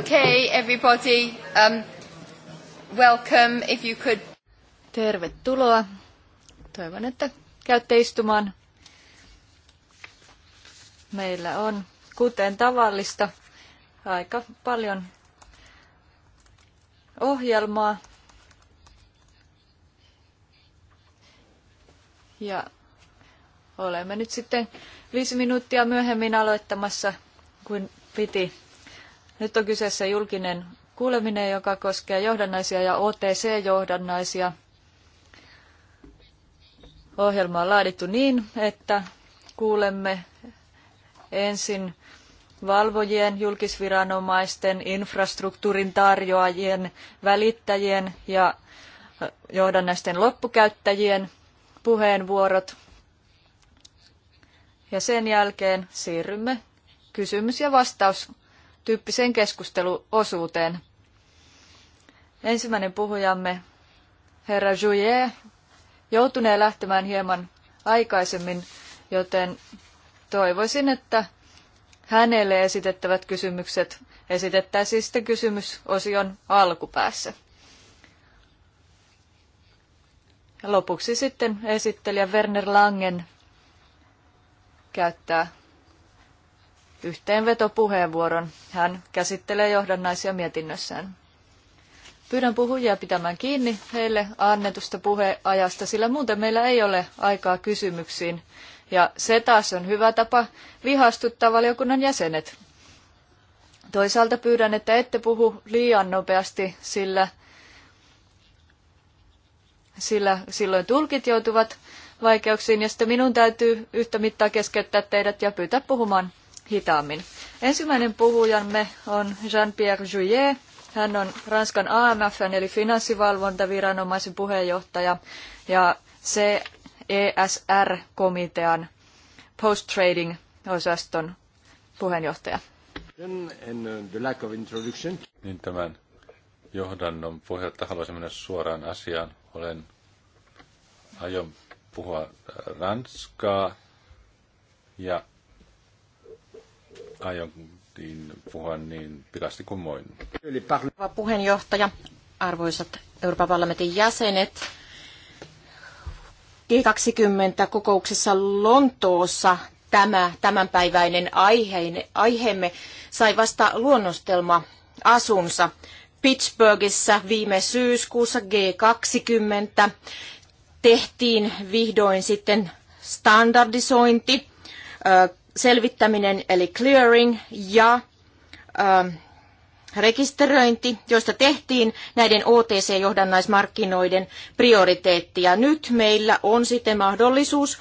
Okay, everybody, um, welcome, if you could. Tervetuloa. Toivon, että käytte istumaan. Meillä on, kuten tavallista, aika paljon ohjelmaa. Ja olemme nyt sitten viisi minuuttia myöhemmin aloittamassa kuin piti. Nyt on kyseessä julkinen kuuleminen, joka koskee johdannaisia ja OTC-johdannaisia. Ohjelma on laadittu niin, että kuulemme ensin valvojien, julkisviranomaisten, infrastruktuurin tarjoajien, välittäjien ja johdannaisten loppukäyttäjien puheenvuorot. Ja sen jälkeen siirrymme kysymys- ja vastaus tyyppiseen keskusteluosuuteen. Ensimmäinen puhujamme, herra Jouyer, joutunee lähtemään hieman aikaisemmin, joten toivoisin, että hänelle esitettävät kysymykset esitettäisiin sitten kysymysosion alkupäässä. Ja lopuksi sitten esittelijä Werner Langen käyttää yhteenvetopuheenvuoron. Hän käsittelee johdannaisia mietinnössään. Pyydän puhujia pitämään kiinni heille annetusta puheajasta, sillä muuten meillä ei ole aikaa kysymyksiin. Ja se taas on hyvä tapa vihastuttaa valiokunnan jäsenet. Toisaalta pyydän, että ette puhu liian nopeasti, sillä, sillä silloin tulkit joutuvat vaikeuksiin ja sitten minun täytyy yhtä mittaa keskeyttää teidät ja pyytää puhumaan hitaammin. Ensimmäinen puhujamme on Jean-Pierre Jouyet. Hän on Ranskan AMF eli finanssivalvontaviranomaisen puheenjohtaja ja CESR-komitean post-trading-osaston puheenjohtaja. Uh, niin tämän johdannon pohjalta haluaisin mennä suoraan asiaan. Olen aion puhua äh, ranskaa ja aion puhua niin pikasti kuin voin. Puheenjohtaja, arvoisat Euroopan parlamentin jäsenet, G20-kokouksessa Lontoossa tämä tämänpäiväinen aiheine, aiheemme sai vasta luonnostelma asunsa. Pittsburghissa viime syyskuussa G20 tehtiin vihdoin sitten standardisointi selvittäminen eli clearing ja ähm, rekisteröinti, joista tehtiin näiden OTC-johdannaismarkkinoiden prioriteetti. Ja nyt meillä on sitten mahdollisuus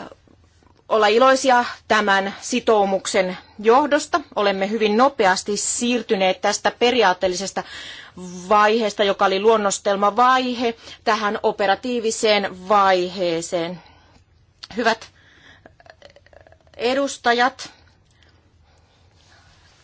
äh, olla iloisia tämän sitoumuksen johdosta. Olemme hyvin nopeasti siirtyneet tästä periaatteellisesta vaiheesta, joka oli luonnostelmavaihe, tähän operatiiviseen vaiheeseen. Hyvät edustajat,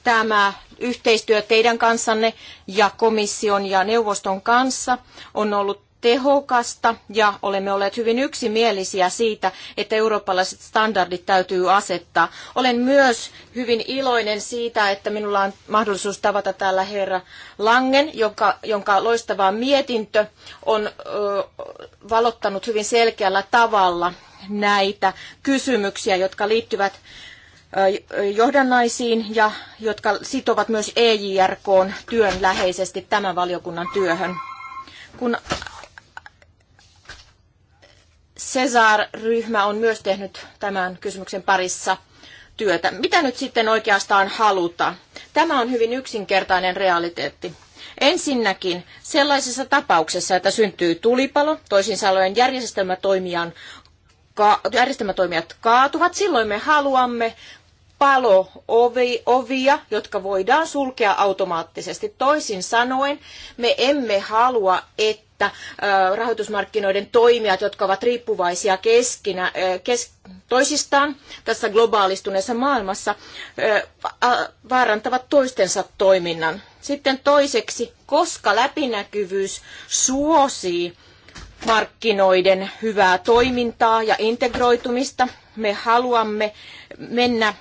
tämä yhteistyö teidän kanssanne ja komission ja neuvoston kanssa on ollut tehokasta ja olemme olleet hyvin yksimielisiä siitä, että eurooppalaiset standardit täytyy asettaa. Olen myös hyvin iloinen siitä, että minulla on mahdollisuus tavata täällä herra Langen, jonka, jonka loistava mietintö on ö, valottanut hyvin selkeällä tavalla näitä kysymyksiä, jotka liittyvät johdannaisiin ja jotka sitovat myös EJRK työn läheisesti tämän valiokunnan työhön. Kun Cesar-ryhmä on myös tehnyt tämän kysymyksen parissa työtä. Mitä nyt sitten oikeastaan haluta? Tämä on hyvin yksinkertainen realiteetti. Ensinnäkin sellaisessa tapauksessa, että syntyy tulipalo, toisin sanoen järjestelmätoimijan, ka, järjestelmätoimijat kaatuvat, silloin me haluamme palo-ovia, jotka voidaan sulkea automaattisesti. Toisin sanoen, me emme halua, että että rahoitusmarkkinoiden toimijat, jotka ovat riippuvaisia keskinä, kes, toisistaan tässä globaalistuneessa maailmassa, vaarantavat toistensa toiminnan. Sitten toiseksi, koska läpinäkyvyys suosii markkinoiden hyvää toimintaa ja integroitumista, me haluamme mennä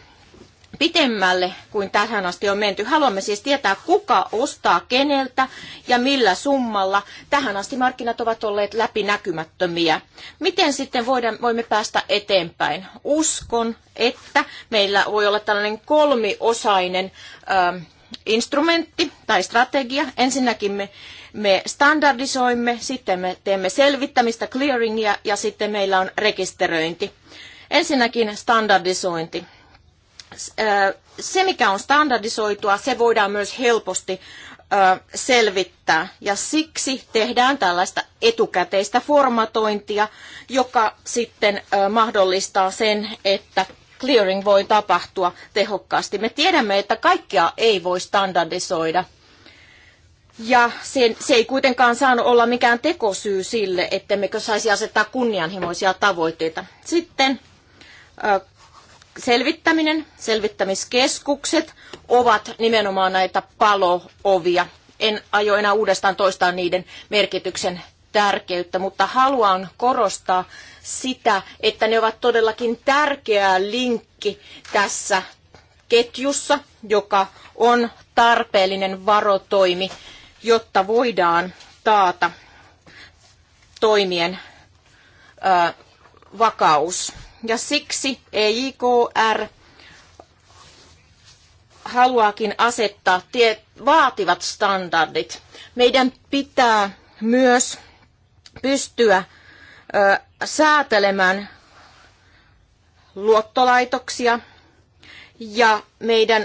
pitemmälle kuin tähän asti on menty. Haluamme siis tietää, kuka ostaa keneltä ja millä summalla. Tähän asti markkinat ovat olleet läpinäkymättömiä. Miten sitten voidaan, voimme päästä eteenpäin? Uskon, että meillä voi olla tällainen kolmiosainen ö, ähm, instrumentti tai strategia. Ensinnäkin me me standardisoimme, sitten me teemme selvittämistä, clearingia ja sitten meillä on rekisteröinti. Ensinnäkin standardisointi se, mikä on standardisoitua, se voidaan myös helposti selvittää. Ja siksi tehdään tällaista etukäteistä formatointia, joka sitten mahdollistaa sen, että clearing voi tapahtua tehokkaasti. Me tiedämme, että kaikkea ei voi standardisoida. Ja sen, se ei kuitenkaan saanut olla mikään tekosyy sille, ettemmekö saisi asettaa kunnianhimoisia tavoitteita. Sitten selvittäminen, selvittämiskeskukset ovat nimenomaan näitä paloovia. En aio enää uudestaan toistaa niiden merkityksen tärkeyttä, mutta haluan korostaa sitä, että ne ovat todellakin tärkeä linkki tässä ketjussa, joka on tarpeellinen varotoimi, jotta voidaan taata toimien vakaus. Ja siksi EIKR haluaakin asettaa tie, vaativat standardit. Meidän pitää myös pystyä ö, säätelemään luottolaitoksia ja meidän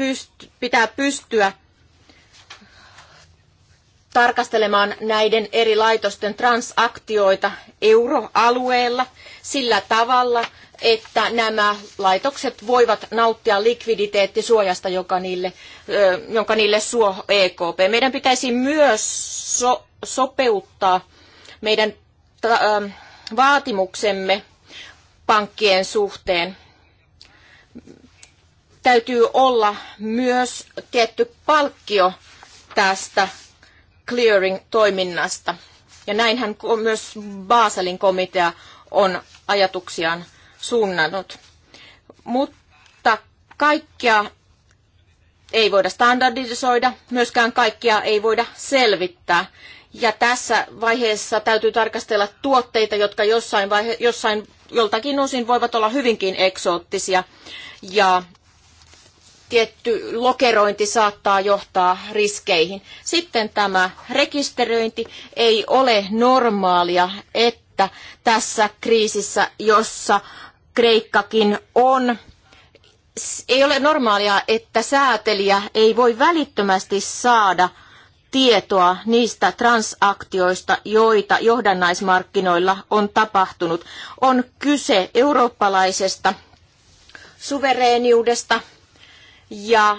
pyst- pitää pystyä tarkastelemaan näiden eri laitosten transaktioita euroalueella sillä tavalla, että nämä laitokset voivat nauttia likviditeettisuojasta, joka niille, jonka niille suo EKP. Meidän pitäisi myös so, sopeuttaa meidän vaatimuksemme pankkien suhteen. Täytyy olla myös tietty palkkio tästä clearing-toiminnasta. Ja näinhän myös Baselin komitea on ajatuksiaan suunnannut. Mutta kaikkia ei voida standardisoida, myöskään kaikkia ei voida selvittää. Ja tässä vaiheessa täytyy tarkastella tuotteita, jotka jossain, vaihe, jossain joltakin osin voivat olla hyvinkin eksoottisia ja tietty lokerointi saattaa johtaa riskeihin. Sitten tämä rekisteröinti ei ole normaalia, että tässä kriisissä, jossa Kreikkakin on, ei ole normaalia, että säätelijä ei voi välittömästi saada tietoa niistä transaktioista, joita johdannaismarkkinoilla on tapahtunut. On kyse eurooppalaisesta suvereeniudesta, ja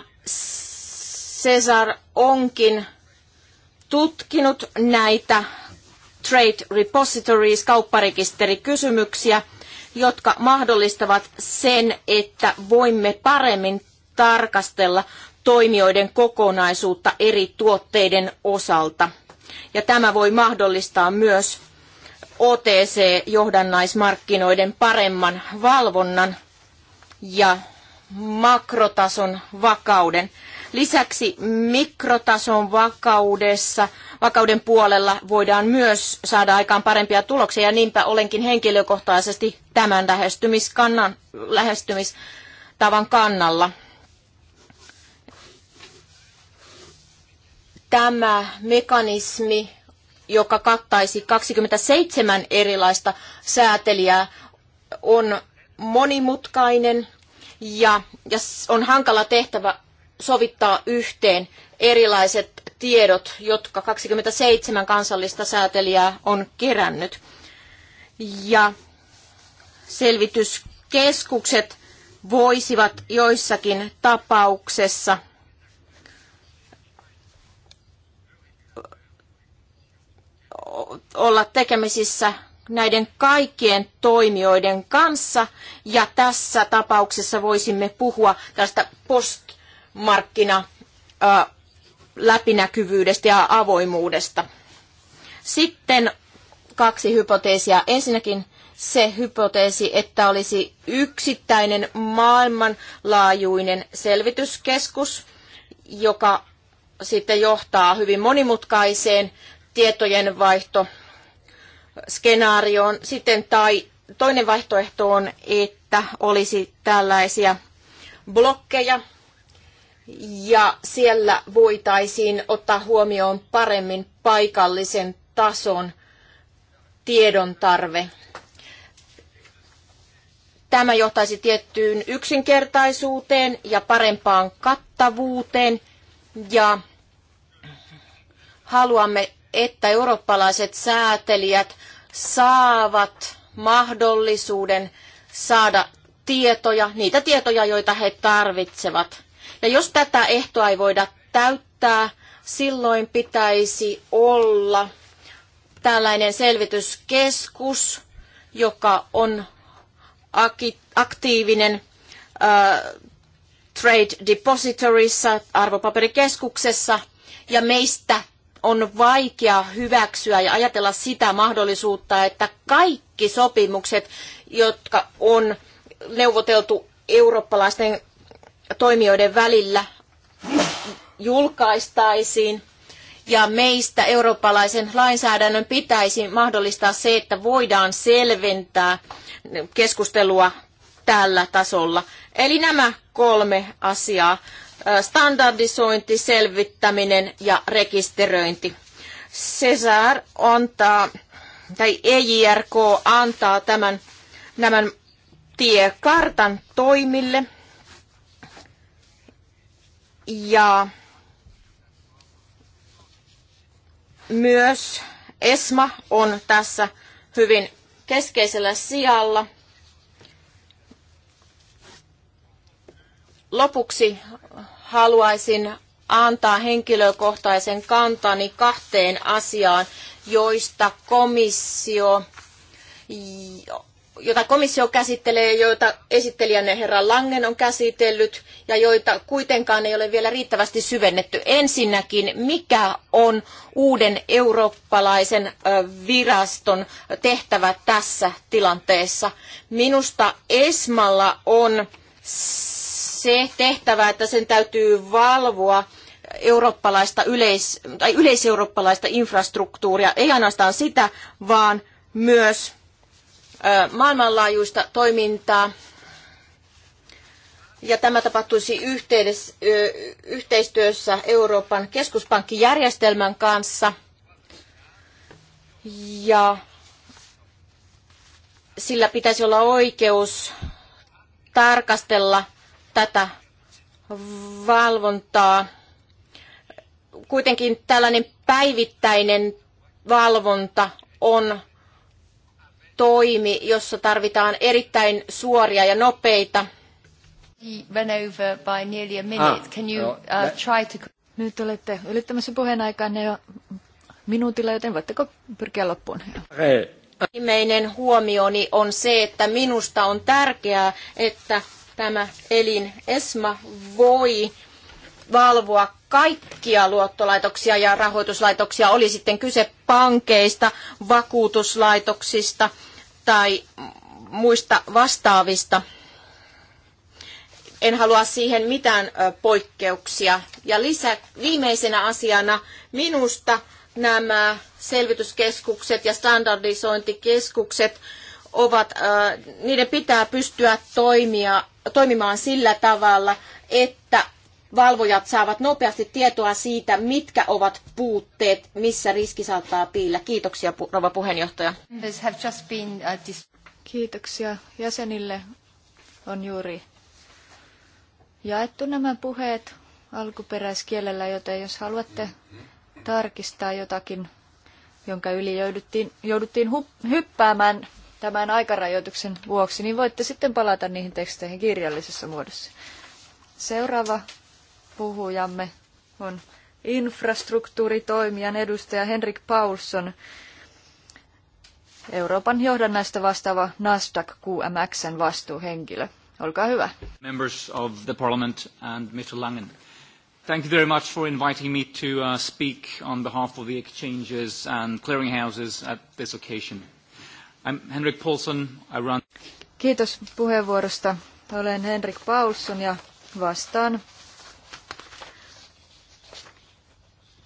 Cesar onkin tutkinut näitä Trade Repositories, kaupparekisterikysymyksiä, jotka mahdollistavat sen, että voimme paremmin tarkastella toimijoiden kokonaisuutta eri tuotteiden osalta. Ja tämä voi mahdollistaa myös OTC-johdannaismarkkinoiden paremman valvonnan ja makrotason vakauden. Lisäksi mikrotason vakaudessa, vakauden puolella voidaan myös saada aikaan parempia tuloksia ja niinpä olenkin henkilökohtaisesti tämän lähestymiskannan, lähestymistavan kannalla. Tämä mekanismi, joka kattaisi 27 erilaista säätelijää, on monimutkainen ja, ja on hankala tehtävä sovittaa yhteen erilaiset tiedot, jotka 27 kansallista säätelijää on kerännyt. Ja selvityskeskukset voisivat joissakin tapauksessa olla tekemisissä näiden kaikkien toimijoiden kanssa, ja tässä tapauksessa voisimme puhua tästä postmarkkina läpinäkyvyydestä ja avoimuudesta. Sitten kaksi hypoteesia. Ensinnäkin se hypoteesi, että olisi yksittäinen maailmanlaajuinen selvityskeskus, joka sitten johtaa hyvin monimutkaiseen vaihto skenaarioon. Sitten tai toinen vaihtoehto on, että olisi tällaisia blokkeja, ja siellä voitaisiin ottaa huomioon paremmin paikallisen tason tiedon tarve. Tämä johtaisi tiettyyn yksinkertaisuuteen ja parempaan kattavuuteen ja haluamme että eurooppalaiset säätelijät saavat mahdollisuuden saada tietoja, niitä tietoja, joita he tarvitsevat. Ja jos tätä ehtoa ei voida täyttää, silloin pitäisi olla tällainen selvityskeskus, joka on aktiivinen Trade Depositorissa, arvopaperikeskuksessa, ja meistä on vaikea hyväksyä ja ajatella sitä mahdollisuutta, että kaikki sopimukset, jotka on neuvoteltu eurooppalaisten toimijoiden välillä, julkaistaisiin. Ja meistä eurooppalaisen lainsäädännön pitäisi mahdollistaa se, että voidaan selventää keskustelua tällä tasolla. Eli nämä kolme asiaa standardisointi, selvittäminen ja rekisteröinti. Cesar antaa, tai EJRK antaa tämän, tämän tiekartan toimille. Ja myös ESMA on tässä hyvin keskeisellä sijalla. Lopuksi haluaisin antaa henkilökohtaisen kantani kahteen asiaan, joista komissio, jota komissio käsittelee, joita esittelijänne herra Langen on käsitellyt ja joita kuitenkaan ei ole vielä riittävästi syvennetty. Ensinnäkin, mikä on uuden eurooppalaisen viraston tehtävä tässä tilanteessa? Minusta Esmalla on se tehtävä, että sen täytyy valvoa eurooppalaista yleis, tai yleiseurooppalaista infrastruktuuria, ei ainoastaan sitä, vaan myös maailmanlaajuista toimintaa. Ja tämä tapahtuisi yhteistyössä Euroopan keskuspankkijärjestelmän kanssa. Ja sillä pitäisi olla oikeus tarkastella tätä valvontaa. Kuitenkin tällainen päivittäinen valvonta on toimi, jossa tarvitaan erittäin suoria ja nopeita. Ah, no, uh, Nyt olette ylittämässä puheenaikaan jo minuutilla, joten voitteko pyrkiä loppuun? Eh, eh. Viimeinen huomioni on se, että minusta on tärkeää, että tämä elin ESMA voi valvoa kaikkia luottolaitoksia ja rahoituslaitoksia, oli sitten kyse pankeista, vakuutuslaitoksista tai muista vastaavista. En halua siihen mitään poikkeuksia. Ja lisä, viimeisenä asiana minusta nämä selvityskeskukset ja standardisointikeskukset ovat, niiden pitää pystyä toimia toimimaan sillä tavalla, että valvojat saavat nopeasti tietoa siitä, mitkä ovat puutteet, missä riski saattaa piillä. Kiitoksia, rouva puheenjohtaja. Uh, Kiitoksia jäsenille. On juuri jaettu nämä puheet alkuperäiskielellä, joten jos haluatte tarkistaa jotakin, jonka yli jouduttiin, jouduttiin hyppäämään, tämän aikarajoituksen vuoksi, niin voitte sitten palata niihin teksteihin kirjallisessa muodossa. Seuraava puhujamme on infrastruktuuritoimijan edustaja Henrik Paulson, Euroopan johdannaista vastaava Nasdaq QMXn vastuuhenkilö. Olkaa hyvä. Members of the Parliament and Mr. Langen. Thank you very much for inviting me to uh, speak on behalf of the exchanges and clearinghouses at this occasion. I'm Henrik Paulson. I run... Kiitos puheenvuorosta. Olen Henrik Paulson ja vastaan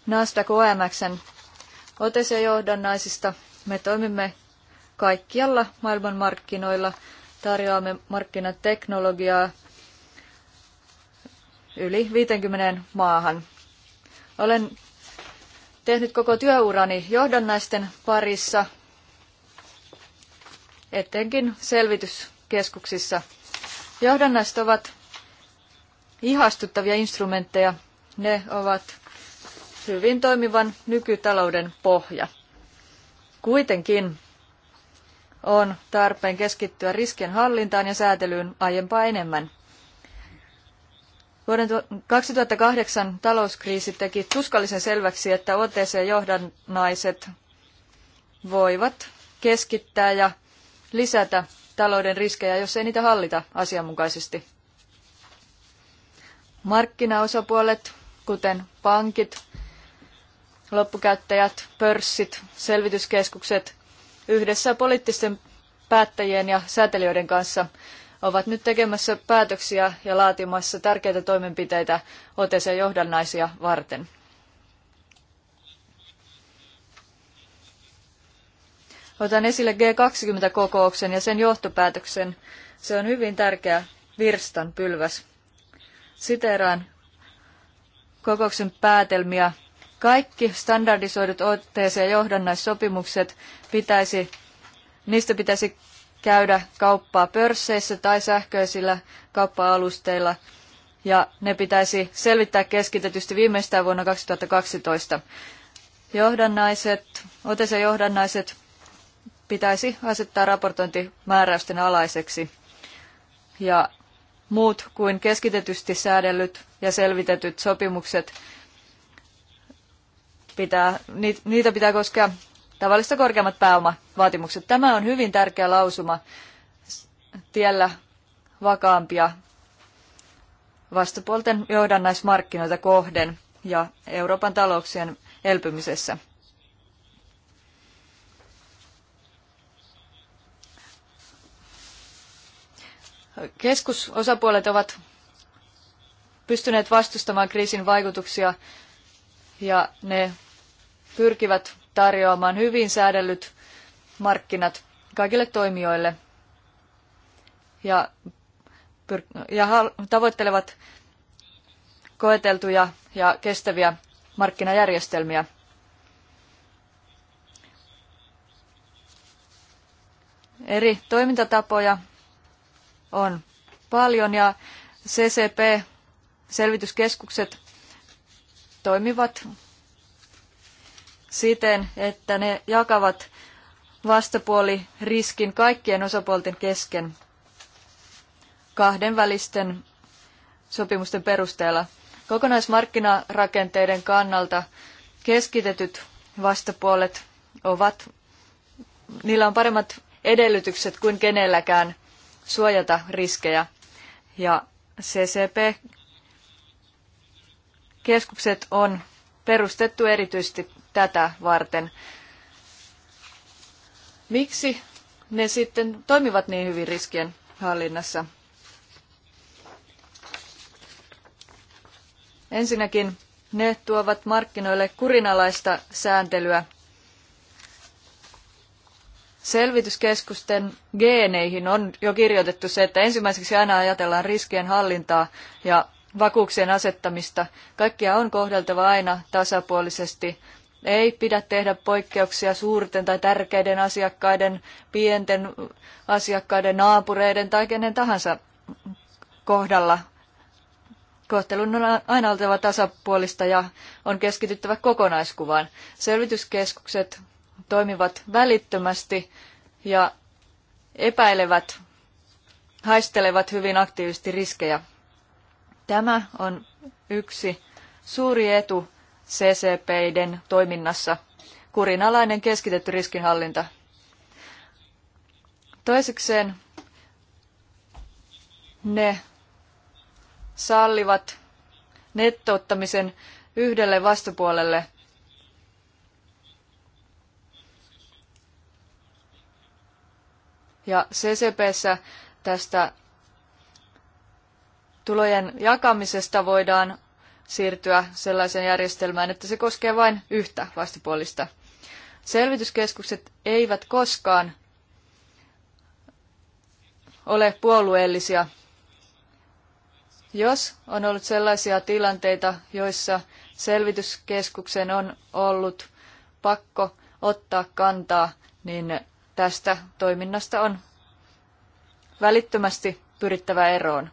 Nasdaq OMXn johdannaisista. Me toimimme kaikkialla maailmanmarkkinoilla, tarjoamme markkinateknologiaa yli 50 maahan. Olen tehnyt koko työurani johdannaisten parissa etenkin selvityskeskuksissa. Johdannaiset ovat ihastuttavia instrumentteja. Ne ovat hyvin toimivan nykytalouden pohja. Kuitenkin on tarpeen keskittyä riskien hallintaan ja säätelyyn aiempaa enemmän. Vuoden 2008 talouskriisi teki tuskallisen selväksi, että OTC-johdannaiset voivat keskittää ja lisätä talouden riskejä, jos ei niitä hallita asianmukaisesti. Markkinaosapuolet, kuten pankit, loppukäyttäjät, pörssit, selvityskeskukset, yhdessä poliittisten päättäjien ja säätelijöiden kanssa ovat nyt tekemässä päätöksiä ja laatimassa tärkeitä toimenpiteitä OTC-johdannaisia varten. Otan esille G20-kokouksen ja sen johtopäätöksen. Se on hyvin tärkeä virstan pylväs. Siteraan kokouksen päätelmiä. Kaikki standardisoidut otteeseen ja johdannaissopimukset pitäisi, niistä pitäisi käydä kauppaa pörsseissä tai sähköisillä kauppa-alusteilla ja ne pitäisi selvittää keskitetysti viimeistään vuonna 2012. Johdannaiset, otc johdannaiset pitäisi asettaa raportointimääräysten alaiseksi ja muut kuin keskitetysti säädellyt ja selvitetyt sopimukset pitää, niitä pitää koskea tavallista korkeammat pääomavaatimukset. Tämä on hyvin tärkeä lausuma tiellä vakaampia vastapuolten johdannaismarkkinoita kohden ja Euroopan talouksien elpymisessä. keskusosapuolet ovat pystyneet vastustamaan kriisin vaikutuksia ja ne pyrkivät tarjoamaan hyvin säädellyt markkinat kaikille toimijoille ja, pyr- ja tavoittelevat koeteltuja ja kestäviä markkinajärjestelmiä. Eri toimintatapoja on paljon ja CCP-selvityskeskukset toimivat siten, että ne jakavat vastapuoliriskin kaikkien osapuolten kesken kahdenvälisten sopimusten perusteella. Kokonaismarkkinarakenteiden kannalta keskitetyt vastapuolet ovat, niillä on paremmat edellytykset kuin kenelläkään suojata riskejä. Ja CCP-keskukset on perustettu erityisesti tätä varten. Miksi ne sitten toimivat niin hyvin riskien hallinnassa? Ensinnäkin ne tuovat markkinoille kurinalaista sääntelyä selvityskeskusten geeneihin on jo kirjoitettu se, että ensimmäiseksi aina ajatellaan riskien hallintaa ja vakuuksien asettamista. Kaikkia on kohdeltava aina tasapuolisesti. Ei pidä tehdä poikkeuksia suurten tai tärkeiden asiakkaiden, pienten asiakkaiden, naapureiden tai kenen tahansa kohdalla. Kohtelun on aina oltava tasapuolista ja on keskityttävä kokonaiskuvaan. Selvityskeskukset toimivat välittömästi ja epäilevät, haistelevat hyvin aktiivisesti riskejä. Tämä on yksi suuri etu CCPiden toiminnassa, kurinalainen keskitetty riskinhallinta. Toisekseen ne sallivat nettouttamisen yhdelle vastapuolelle – Ja CCPssä tästä tulojen jakamisesta voidaan siirtyä sellaiseen järjestelmään, että se koskee vain yhtä vastapuolista. Selvityskeskukset eivät koskaan ole puolueellisia. Jos on ollut sellaisia tilanteita, joissa selvityskeskuksen on ollut pakko ottaa kantaa, niin tästä toiminnasta on välittömästi pyrittävä eroon.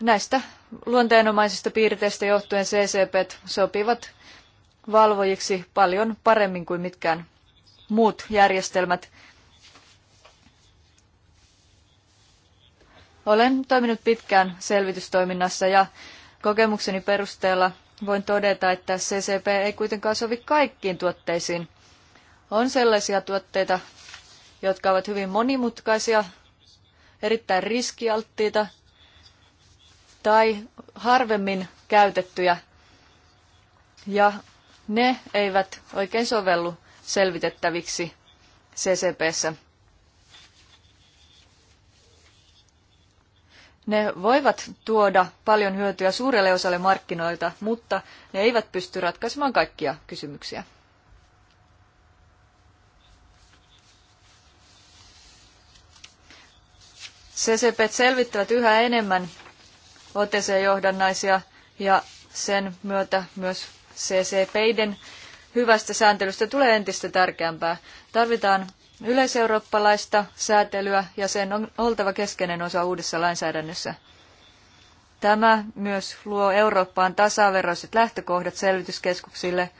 Näistä luonteenomaisista piirteistä johtuen CCP sopivat valvojiksi paljon paremmin kuin mitkään muut järjestelmät. Olen toiminut pitkään selvitystoiminnassa ja kokemukseni perusteella voin todeta, että CCP ei kuitenkaan sovi kaikkiin tuotteisiin. On sellaisia tuotteita, jotka ovat hyvin monimutkaisia, erittäin riskialttiita tai harvemmin käytettyjä. Ja ne eivät oikein sovellu selvitettäviksi CCPssä. Ne voivat tuoda paljon hyötyä suurelle osalle markkinoilta, mutta ne eivät pysty ratkaisemaan kaikkia kysymyksiä. CCP selvittävät yhä enemmän OTC-johdannaisia ja sen myötä myös CCPiden hyvästä sääntelystä tulee entistä tärkeämpää. Tarvitaan yleiseurooppalaista säätelyä ja sen on oltava keskeinen osa uudessa lainsäädännössä. Tämä myös luo Eurooppaan tasaveroiset lähtökohdat selvityskeskuksille.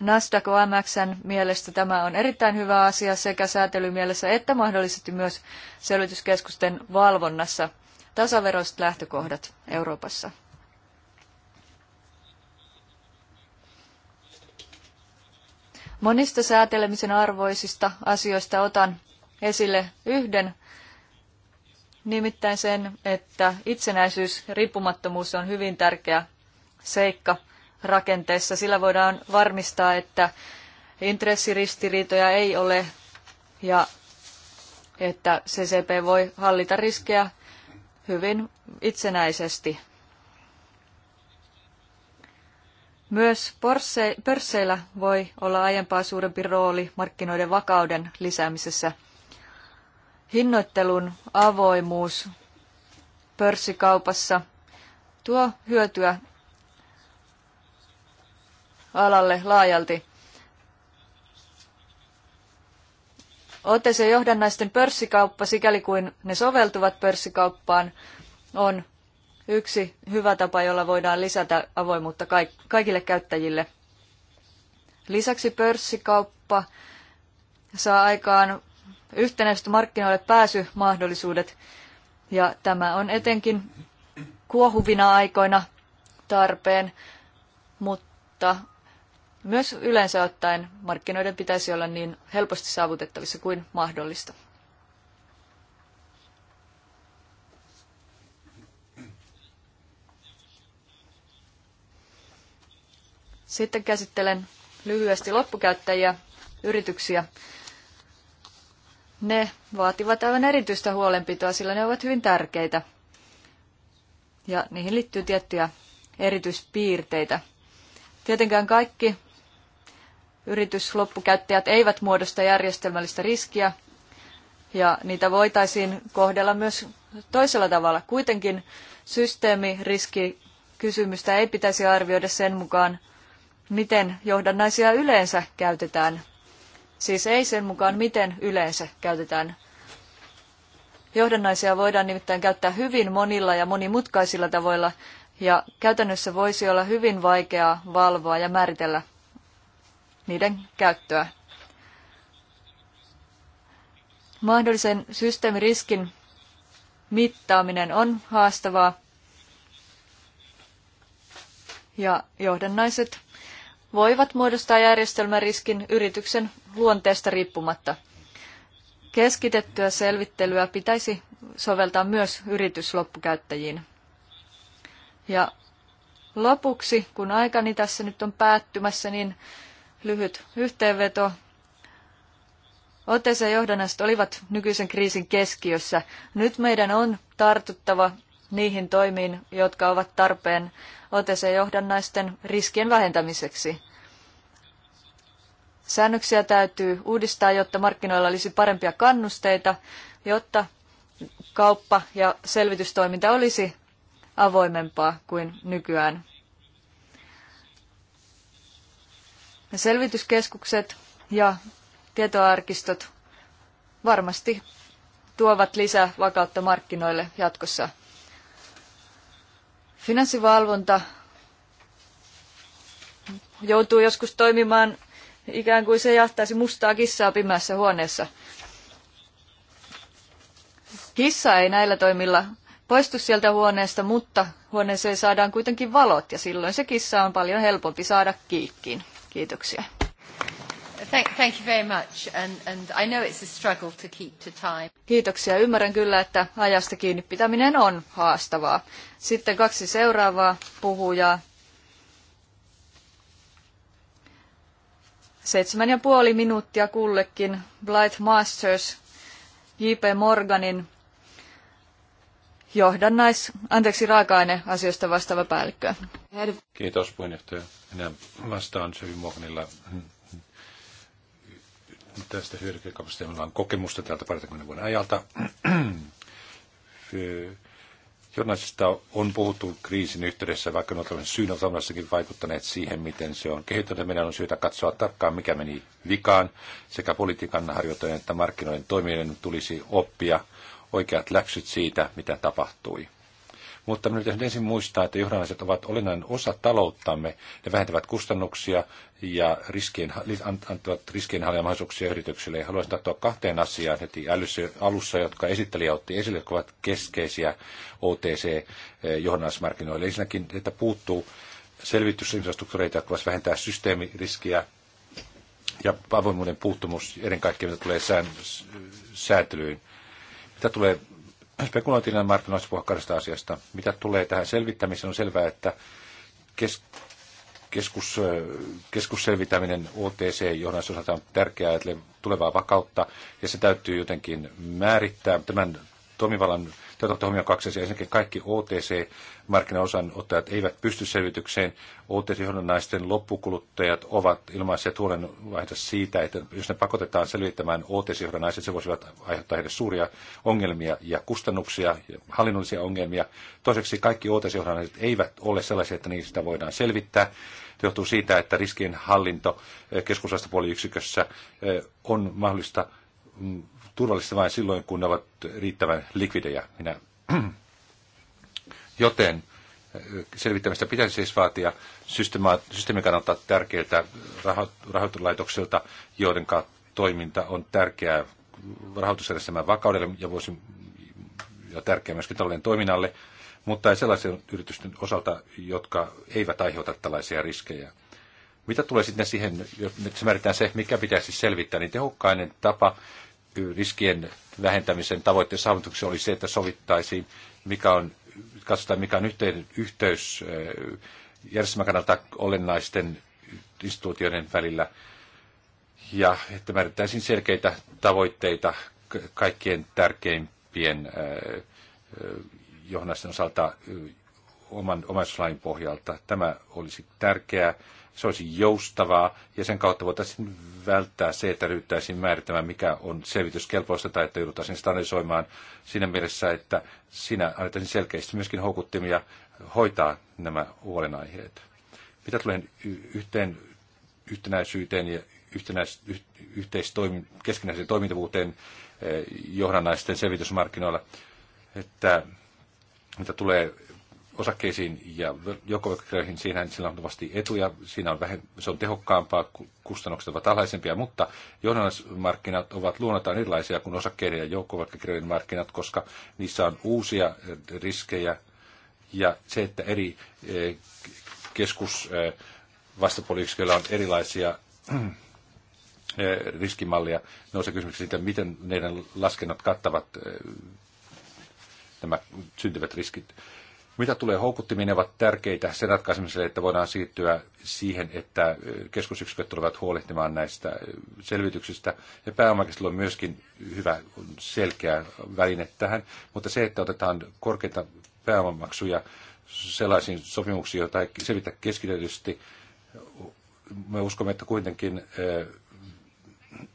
Nasdaq OMXn mielestä tämä on erittäin hyvä asia sekä säätelymielessä että mahdollisesti myös selvityskeskusten valvonnassa. Tasaveroiset lähtökohdat Euroopassa. Monista säätelemisen arvoisista asioista otan esille yhden, nimittäin sen, että itsenäisyys, riippumattomuus on hyvin tärkeä seikka rakenteessa. Sillä voidaan varmistaa, että intressiristiriitoja ei ole ja että CCP voi hallita riskejä hyvin itsenäisesti. Myös pörsseillä voi olla aiempaa suurempi rooli markkinoiden vakauden lisäämisessä. Hinnoittelun avoimuus pörssikaupassa tuo hyötyä alalle laajalti. Otese johdannaisten pörssikauppa, sikäli kuin ne soveltuvat pörssikauppaan, on yksi hyvä tapa, jolla voidaan lisätä avoimuutta kaikille käyttäjille. Lisäksi pörssikauppa saa aikaan yhtenäiset markkinoille pääsymahdollisuudet, ja tämä on etenkin kuohuvina aikoina tarpeen, mutta myös yleensä ottaen markkinoiden pitäisi olla niin helposti saavutettavissa kuin mahdollista. Sitten käsittelen lyhyesti loppukäyttäjiä, yrityksiä. Ne vaativat aivan erityistä huolenpitoa, sillä ne ovat hyvin tärkeitä. Ja niihin liittyy tiettyjä erityispiirteitä. Tietenkään kaikki yritysloppukäyttäjät eivät muodosta järjestelmällistä riskiä, ja niitä voitaisiin kohdella myös toisella tavalla. Kuitenkin systeemiriskikysymystä ei pitäisi arvioida sen mukaan, miten johdannaisia yleensä käytetään. Siis ei sen mukaan, miten yleensä käytetään. Johdannaisia voidaan nimittäin käyttää hyvin monilla ja monimutkaisilla tavoilla, ja käytännössä voisi olla hyvin vaikeaa valvoa ja määritellä niiden käyttöä. Mahdollisen systeemiriskin mittaaminen on haastavaa ja johdannaiset voivat muodostaa järjestelmäriskin yrityksen luonteesta riippumatta. Keskitettyä selvittelyä pitäisi soveltaa myös yritysloppukäyttäjiin. Ja lopuksi, kun aikani tässä nyt on päättymässä, niin lyhyt yhteenveto. Otteeseen johdannaiset olivat nykyisen kriisin keskiössä. Nyt meidän on tartuttava niihin toimiin, jotka ovat tarpeen OTC-johdannaisten riskien vähentämiseksi. Säännöksiä täytyy uudistaa, jotta markkinoilla olisi parempia kannusteita, jotta kauppa- ja selvitystoiminta olisi avoimempaa kuin nykyään. Selvityskeskukset ja tietoarkistot varmasti tuovat lisää vakautta markkinoille jatkossa. Finanssivalvonta joutuu joskus toimimaan ikään kuin se jahtaisi mustaa kissaa pimeässä huoneessa. Kissa ei näillä toimilla poistu sieltä huoneesta, mutta huoneeseen saadaan kuitenkin valot ja silloin se kissa on paljon helpompi saada kiikkiin. Kiitoksia. Thank, you very much. And, and I know it's a struggle to keep to time. Kiitoksia. Ymmärrän kyllä, että ajasta kiinni pitäminen on haastavaa. Sitten kaksi seuraavaa puhujaa. Seitsemän ja puoli minuuttia kullekin. Blight Masters, J.P. Morganin johdannais, anteeksi, raaka asioista vastaava päällikkö. Kiitos puheenjohtaja. Minä vastaan Syvi Morganilla tästä hyödykekauposta. Meillä on kokemusta täältä parikymmentä vuoden ajalta. Jonaisista on puhuttu kriisin yhteydessä, vaikka ne ovat syyn osamassakin vaikuttaneet siihen, miten se on kehittynyt. Meidän on syytä katsoa tarkkaan, mikä meni vikaan. Sekä politiikan harjoittajien että markkinoiden toimijoiden tulisi oppia oikeat läksyt siitä, mitä tapahtui. Mutta nyt ensin muistaa, että johdannaiset ovat olennainen osa talouttamme. Ne vähentävät kustannuksia, ja riskien, antavat riskienhallinnan mahdollisuuksia yrityksille. Ja haluaisin tarttua kahteen asiaan heti alussa, jotka esittelijä otti esille, jotka ovat keskeisiä OTC-johdannaismarkkinoille. Eh, Ensinnäkin, että puuttuu selvitysinfrastruktuureita, jotka voisivat vähentää systeemiriskiä ja avoimuuden puuttumus ennen kaikkea, mitä tulee sään, sääntelyyn. Mitä tulee spekulointiin markkinoissa puhua asiasta, mitä tulee tähän selvittämiseen, on selvää, että kes- keskus, äh, keskusselvitäminen otc se on tärkeää tulevaa vakautta, ja se täytyy jotenkin määrittää tämän toimivallan Täytyy ottaa huomioon kaksi asiaa. Ensinnäkin kaikki OTC-markkinaosan eivät pysty selvitykseen. otc johdonnaisten loppukuluttajat ovat ilmaiset huolenvaihda siitä, että jos ne pakotetaan selvittämään otc johdonnaiset se voisivat aiheuttaa heille suuria ongelmia ja kustannuksia, ja hallinnollisia ongelmia. Toiseksi kaikki otc johdonnaiset eivät ole sellaisia, että niistä voidaan selvittää johtuu siitä, että riskien hallinto eh, keskusvastapuoliyksikössä eh, on mahdollista mm, turvallista vain silloin, kun ne ovat riittävän likvidejä. Minä. Joten äh, selvittämistä pitäisi siis vaatia systeemin kannalta tärkeiltä rahoituslaitoksilta, joiden toiminta on tärkeää rahoitusjärjestelmän vakaudelle ja, voisi, ja tärkeää myöskin talouden toiminnalle, mutta ei sellaisen yritysten osalta, jotka eivät aiheuta tällaisia riskejä. Mitä tulee sitten siihen, jos määritään se, mikä pitäisi selvittää, niin tehokkainen tapa riskien vähentämisen tavoitteen saavutuksen oli se, että sovittaisiin, mikä on, katsotaan mikä on yhteyden, yhteys eh, järjestelmän kannalta olennaisten instituutioiden välillä ja että määrittäisiin selkeitä tavoitteita kaikkien tärkeimpien eh, eh, johdannaisten osalta oman omaisuuslain pohjalta. Tämä olisi tärkeää se olisi joustavaa ja sen kautta voitaisiin välttää se, että ryhtäisiin määrittämään, mikä on selvityskelpoista tai että joudutaan standardisoimaan siinä mielessä, että siinä annettaisiin selkeästi myöskin houkuttimia hoitaa nämä huolenaiheet. Mitä tulee yhteen, yhtenäisyyteen ja yhtenäis, yh, keskinäiseen toimintavuuteen eh, johdannaisten selvitysmarkkinoilla, että mitä tulee osakkeisiin ja joukkovelkakirjoihin, siinä sillä on vasti etuja, siinä on vähän, se on tehokkaampaa, kustannukset ovat alhaisempia, mutta johdannaismarkkinat ovat luonnotaan erilaisia kuin osakkeiden ja joukkovelkakirjojen markkinat, koska niissä on uusia eh, riskejä ja se, että eri eh, keskus eh, on erilaisia riskimallia, nousee kysymys siitä, miten meidän laskennat kattavat nämä syntyvät riskit. Mitä tulee houkuttimiin, ne ovat tärkeitä sen ratkaisemiselle, että voidaan siirtyä siihen, että keskusyksiköt tulevat huolehtimaan näistä selvityksistä. Ja pääomakeskustelu on myöskin hyvä selkeä väline tähän, mutta se, että otetaan korkeita pääomamaksuja sellaisiin sopimuksiin, joita ei selvitä keskitetysti, me uskomme, että kuitenkin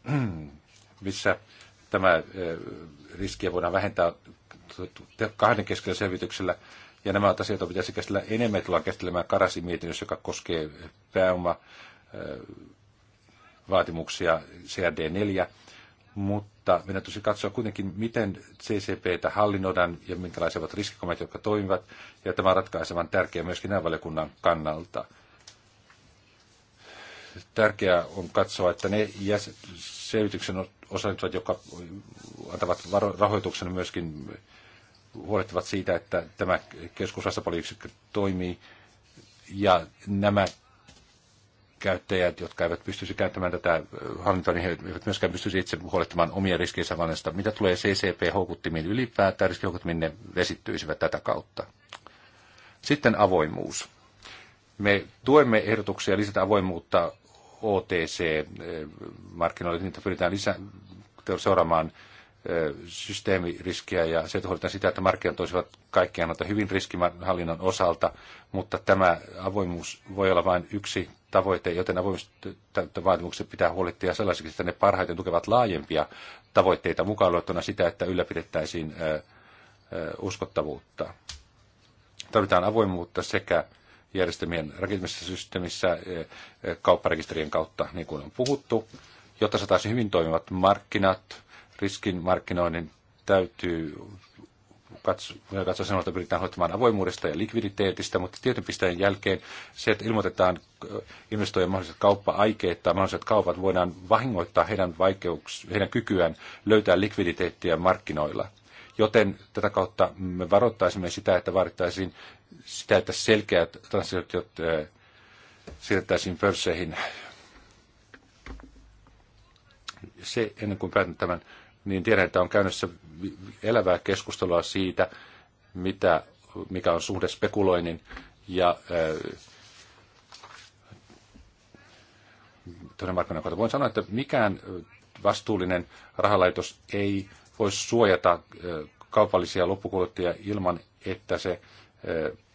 missä tämä riskiä voidaan vähentää kahden keskellä selvityksellä, ja nämä asiat pitäisi käsitellä enemmän, tullaan käsittelemään Karasin mietinnössä, joka koskee pääoma vaatimuksia CRD4, mutta meidän tulisi katsoa kuitenkin, miten CCPtä hallinnoidaan ja minkälaiset ovat riskikomat, jotka toimivat, ja tämä on ratkaisevan tärkeä myöskin näin valiokunnan kannalta. Tärkeää on katsoa, että ne selvityksen osallistuvat, jotka antavat rahoituksen myöskin huolehtivat siitä, että tämä keskusvastapuoliyksikkö toimii ja nämä käyttäjät, jotka eivät pystyisi käyttämään tätä hallintoa, niin he eivät myöskään pystyisi itse huolehtimaan omia riskinsä valinnasta. Mitä tulee CCP-houkuttimiin ylipäätään, riskihoukuttimiin ne vesittyisivät tätä kautta. Sitten avoimuus. Me tuemme ehdotuksia lisätä avoimuutta OTC-markkinoille, eh, niitä pyritään lisää seuraamaan systeemiriskiä ja se huolitaan sitä, että markkinat olisivat kaikkiaan noita hyvin riskihallinnan osalta, mutta tämä avoimuus voi olla vain yksi tavoite, joten avoimuusvaatimukset pitää huolehtia sellaisiksi, että ne parhaiten tukevat laajempia tavoitteita mukaan sitä, että ylläpidettäisiin uskottavuutta. Tarvitaan avoimuutta sekä järjestelmien rakentamisessa systeemissä kaupparekisterien kautta, niin kuin on puhuttu, jotta saataisiin hyvin toimivat markkinat, riskin markkinoinnin täytyy katsoa, katso sanoa, että pyritään hoitamaan avoimuudesta ja likviditeetistä, mutta tietyn pisteen jälkeen se, että ilmoitetaan investoijien mahdolliset kauppa-aikeet tai mahdolliset kaupat, voidaan vahingoittaa heidän, vaikeuks, heidän kykyään löytää likviditeettiä markkinoilla. Joten tätä kautta me varoittaisimme sitä, että vaadittaisiin sitä, että selkeät transaktiot siirrettäisiin pörsseihin. Se ennen kuin päätän tämän niin tiedän, että on käynnissä elävää keskustelua siitä, mitä, mikä on suhde spekuloinnin ja äh, todennäköisesti voin sanoa, että mikään äh, vastuullinen rahalaitos ei voi suojata äh, kaupallisia loppukuluttajia ilman, että se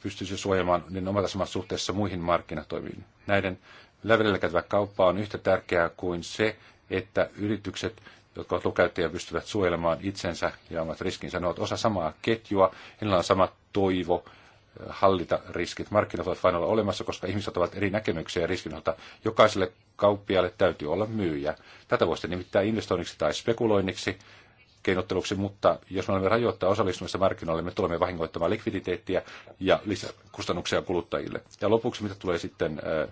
pystyisi suojamaan niin omata samassa suhteessa muihin markkinatoimiin. Näiden lävellä kauppa on yhtä tärkeää kuin se, että yritykset jotka ovat lukäyttäjiä, pystyvät suojelemaan itsensä ja omat riskinsä. Ne ovat osa samaa ketjua, heillä on sama toivo eh, hallita riskit. Markkinat ovat vain olla olemassa, koska ihmiset ovat eri näkemyksiä riskinolta. Jokaiselle kauppialle täytyy olla myyjä. Tätä voisi nimittää investoinniksi tai spekuloinniksi keinotteluksi, mutta jos me olemme rajoittaa osallistumista markkinoille, me tulemme vahingoittamaan likviditeettiä ja lisäkustannuksia kuluttajille. Ja lopuksi, mitä tulee sitten eh,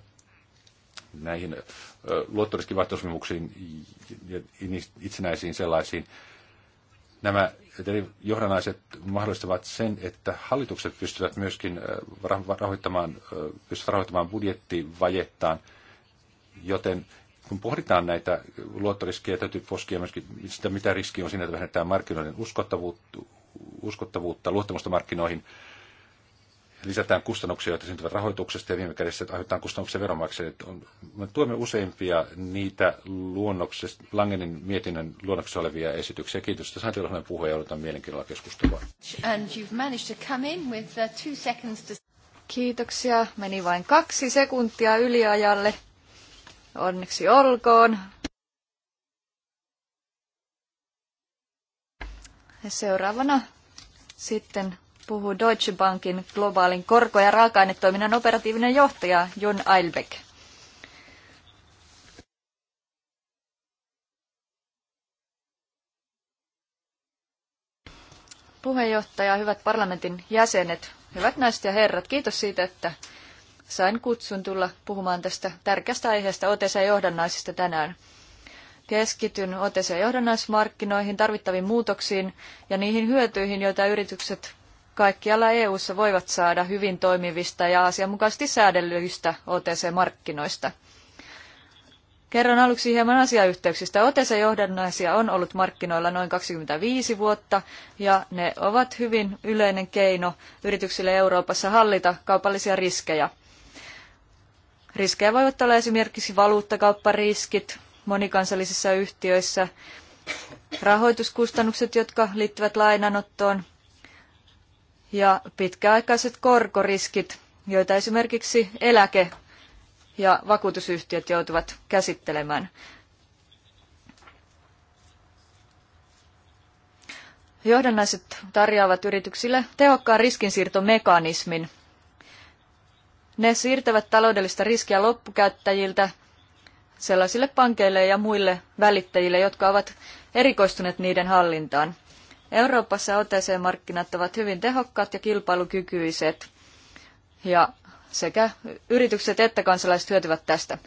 näihin luottoriskivaihtosopimuksiin ja itsenäisiin sellaisiin. Nämä eli johdannaiset mahdollistavat sen, että hallitukset pystyvät myöskin rahoittamaan, pystyvät rahoittamaan budjettivajettaan, joten kun pohditaan näitä luottoriskejä, täytyy poskia myöskin sitä, mitä riski on siinä, että vähennetään markkinoiden uskottavuutta, uskottavuutta luottamusta markkinoihin, lisätään kustannuksia, joita syntyvät rahoituksesta ja viime kädessä aiheutetaan kustannuksia veronmaksajille. Me tuemme useimpia niitä luonnoksesta, Langenin mietinnön luonnoksessa olevia esityksiä. Kiitos, että saatiin olla puhuja ja odotan mielenkiinnolla keskustelua. And you've managed to come in with uh, two seconds Kiitoksia. Meni vain kaksi sekuntia yliajalle. Onneksi olkoon. seuraavana sitten puhuu Deutsche Bankin globaalin korko- ja raaka-ainetoiminnan operatiivinen johtaja Jon Eilbeck. Puheenjohtaja, hyvät parlamentin jäsenet, hyvät naiset ja herrat, kiitos siitä, että sain kutsun tulla puhumaan tästä tärkeästä aiheesta OTC-johdannaisista tänään keskityn OTC-johdannaismarkkinoihin, tarvittaviin muutoksiin ja niihin hyötyihin, joita yritykset kaikkialla EU:ssa voivat saada hyvin toimivista ja asianmukaisesti säädellyistä OTC-markkinoista. Kerron aluksi hieman asiayhteyksistä. OTC-johdannaisia on ollut markkinoilla noin 25 vuotta ja ne ovat hyvin yleinen keino yrityksille Euroopassa hallita kaupallisia riskejä. Riskejä voivat olla esimerkiksi valuuttakauppariskit monikansallisissa yhtiöissä, rahoituskustannukset, jotka liittyvät lainanottoon, ja pitkäaikaiset korkoriskit, joita esimerkiksi eläke- ja vakuutusyhtiöt joutuvat käsittelemään. Johdannaiset tarjoavat yrityksille tehokkaan riskinsiirtomekanismin. Ne siirtävät taloudellista riskiä loppukäyttäjiltä sellaisille pankeille ja muille välittäjille, jotka ovat erikoistuneet niiden hallintaan. Euroopassa OTC-markkinat ovat hyvin tehokkaat ja kilpailukykyiset, ja sekä yritykset että kansalaiset hyötyvät tästä.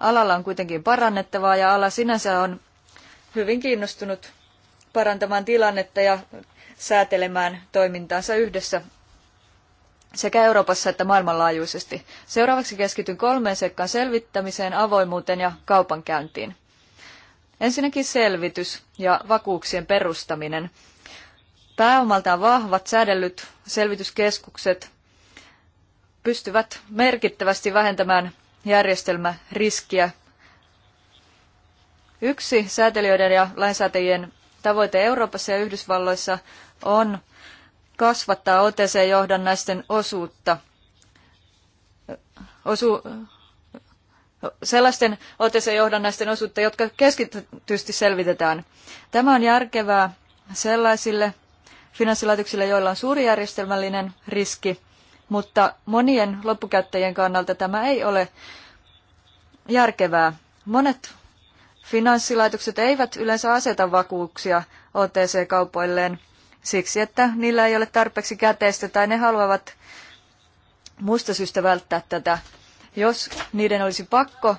Alalla on kuitenkin parannettavaa, ja ala sinänsä on hyvin kiinnostunut parantamaan tilannetta ja säätelemään toimintaansa yhdessä sekä Euroopassa että maailmanlaajuisesti. Seuraavaksi keskityn kolmeen sekkaan selvittämiseen, avoimuuteen ja kaupankäyntiin. Ensinnäkin selvitys ja vakuuksien perustaminen. Pääomaltaan vahvat säädellyt selvityskeskukset pystyvät merkittävästi vähentämään järjestelmäriskiä. Yksi säätelijöiden ja lainsäätäjien tavoite Euroopassa ja Yhdysvalloissa on kasvattaa OTC-johdannaisten osuutta osu, sellaisten OTC-johdannaisten osuutta, jotka keskitysti selvitetään. Tämä on järkevää sellaisille finanssilaitoksille, joilla on suuri järjestelmällinen riski, mutta monien loppukäyttäjien kannalta tämä ei ole järkevää. Monet finanssilaitokset eivät yleensä aseta vakuuksia OTC-kaupoilleen siksi, että niillä ei ole tarpeeksi käteistä tai ne haluavat muusta syystä välttää tätä jos niiden olisi pakko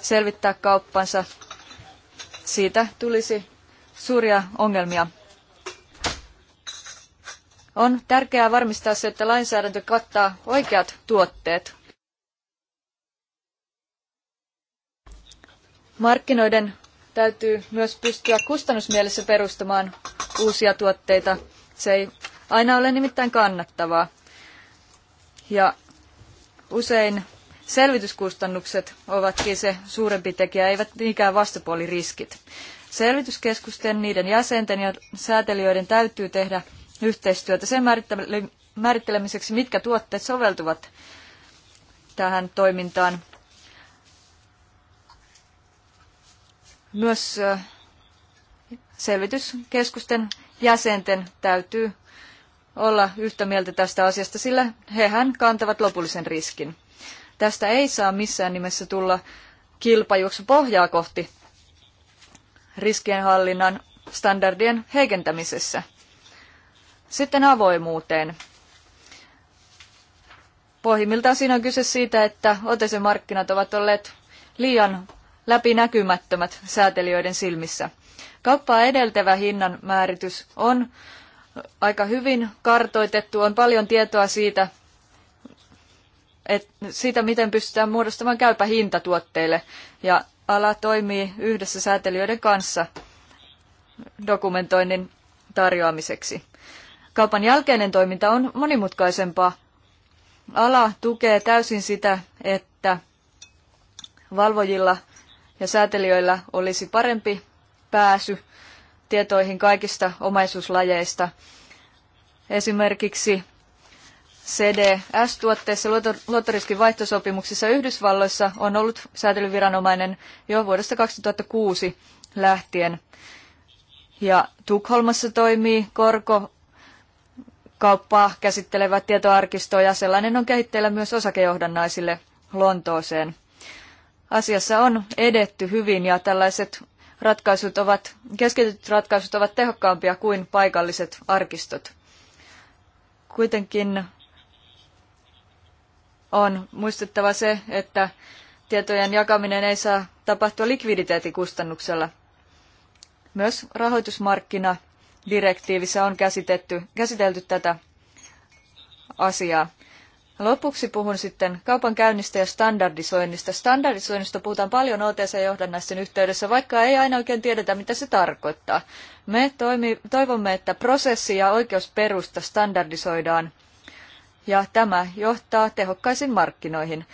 selvittää kauppansa, siitä tulisi suuria ongelmia. On tärkeää varmistaa se, että lainsäädäntö kattaa oikeat tuotteet. Markkinoiden täytyy myös pystyä kustannusmielessä perustamaan uusia tuotteita. Se ei aina ole nimittäin kannattavaa. Ja usein Selvityskustannukset ovatkin se suurempi tekijä, eivät niinkään vastapuoliriskit. Selvityskeskusten, niiden jäsenten ja säätelijöiden täytyy tehdä yhteistyötä sen määrittelemiseksi, mitkä tuotteet soveltuvat tähän toimintaan. Myös selvityskeskusten jäsenten täytyy olla yhtä mieltä tästä asiasta, sillä hehän kantavat lopullisen riskin. Tästä ei saa missään nimessä tulla kilpajuoksu pohjaa kohti riskienhallinnan standardien heikentämisessä. Sitten avoimuuteen. Pohjimmiltaan siinä on kyse siitä, että markkinat ovat olleet liian läpinäkymättömät säätelijöiden silmissä. Kauppaa edeltävä hinnan määritys on aika hyvin kartoitettu, on paljon tietoa siitä, et, siitä, miten pystytään muodostamaan käypä hinta tuotteille. Ja ala toimii yhdessä säätelijöiden kanssa dokumentoinnin tarjoamiseksi. Kaupan jälkeinen toiminta on monimutkaisempaa. Ala tukee täysin sitä, että valvojilla ja säätelijöillä olisi parempi pääsy tietoihin kaikista omaisuuslajeista. Esimerkiksi CDS-tuotteissa luottoriskin vaihtosopimuksissa Yhdysvalloissa on ollut säätelyviranomainen jo vuodesta 2006 lähtien. Ja Tukholmassa toimii korko kauppaa käsittelevä tietoarkisto ja sellainen on kehitteillä myös osakejohdannaisille Lontooseen. Asiassa on edetty hyvin ja tällaiset ratkaisut ovat, keskityt ratkaisut ovat tehokkaampia kuin paikalliset arkistot. Kuitenkin on muistettava se, että tietojen jakaminen ei saa tapahtua likviditeetikustannuksella. Myös rahoitusmarkkinadirektiivissä on käsitetty, käsitelty tätä asiaa. Lopuksi puhun sitten kaupan käynnistä ja standardisoinnista. Standardisoinnista puhutaan paljon OTC-johdannaisten yhteydessä, vaikka ei aina oikein tiedetä, mitä se tarkoittaa. Me toivomme, että prosessi ja oikeusperusta standardisoidaan ja tämä johtaa tehokkaisiin markkinoihin.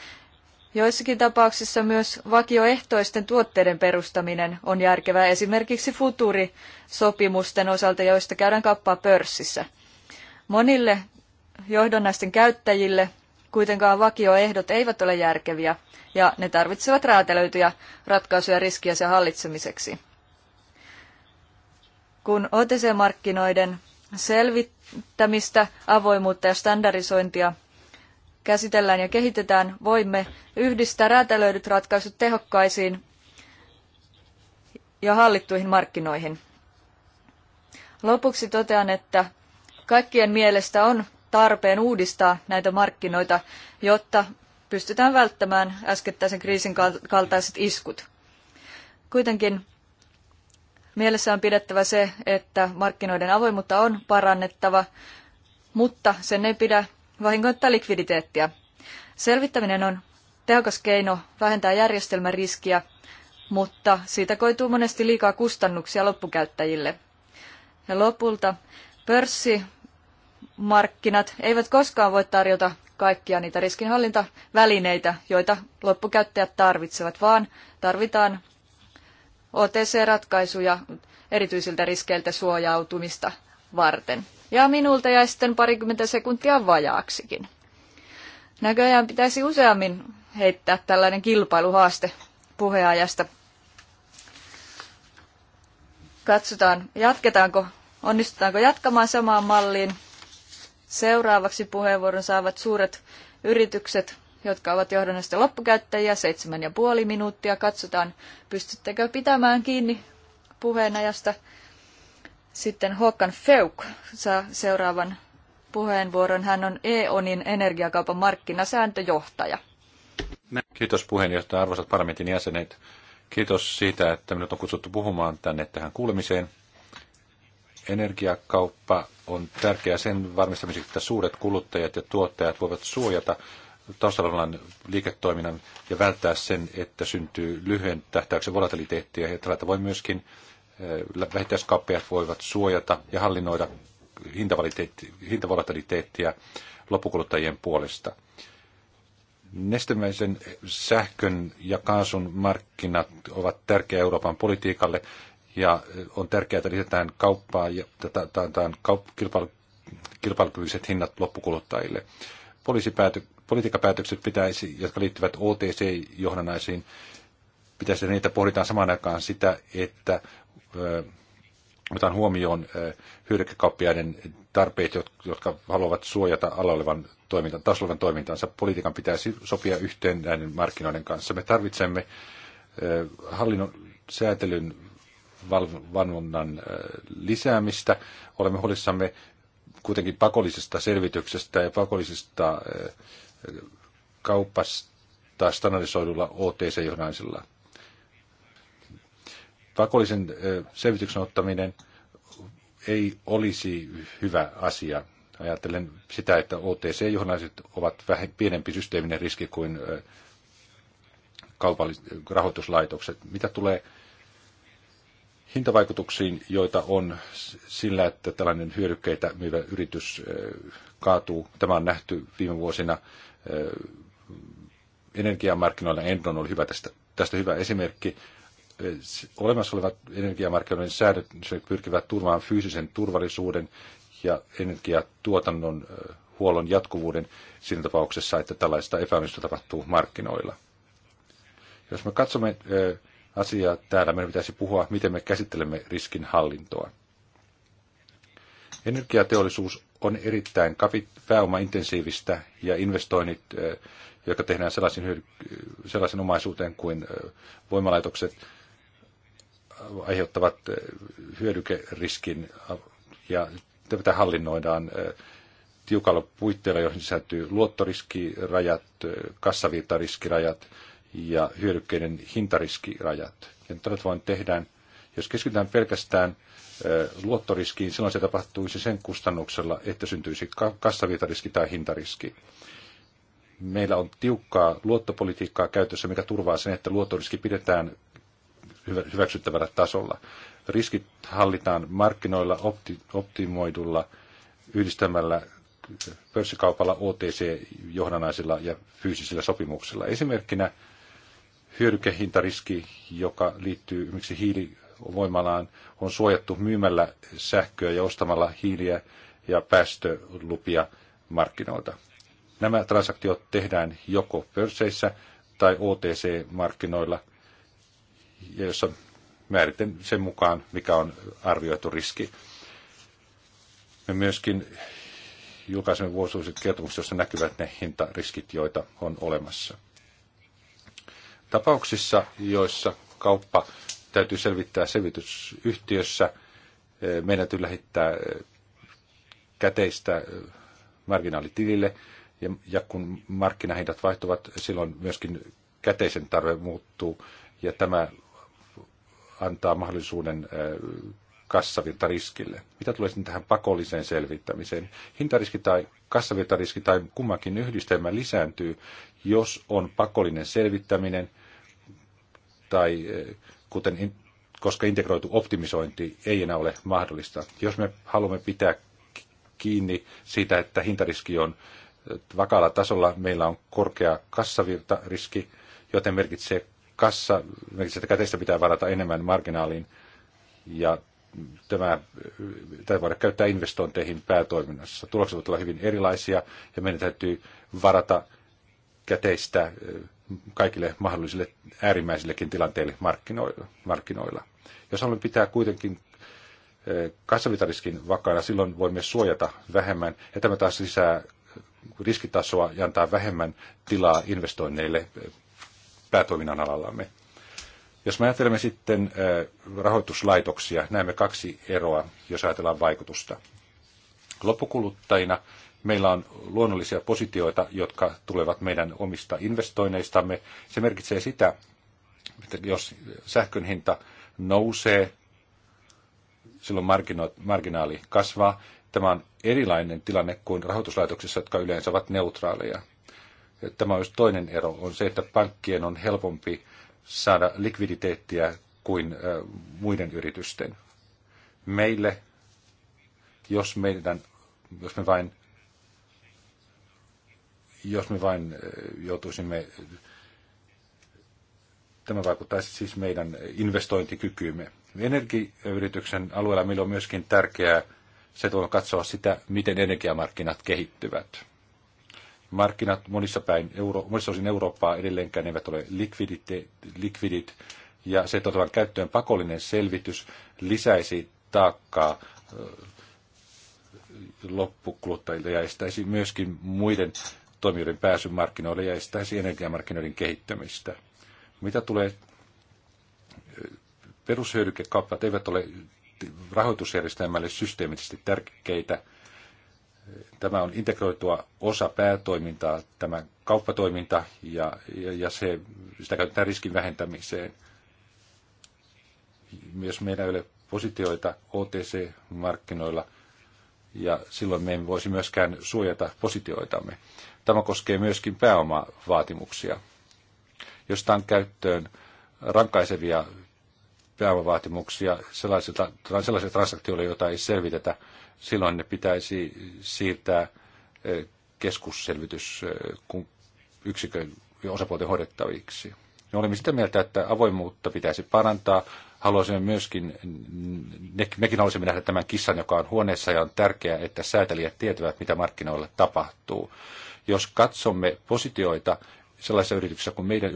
Joissakin tapauksissa myös vakioehtoisten tuotteiden perustaminen on järkevää esimerkiksi futurisopimusten osalta, joista käydään kauppaa pörssissä. Monille johdonnaisten käyttäjille kuitenkaan vakioehdot eivät ole järkeviä ja ne tarvitsevat räätälöityjä ratkaisuja riskiä hallitsemiseksi. Kun OTC-markkinoiden selvittämistä, avoimuutta ja standardisointia käsitellään ja kehitetään, voimme yhdistää räätälöidyt ratkaisut tehokkaisiin ja hallittuihin markkinoihin. Lopuksi totean, että kaikkien mielestä on tarpeen uudistaa näitä markkinoita, jotta pystytään välttämään äskettäisen kriisin kaltaiset iskut. Kuitenkin Mielessä on pidettävä se, että markkinoiden avoimuutta on parannettava, mutta sen ei pidä vahingoittaa likviditeettiä. Selvittäminen on tehokas keino vähentää järjestelmän riskiä, mutta siitä koituu monesti liikaa kustannuksia loppukäyttäjille. Ja lopulta pörssimarkkinat eivät koskaan voi tarjota kaikkia niitä riskinhallintavälineitä, joita loppukäyttäjät tarvitsevat, vaan tarvitaan OTC-ratkaisuja erityisiltä riskeiltä suojautumista varten. Ja minulta jäi sitten parikymmentä sekuntia vajaaksikin. Näköjään pitäisi useammin heittää tällainen kilpailuhaaste puheajasta. Katsotaan, jatketaanko, onnistutaanko jatkamaan samaan malliin. Seuraavaksi puheenvuoron saavat suuret yritykset, jotka ovat johdonnaisten loppukäyttäjiä, seitsemän ja puoli minuuttia. Katsotaan, pystyttekö pitämään kiinni puheenajasta. Sitten Håkan Feuk saa seuraavan puheenvuoron. Hän on EONin energiakaupan markkinasääntöjohtaja. Kiitos puheenjohtaja, arvoisat parlamentin jäsenet. Kiitos siitä, että minut on kutsuttu puhumaan tänne tähän kuulemiseen. Energiakauppa on tärkeää sen varmistamiseksi, että suuret kuluttajat ja tuottajat voivat suojata taustalla liiketoiminnan ja välttää sen, että syntyy lyhyen tähtäyksen volatiliteettia. Ja tällä tavoin myöskin eh, vähittäiskauppiaat voivat suojata ja hallinnoida hintavolatiliteettiä loppukuluttajien puolesta. Nestemäisen sähkön ja kaasun markkinat ovat tärkeä Euroopan politiikalle ja eh, on tärkeää, että lisätään kauppaa ja kilpailukykyiset hinnat loppukuluttajille. Poliisipäätö, politiikkapäätökset pitäisi, jotka liittyvät OTC-johdannaisiin, pitäisi niitä pohditaan samaan aikaan sitä, että otetaan huomioon hyödykkäkauppiaiden tarpeet, jotka haluavat suojata alla olevan toiminta, taas olevan toimintansa. Politiikan pitäisi sopia yhteen näiden markkinoiden kanssa. Me tarvitsemme hallinnon säätelyn valvonnan lisäämistä. Olemme huolissamme kuitenkin pakollisesta selvityksestä ja pakollisista kaupasta standardisoidulla OTC-johdannisilla. Pakollisen selvityksen ottaminen ei olisi hyvä asia. Ajattelen sitä, että OTC-johdannaiset ovat vähän pienempi systeeminen riski kuin kaupalliset rahoituslaitokset. Mitä tulee hintavaikutuksiin, joita on sillä, että tällainen hyödykkeitä myyvä yritys kaatuu. Tämä on nähty viime vuosina energiamarkkinoilla. Enron oli hyvä tästä, tästä hyvä esimerkki. Olemassa olevat energiamarkkinoiden säädöt pyrkivät turvaamaan fyysisen turvallisuuden ja energiatuotannon huollon jatkuvuuden siinä tapauksessa, että tällaista epäonnistusta tapahtuu markkinoilla. Jos me katsomme asiaa täällä, meidän pitäisi puhua, miten me käsittelemme riskinhallintoa. Energiateollisuus on erittäin pääomaintensiivistä ja investoinnit, jotka tehdään sellaisen, sellaisen omaisuuteen kuin voimalaitokset, aiheuttavat hyödykeriskin ja tätä hallinnoidaan tiukalla puitteilla, joihin sisältyy luottoriskirajat, kassavirtariskirajat ja hyödykkeiden hintariskirajat. Ja tällä tavoin tehdään, jos keskitytään pelkästään luottoriskiin, silloin se tapahtuisi sen kustannuksella, että syntyisi kassavirtariski tai hintariski. Meillä on tiukkaa luottopolitiikkaa käytössä, mikä turvaa sen, että luottoriski pidetään hyväksyttävällä tasolla. Riskit hallitaan markkinoilla opti, optimoidulla yhdistämällä pörssikaupalla OTC-johdanaisilla ja fyysisillä sopimuksilla. Esimerkkinä hyödykehintariski, joka liittyy esimerkiksi hiili, voimalaan on suojattu myymällä sähköä ja ostamalla hiiliä ja päästölupia markkinoilta. Nämä transaktiot tehdään joko pörsseissä tai OTC-markkinoilla, joissa määritän sen mukaan, mikä on arvioitu riski. Me myöskin julkaisemme vuosuiset kertomukset, joissa näkyvät ne hintariskit, joita on olemassa. Tapauksissa, joissa kauppa täytyy selvittää selvitysyhtiössä. Eh, meidän täytyy lähettää eh, käteistä eh, marginaalitilille, ja, ja kun markkinahinnat vaihtuvat, silloin myöskin käteisen tarve muuttuu, ja tämä antaa mahdollisuuden kassavirtariskille. Mitä tulee sitten tähän pakolliseen selvittämiseen? Hintariski tai kassavirtariski tai kummankin yhdistelmä lisääntyy, jos on pakollinen selvittäminen tai kuten koska integroitu optimisointi ei enää ole mahdollista. Jos me haluamme pitää kiinni siitä, että hintariski on äh, vakaalla tasolla, meillä on korkea kassavirtariski, joten merkitsee kassa, merkitsee, että käteistä pitää varata enemmän marginaaliin ja tämä, äh, täytyy voidaan käyttää investointeihin päätoiminnassa. Tulokset voivat olla hyvin erilaisia ja meidän täytyy varata käteistä äh, kaikille mahdollisille äärimmäisillekin tilanteille markkinoilla. Jos haluamme pitää kuitenkin eh, kassavirtariskin vakaana, silloin voimme suojata vähemmän, ja tämä taas lisää riskitasoa ja antaa vähemmän tilaa investoinneille eh, päätoiminnan alallamme. Jos me ajattelemme sitten eh, rahoituslaitoksia, näemme kaksi eroa, jos ajatellaan vaikutusta. Loppukuluttajina Meillä on luonnollisia positioita, jotka tulevat meidän omista investoinneistamme. Se merkitsee sitä, että jos sähkön hinta nousee, silloin marginaali kasvaa. Tämä on erilainen tilanne kuin rahoituslaitoksissa, jotka yleensä ovat neutraaleja. Tämä on toinen ero, on se, että pankkien on helpompi saada likviditeettiä kuin muiden yritysten. Meille, jos, meidän, jos me vain jos me vain eh, joutuisimme, tämä vaikuttaisi siis meidän investointikykyymme. Energiayrityksen alueella meillä on myöskin tärkeää se tuolla katsoa sitä, miten energiamarkkinat kehittyvät. Markkinat monissa, päin, Euro, monissa osin Eurooppaa edelleenkään eivät ole likvidit, likvidit ja se otetaan käyttöön pakollinen selvitys lisäisi taakkaa eh, loppukuluttajille ja estäisi myöskin muiden toimijoiden pääsy markkinoille ja estäisi energiamarkkinoiden kehittämistä. Mitä tulee, eh, perushyödykekauppat eivät ole rahoitusjärjestelmälle systeemisesti tärkeitä. Eh, tämä on integroitua osa päätoimintaa, tämä kauppatoiminta, ja, ja, ja se, sitä käytetään riskin vähentämiseen. Myös meillä ei ole positioita OTC-markkinoilla – ja silloin me emme voisi myöskään suojata positioitamme. Tämä koskee myöskin pääomavaatimuksia. Jos on käyttöön rankaisevia pääomavaatimuksia sellaisilta, sellaisille transaktioille, joita ei selvitetä, silloin ne pitäisi siirtää eh, keskusselvitysyksikön eh, ja osapuolten hoidettaviksi. Me olemme sitä mieltä, että avoimuutta pitäisi parantaa, haluaisimme myöskin, mekin haluaisimme nähdä tämän kissan, joka on huoneessa ja on tärkeää, että säätelijät tietävät, mitä markkinoilla tapahtuu. Jos katsomme positioita sellaisessa yrityksessä kuin meidän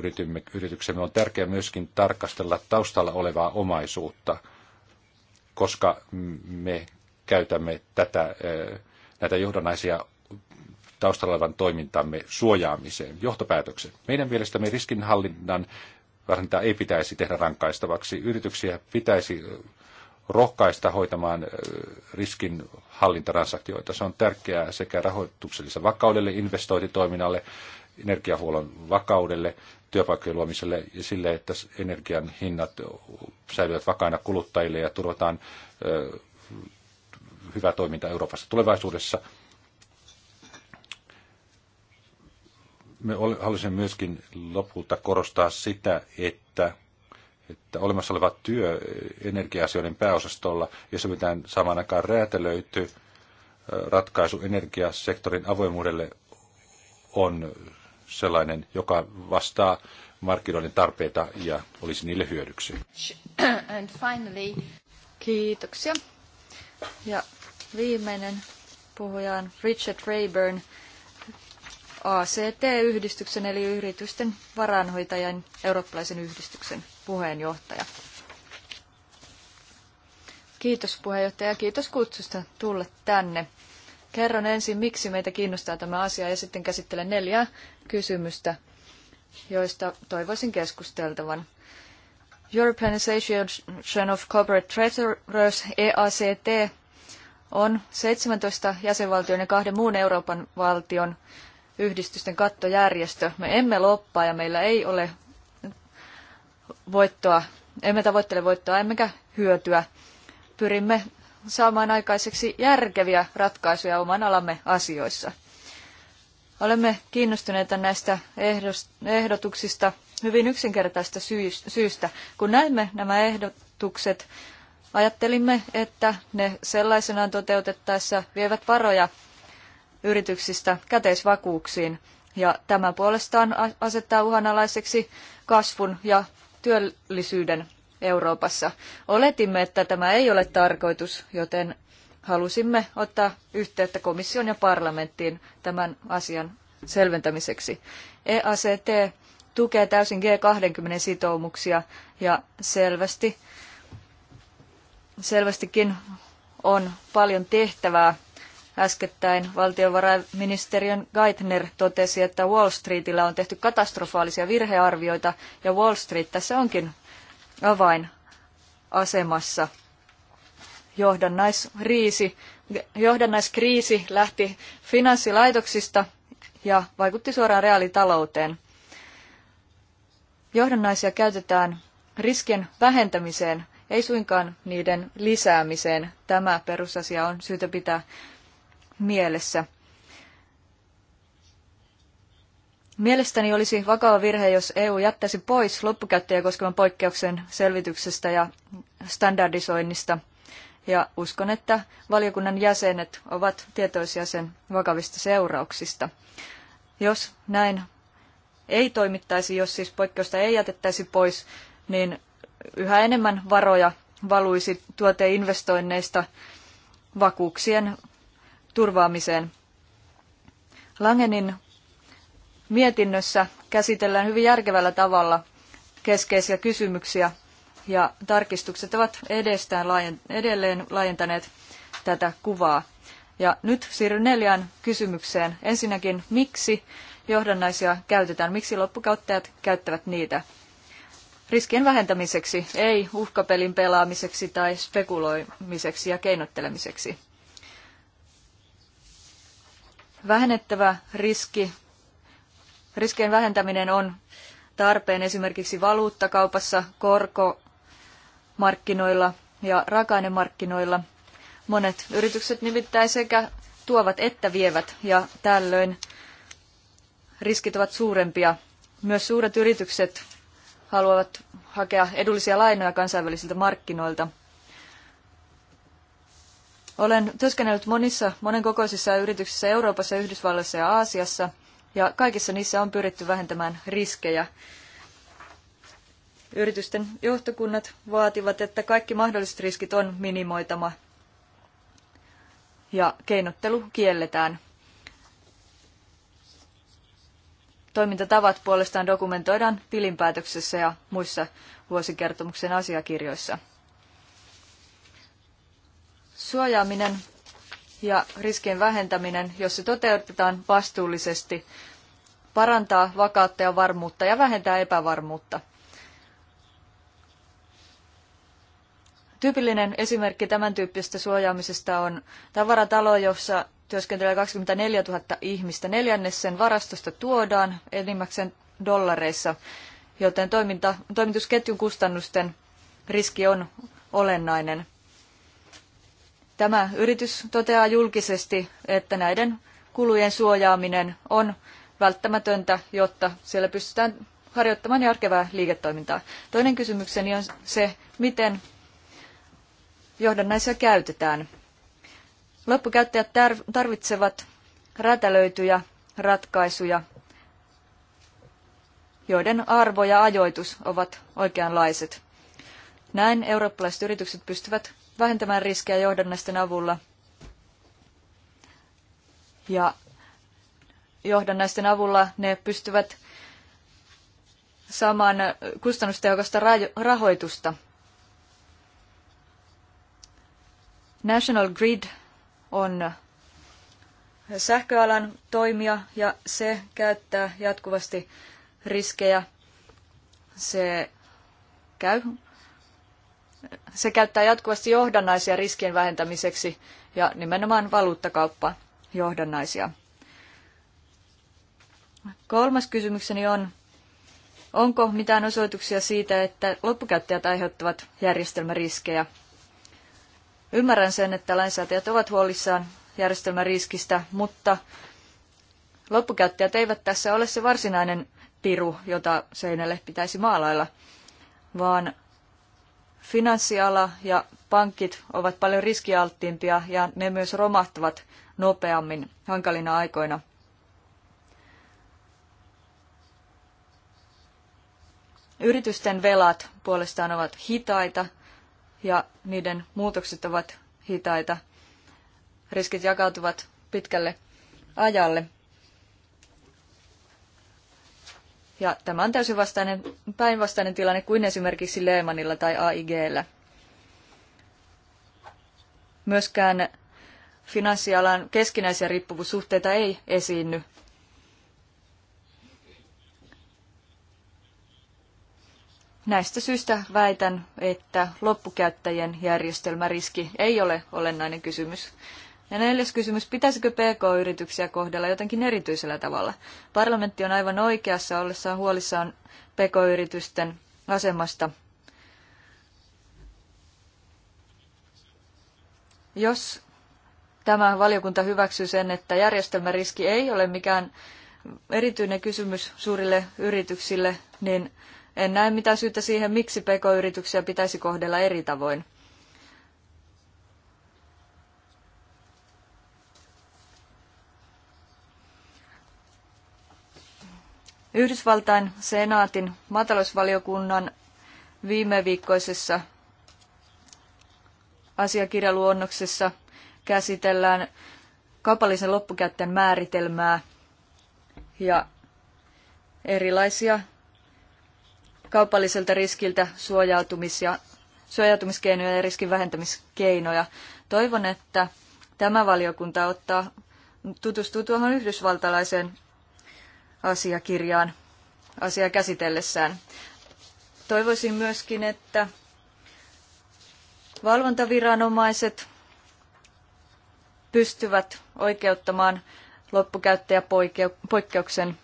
yrityksemme, on tärkeää myöskin tarkastella taustalla olevaa omaisuutta, koska me käytämme tätä, eh, näitä johdonaisia taustalla olevan toimintamme suojaamiseen. Johtopäätökset. Meidän mielestämme riskinhallinnan Vähintään ei pitäisi tehdä rankaistavaksi. Yrityksiä pitäisi rohkaista hoitamaan riskin hallintatransaktioita. Se on tärkeää sekä rahoituksellisen vakaudelle, investointitoiminnalle, energiahuollon vakaudelle, työpaikkojen luomiselle ja sille, että energian hinnat säilyvät vakaina kuluttajille ja turvataan hyvä toiminta Euroopassa tulevaisuudessa. me halusimme myöskin lopulta korostaa sitä, että, että olemassa oleva työ energia-asioiden pääosastolla, jossa mitään samaan aikaan räätälöity ratkaisu energiasektorin avoimuudelle, on sellainen, joka vastaa markkinoiden tarpeita ja olisi niille hyödyksi. And finally, kiitoksia. Ja viimeinen puhuja on Richard Rayburn ACT-yhdistyksen eli yritysten varanhoitajan eurooppalaisen yhdistyksen puheenjohtaja. Kiitos puheenjohtaja ja kiitos kutsusta tulla tänne. Kerron ensin, miksi meitä kiinnostaa tämä asia ja sitten käsittelen neljää kysymystä, joista toivoisin keskusteltavan. European Association of Corporate Treasurers, EACT, on 17 jäsenvaltion ja kahden muun Euroopan valtion yhdistysten kattojärjestö. Me emme loppaa ja meillä ei ole voittoa, emme tavoittele voittoa emmekä hyötyä. Pyrimme saamaan aikaiseksi järkeviä ratkaisuja oman alamme asioissa. Olemme kiinnostuneita näistä ehdotuksista hyvin yksinkertaista syystä. Kun näimme nämä ehdotukset, ajattelimme, että ne sellaisenaan toteutettaessa vievät varoja yrityksistä käteisvakuuksiin, ja tämä puolestaan asettaa uhanalaiseksi kasvun ja työllisyyden Euroopassa. Oletimme, että tämä ei ole tarkoitus, joten halusimme ottaa yhteyttä komission ja parlamenttiin tämän asian selventämiseksi. EACT tukee täysin G20-sitoumuksia ja selvästi, selvästikin on paljon tehtävää Äskettäin valtiovarainministeriön Geithner totesi, että Wall Streetillä on tehty katastrofaalisia virhearvioita, ja Wall Street tässä onkin avainasemassa. Johdannaisriisi, johdannaiskriisi lähti finanssilaitoksista ja vaikutti suoraan reaalitalouteen. Johdannaisia käytetään riskien vähentämiseen, ei suinkaan niiden lisäämiseen. Tämä perusasia on syytä pitää mielessä. Mielestäni olisi vakava virhe, jos EU jättäisi pois loppukäyttäjä koskevan poikkeuksen selvityksestä ja standardisoinnista. Ja uskon, että valiokunnan jäsenet ovat tietoisia sen vakavista seurauksista. Jos näin ei toimittaisi, jos siis poikkeusta ei jätettäisi pois, niin yhä enemmän varoja valuisi tuoteinvestoinneista vakuuksien turvaamiseen. Langenin mietinnössä käsitellään hyvin järkevällä tavalla keskeisiä kysymyksiä ja tarkistukset ovat edestään edelleen laajentaneet tätä kuvaa. Ja nyt siirryn neljään kysymykseen. Ensinnäkin, miksi johdannaisia käytetään, miksi loppukäyttäjät käyttävät niitä? Riskien vähentämiseksi, ei uhkapelin pelaamiseksi tai spekuloimiseksi ja keinottelemiseksi vähennettävä riski. Riskien vähentäminen on tarpeen esimerkiksi valuuttakaupassa, korkomarkkinoilla ja raaka-ainemarkkinoilla. Monet yritykset nimittäin sekä tuovat että vievät ja tällöin riskit ovat suurempia. Myös suuret yritykset haluavat hakea edullisia lainoja kansainvälisiltä markkinoilta – olen työskennellyt monissa monenkokoisissa yrityksissä Euroopassa, Yhdysvalloissa ja Aasiassa, ja kaikissa niissä on pyritty vähentämään riskejä. Yritysten johtokunnat vaativat, että kaikki mahdolliset riskit on minimoitama ja keinottelu kielletään. Toimintatavat puolestaan dokumentoidaan tilinpäätöksessä ja muissa vuosikertomuksen asiakirjoissa suojaaminen ja riskien vähentäminen, jos se toteutetaan vastuullisesti, parantaa vakautta ja varmuutta ja vähentää epävarmuutta. Tyypillinen esimerkki tämän tyyppisestä suojaamisesta on tavaratalo, jossa työskentelee 24 000 ihmistä. Neljännes sen varastosta tuodaan enimmäkseen dollareissa, joten toiminta, toimitusketjun kustannusten riski on olennainen. Tämä yritys toteaa julkisesti, että näiden kulujen suojaaminen on välttämätöntä, jotta siellä pystytään harjoittamaan järkevää liiketoimintaa. Toinen kysymykseni on se, miten johdannaisia käytetään. Loppukäyttäjät tarvitsevat räätälöityjä ratkaisuja, joiden arvo ja ajoitus ovat oikeanlaiset. Näin eurooppalaiset yritykset pystyvät vähentämään riskejä johdannaisten avulla. Ja johdannaisten avulla ne pystyvät saamaan kustannustehokasta rahoitusta. National Grid on sähköalan toimija ja se käyttää jatkuvasti riskejä. Se käy se käyttää jatkuvasti johdannaisia riskien vähentämiseksi ja nimenomaan valuuttakauppa johdannaisia. Kolmas kysymykseni on, onko mitään osoituksia siitä, että loppukäyttäjät aiheuttavat järjestelmäriskejä? Ymmärrän sen, että lainsäätäjät ovat huolissaan järjestelmäriskistä, mutta loppukäyttäjät eivät tässä ole se varsinainen piru, jota seinälle pitäisi maalailla, vaan Finanssiala ja pankit ovat paljon riskialttiimpia ja ne myös romahtavat nopeammin hankalina aikoina. Yritysten velat puolestaan ovat hitaita ja niiden muutokset ovat hitaita. Riskit jakautuvat pitkälle ajalle. Ja tämä on täysin vastainen, päinvastainen tilanne kuin esimerkiksi Lehmanilla tai AIGllä. Myöskään finanssialan keskinäisiä riippuvuussuhteita ei esiinny. Näistä syistä väitän, että loppukäyttäjien järjestelmäriski ei ole olennainen kysymys. Ja neljäs kysymys, pitäisikö PK-yrityksiä kohdella jotenkin erityisellä tavalla? Parlamentti on aivan oikeassa ollessaan huolissaan PK-yritysten asemasta. Jos tämä valiokunta hyväksyy sen, että järjestelmäriski ei ole mikään erityinen kysymys suurille yrityksille, niin en näe mitään syytä siihen, miksi PK-yrityksiä pitäisi kohdella eri tavoin. Yhdysvaltain senaatin maatalousvaliokunnan viime viikkoisessa asiakirjaluonnoksessa käsitellään kaupallisen loppukäyttäjän määritelmää ja erilaisia kaupalliselta riskiltä suojautumis- ja suojautumiskeinoja ja riskin vähentämiskeinoja. Toivon, että tämä valiokunta ottaa tutustuu tuohon yhdysvaltalaiseen asiakirjaan asiaa käsitellessään. Toivoisin myöskin, että valvontaviranomaiset pystyvät oikeuttamaan loppukäyttäjäpoikkeuksen.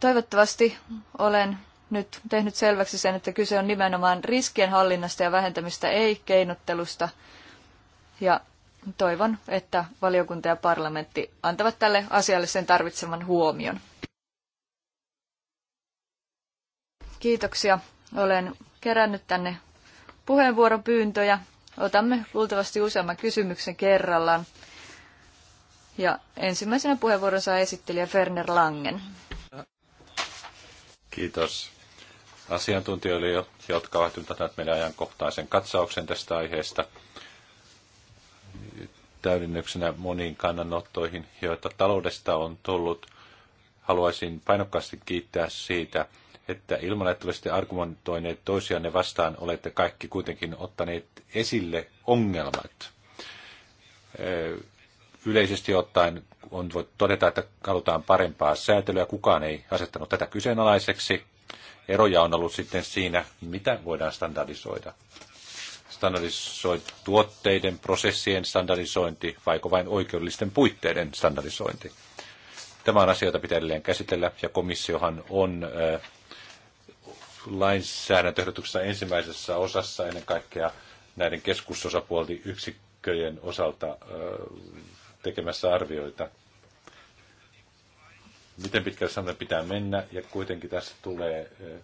Toivottavasti olen nyt tehnyt selväksi sen, että kyse on nimenomaan riskien hallinnasta ja vähentämistä, ei keinottelusta. Ja Toivon, että valiokunta ja parlamentti antavat tälle asialle sen tarvitseman huomion. Kiitoksia. Olen kerännyt tänne puheenvuoropyyntöjä. Otamme luultavasti useamman kysymyksen kerrallaan. Ja ensimmäisenä puheenvuoron saa esittelijä Ferner Langen. Kiitos asiantuntijoille, jotka ovat ymmärtäneet meidän ajankohtaisen katsauksen tästä aiheesta täydennyksenä moniin kannanottoihin, joita taloudesta on tullut. Haluaisin painokkaasti kiittää siitä, että ilman, että olisitte argumentoineet toisianne vastaan, olette kaikki kuitenkin ottaneet esille ongelmat. Yleisesti ottaen on voi todeta, että halutaan parempaa säätelyä. Kukaan ei asettanut tätä kyseenalaiseksi. Eroja on ollut sitten siinä, mitä voidaan standardisoida tuotteiden prosessien standardisointi vai vain oikeudellisten puitteiden standardisointi. Tämä on asia, pitää edelleen käsitellä ja komissiohan on äh, lainsäädäntöehdotuksessa ensimmäisessä osassa ennen kaikkea näiden keskusosapuolten yksikköjen osalta äh, tekemässä arvioita. Miten pitkälle sanotaan pitää mennä ja kuitenkin tässä tulee äh,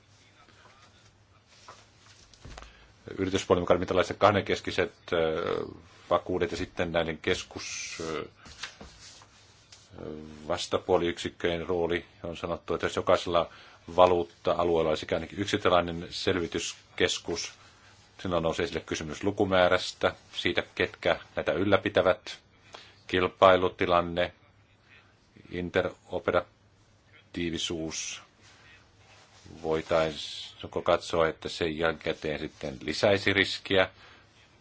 yrityspuolen mukaan, tällaiset kahdenkeskiset vakuudet ja sitten näiden keskus vastapuoliyksikköjen rooli. On sanottu, että jos jokaisella valuutta-alueella olisi ikään kuin yksi tällainen selvityskeskus, silloin nousee esille kysymys lukumäärästä, siitä ketkä näitä ylläpitävät, kilpailutilanne, interoperatiivisuus, voitaisiin katsoa, että se jälkikäteen sitten lisäisi riskiä,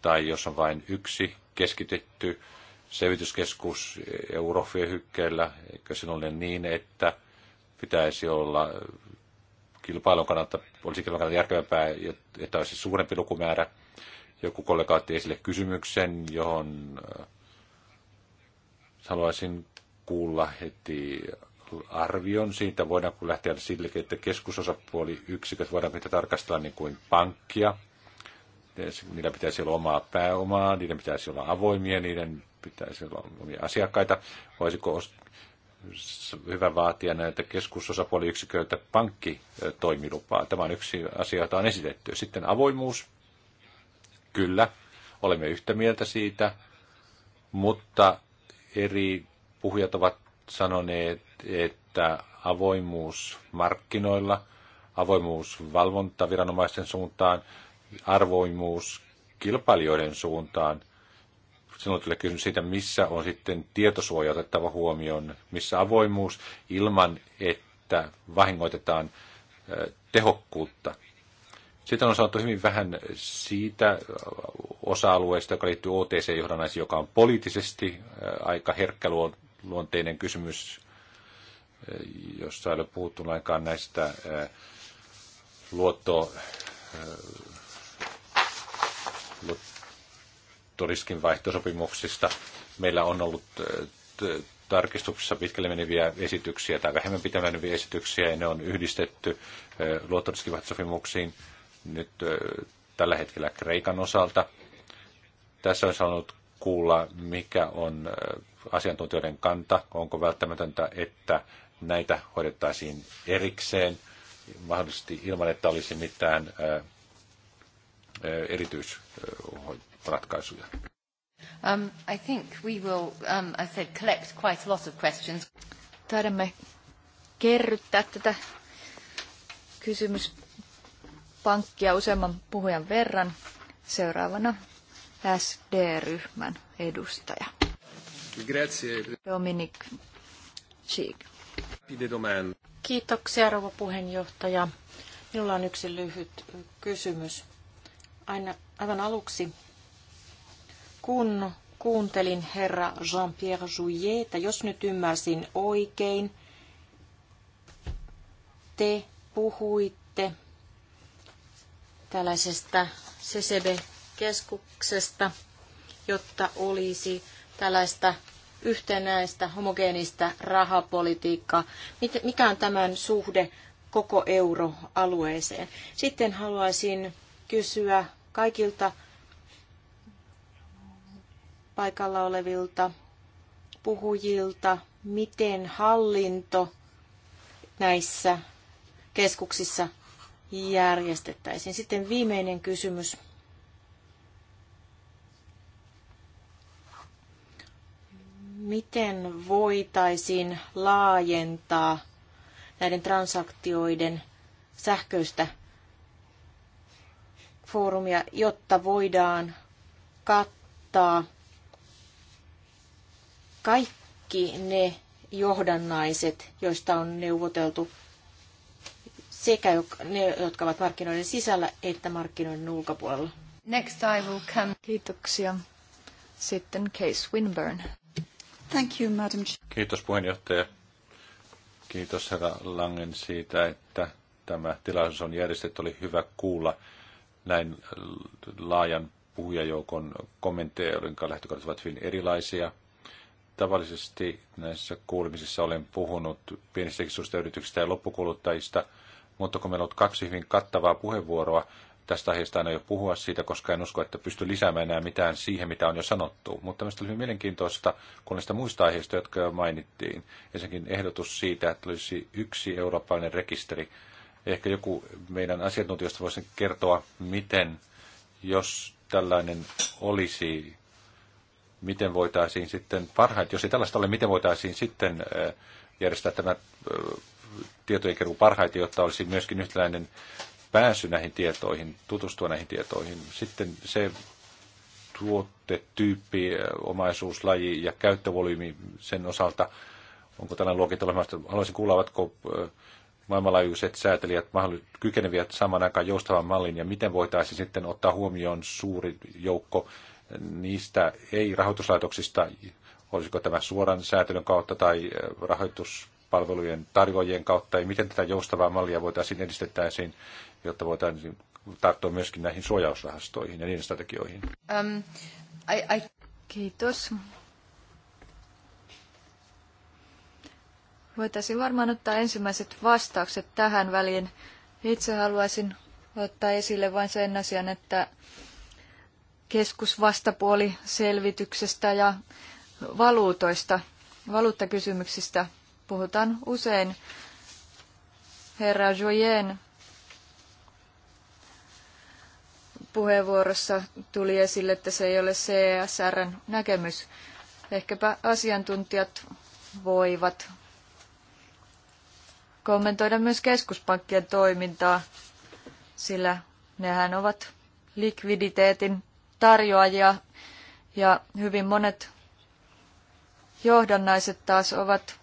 tai jos on vain yksi keskitetty selvityskeskus Eurofiehykkeellä, eikö se ole niin, että pitäisi olla kilpailun kannalta, olisi kilpailun kannalta järkevämpää, että olisi suurempi lukumäärä. Joku kollega otti esille kysymyksen, johon äh, haluaisin kuulla heti arvion siitä, voidaanko lähteä sille, että keskusosapuoli yksiköt voidaan pitää tarkastella niin kuin pankkia. Niillä pitäisi olla omaa pääomaa, niiden pitäisi olla avoimia, niiden pitäisi olla omia asiakkaita. Voisiko hyvä vaatia näitä keskusosapuoliyksiköiltä pankkitoimilupaa? Tämä on yksi asia, jota on esitetty. Sitten avoimuus. Kyllä, olemme yhtä mieltä siitä, mutta eri puhujat ovat sanoneet, että avoimuus markkinoilla, avoimuus valvontaviranomaisten suuntaan, arvoimuus kilpailijoiden suuntaan. Silloin tulee kysymys siitä, missä on sitten tietosuoja otettava huomioon, missä avoimuus ilman, että vahingoitetaan tehokkuutta. Sitten on sanottu hyvin vähän siitä osa-alueesta, joka liittyy OTC-johdannaisiin, joka on poliittisesti aika herkkä luonteinen kysymys, eh, jossa ei ole puhuttu lainkaan näistä eh, luotto, eh, luottoriskin vaihtosopimuksista. Meillä on ollut tarkistuksessa pitkälle meneviä esityksiä tai vähemmän pitämään esityksiä, ja ne on yhdistetty vaihtosopimuksiin nyt tällä hetkellä Kreikan osalta. Tässä on sanonut kuulla, mikä on asiantuntijoiden kanta, onko välttämätöntä, että näitä hoidettaisiin erikseen, mahdollisesti ilman, että olisi mitään erityisratkaisuja. Um, I think we will, um, I said, collect quite a lot of questions. Taidamme kerryttää tätä kysymyspankkia useamman puhujan verran. Seuraavana SD-ryhmän edustaja. Grazie. Dominic Cheek. Kiitoksia, rouva puheenjohtaja. Minulla on yksi lyhyt kysymys. Aina, aivan aluksi, kun kuuntelin herra Jean-Pierre Jouyetta, jos nyt ymmärsin oikein, te puhuitte tällaisesta CCB-keskuksesta, jotta olisi tällaista yhtenäistä, homogeenista rahapolitiikkaa? Mikä on tämän suhde koko euroalueeseen? Sitten haluaisin kysyä kaikilta paikalla olevilta puhujilta, miten hallinto näissä keskuksissa järjestettäisiin. Sitten viimeinen kysymys. miten voitaisiin laajentaa näiden transaktioiden sähköistä foorumia, jotta voidaan kattaa kaikki ne johdannaiset, joista on neuvoteltu sekä ne, jotka ovat markkinoiden sisällä että markkinoiden ulkopuolella. Next I will come. Kiitoksia. Sitten Case Winburn. Thank you, Madam Kiitos puheenjohtaja. Kiitos herra Langen siitä, että tämä tilaisuus on järjestetty. Oli hyvä kuulla näin laajan puhujajoukon kommentteja, joiden lähtökohdat ovat hyvin erilaisia. Tavallisesti näissä kuulemisissa olen puhunut pienistä yrityksistä ja loppukuluttajista, mutta kun meillä on ollut kaksi hyvin kattavaa puheenvuoroa, Tästä aiheesta aina jo puhua siitä, koska en usko, että pysty lisäämään enää mitään siihen, mitä on jo sanottu. Mutta minusta oli hyvin mielenkiintoista, kun niistä muista aiheista, jotka jo mainittiin. Ensinnäkin ehdotus siitä, että olisi yksi eurooppalainen rekisteri. Ehkä joku meidän asiantuntijoista voisi kertoa, miten, jos tällainen olisi, miten voitaisiin sitten parhaiten, jos ei tällaista ole, miten voitaisiin sitten järjestää tämä tietojenkeruu parhaiten, jotta olisi myöskin yhtäläinen pääsy näihin tietoihin, tutustua näihin tietoihin. Sitten se tuotetyyppi, omaisuuslaji ja käyttövolyymi sen osalta, onko tällainen olemassa. Haluaisin kuulla, ovatko maailmanlaajuiset säätelijät kykeneviä saman aikaan joustavan mallin ja miten voitaisiin sitten ottaa huomioon suuri joukko niistä ei-rahoituslaitoksista, olisiko tämä suoran säätelyn kautta tai rahoitus palvelujen tarjoajien kautta ja miten tätä joustavaa mallia voitaisiin edistettäisiin, jotta voitaisiin tarttua myöskin näihin suojausrahastoihin ja niiden strategioihin. Um, I, I... Kiitos. Voitaisiin varmaan ottaa ensimmäiset vastaukset tähän väliin. Itse haluaisin ottaa esille vain sen asian, että keskusvastapuoli selvityksestä ja valuutoista, valuuttakysymyksistä puhutaan usein herra Joyen puheenvuorossa tuli esille, että se ei ole CSRn näkemys. Ehkäpä asiantuntijat voivat kommentoida myös keskuspankkien toimintaa, sillä nehän ovat likviditeetin tarjoajia ja hyvin monet johdannaiset taas ovat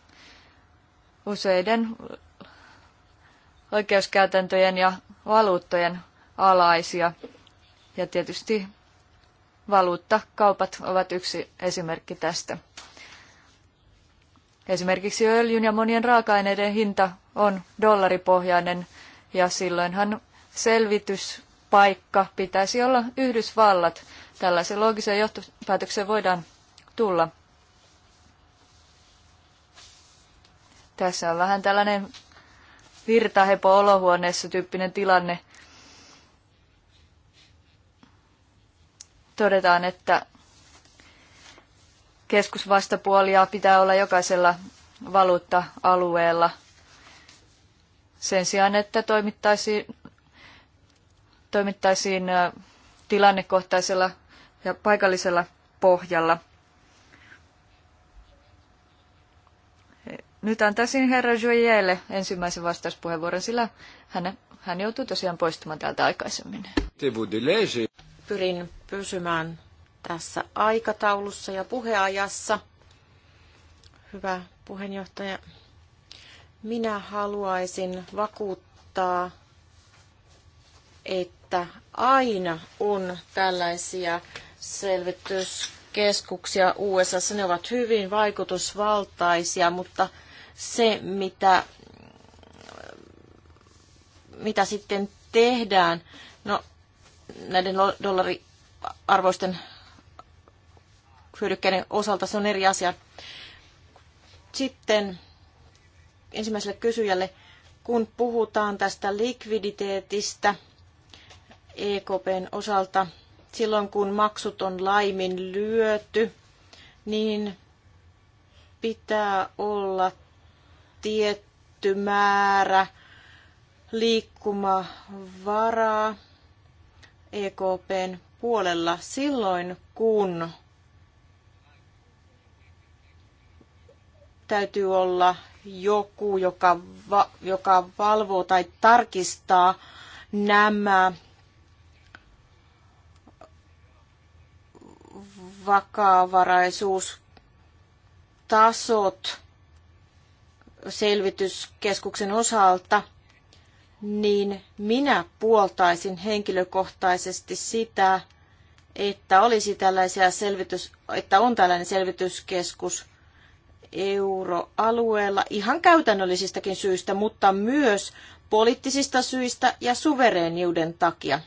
useiden oikeuskäytäntöjen ja valuuttojen alaisia. Ja tietysti valuuttakaupat ovat yksi esimerkki tästä. Esimerkiksi öljyn ja monien raaka-aineiden hinta on dollaripohjainen ja silloinhan selvityspaikka pitäisi olla Yhdysvallat. Tällaisen loogisen johtopäätöksen voidaan tulla. Tässä on vähän tällainen virtahepo olohuoneessa tyyppinen tilanne. Todetaan, että keskusvastapuolia pitää olla jokaisella valuutta-alueella sen sijaan, että toimittaisiin, toimittaisiin tilannekohtaisella ja paikallisella pohjalla. Nyt antaisin herra Joyelle ensimmäisen vastauspuheenvuoron, sillä hän, hän joutui tosiaan poistumaan täältä aikaisemmin. Pyrin pysymään tässä aikataulussa ja puheajassa. Hyvä puheenjohtaja. Minä haluaisin vakuuttaa, että aina on tällaisia selvityskeskuksia USA. Ne ovat hyvin vaikutusvaltaisia, mutta se, mitä, mitä sitten tehdään, no näiden dollariarvoisten hyödykkeiden osalta se on eri asia. Sitten ensimmäiselle kysyjälle, kun puhutaan tästä likviditeetistä EKPn osalta, silloin kun maksut on laimin lyöty, niin pitää olla tietty määrä liikkumavaraa EKPn puolella silloin, kun täytyy olla joku, joka, va, joka valvoo tai tarkistaa nämä vakavaraisuustasot selvityskeskuksen osalta, niin minä puoltaisin henkilökohtaisesti sitä, että olisi tällaisia selvitys, että on tällainen selvityskeskus euroalueella ihan käytännöllisistäkin syistä, mutta myös poliittisista syistä ja suvereeniuden takia.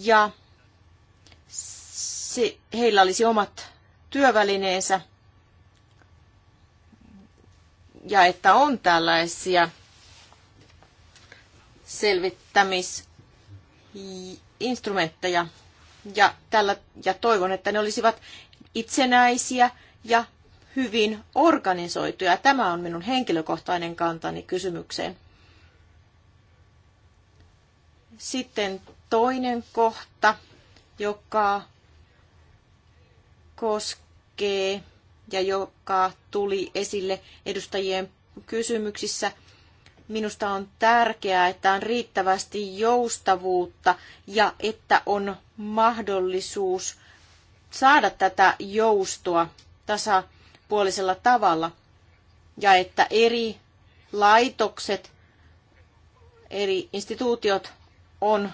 Ja se, heillä olisi omat työvälineensä ja että on tällaisia selvittämisinstrumentteja. Ja, tällä, ja toivon, että ne olisivat itsenäisiä ja hyvin organisoituja. Tämä on minun henkilökohtainen kantani kysymykseen. Sitten toinen kohta, joka koskee ja joka tuli esille edustajien kysymyksissä. Minusta on tärkeää, että on riittävästi joustavuutta ja että on mahdollisuus saada tätä joustoa tasapuolisella tavalla ja että eri laitokset, eri instituutiot on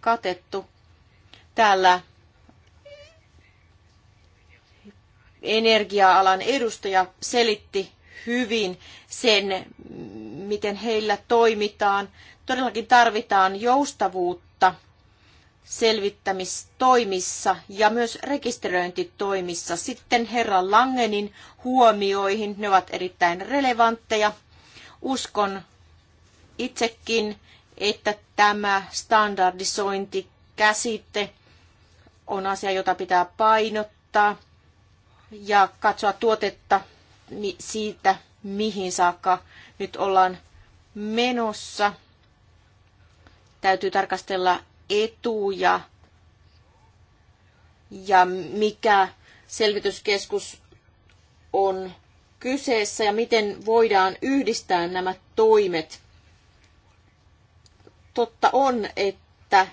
katettu. Täällä energia-alan edustaja selitti hyvin sen, miten heillä toimitaan. Todellakin tarvitaan joustavuutta selvittämistoimissa ja myös rekisteröintitoimissa. Sitten herra Langenin huomioihin, ne ovat erittäin relevantteja. Uskon itsekin, että tämä standardisointikäsite on asia, jota pitää painottaa ja katsoa tuotetta siitä, mihin saakka nyt ollaan menossa. Täytyy tarkastella etuja ja mikä selvityskeskus on kyseessä ja miten voidaan yhdistää nämä toimet. Totta on, että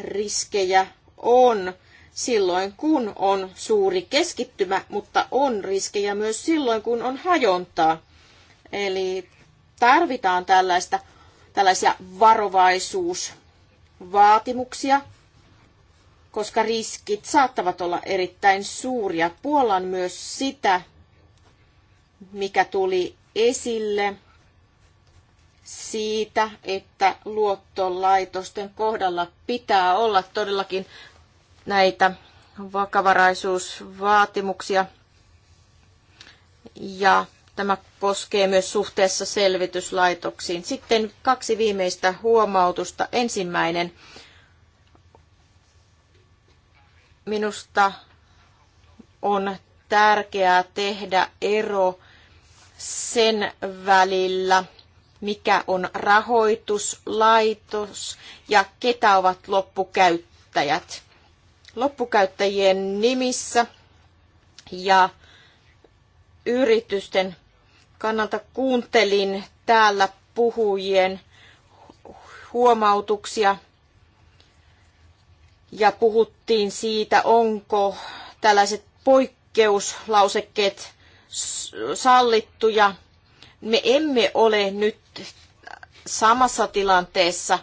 riskejä on silloin, kun on suuri keskittymä, mutta on riskejä myös silloin, kun on hajontaa. Eli tarvitaan tällaista, tällaisia varovaisuusvaatimuksia, koska riskit saattavat olla erittäin suuria. Puolan myös sitä, mikä tuli esille siitä, että luottolaitosten kohdalla pitää olla todellakin näitä vakavaraisuusvaatimuksia. Ja tämä koskee myös suhteessa selvityslaitoksiin. Sitten kaksi viimeistä huomautusta. Ensimmäinen. Minusta on tärkeää tehdä ero sen välillä, mikä on rahoituslaitos ja ketä ovat loppukäyttäjät loppukäyttäjien nimissä ja yritysten kannalta kuuntelin täällä puhujien huomautuksia ja puhuttiin siitä, onko tällaiset poikkeuslausekkeet sallittuja. Me emme ole nyt samassa tilanteessa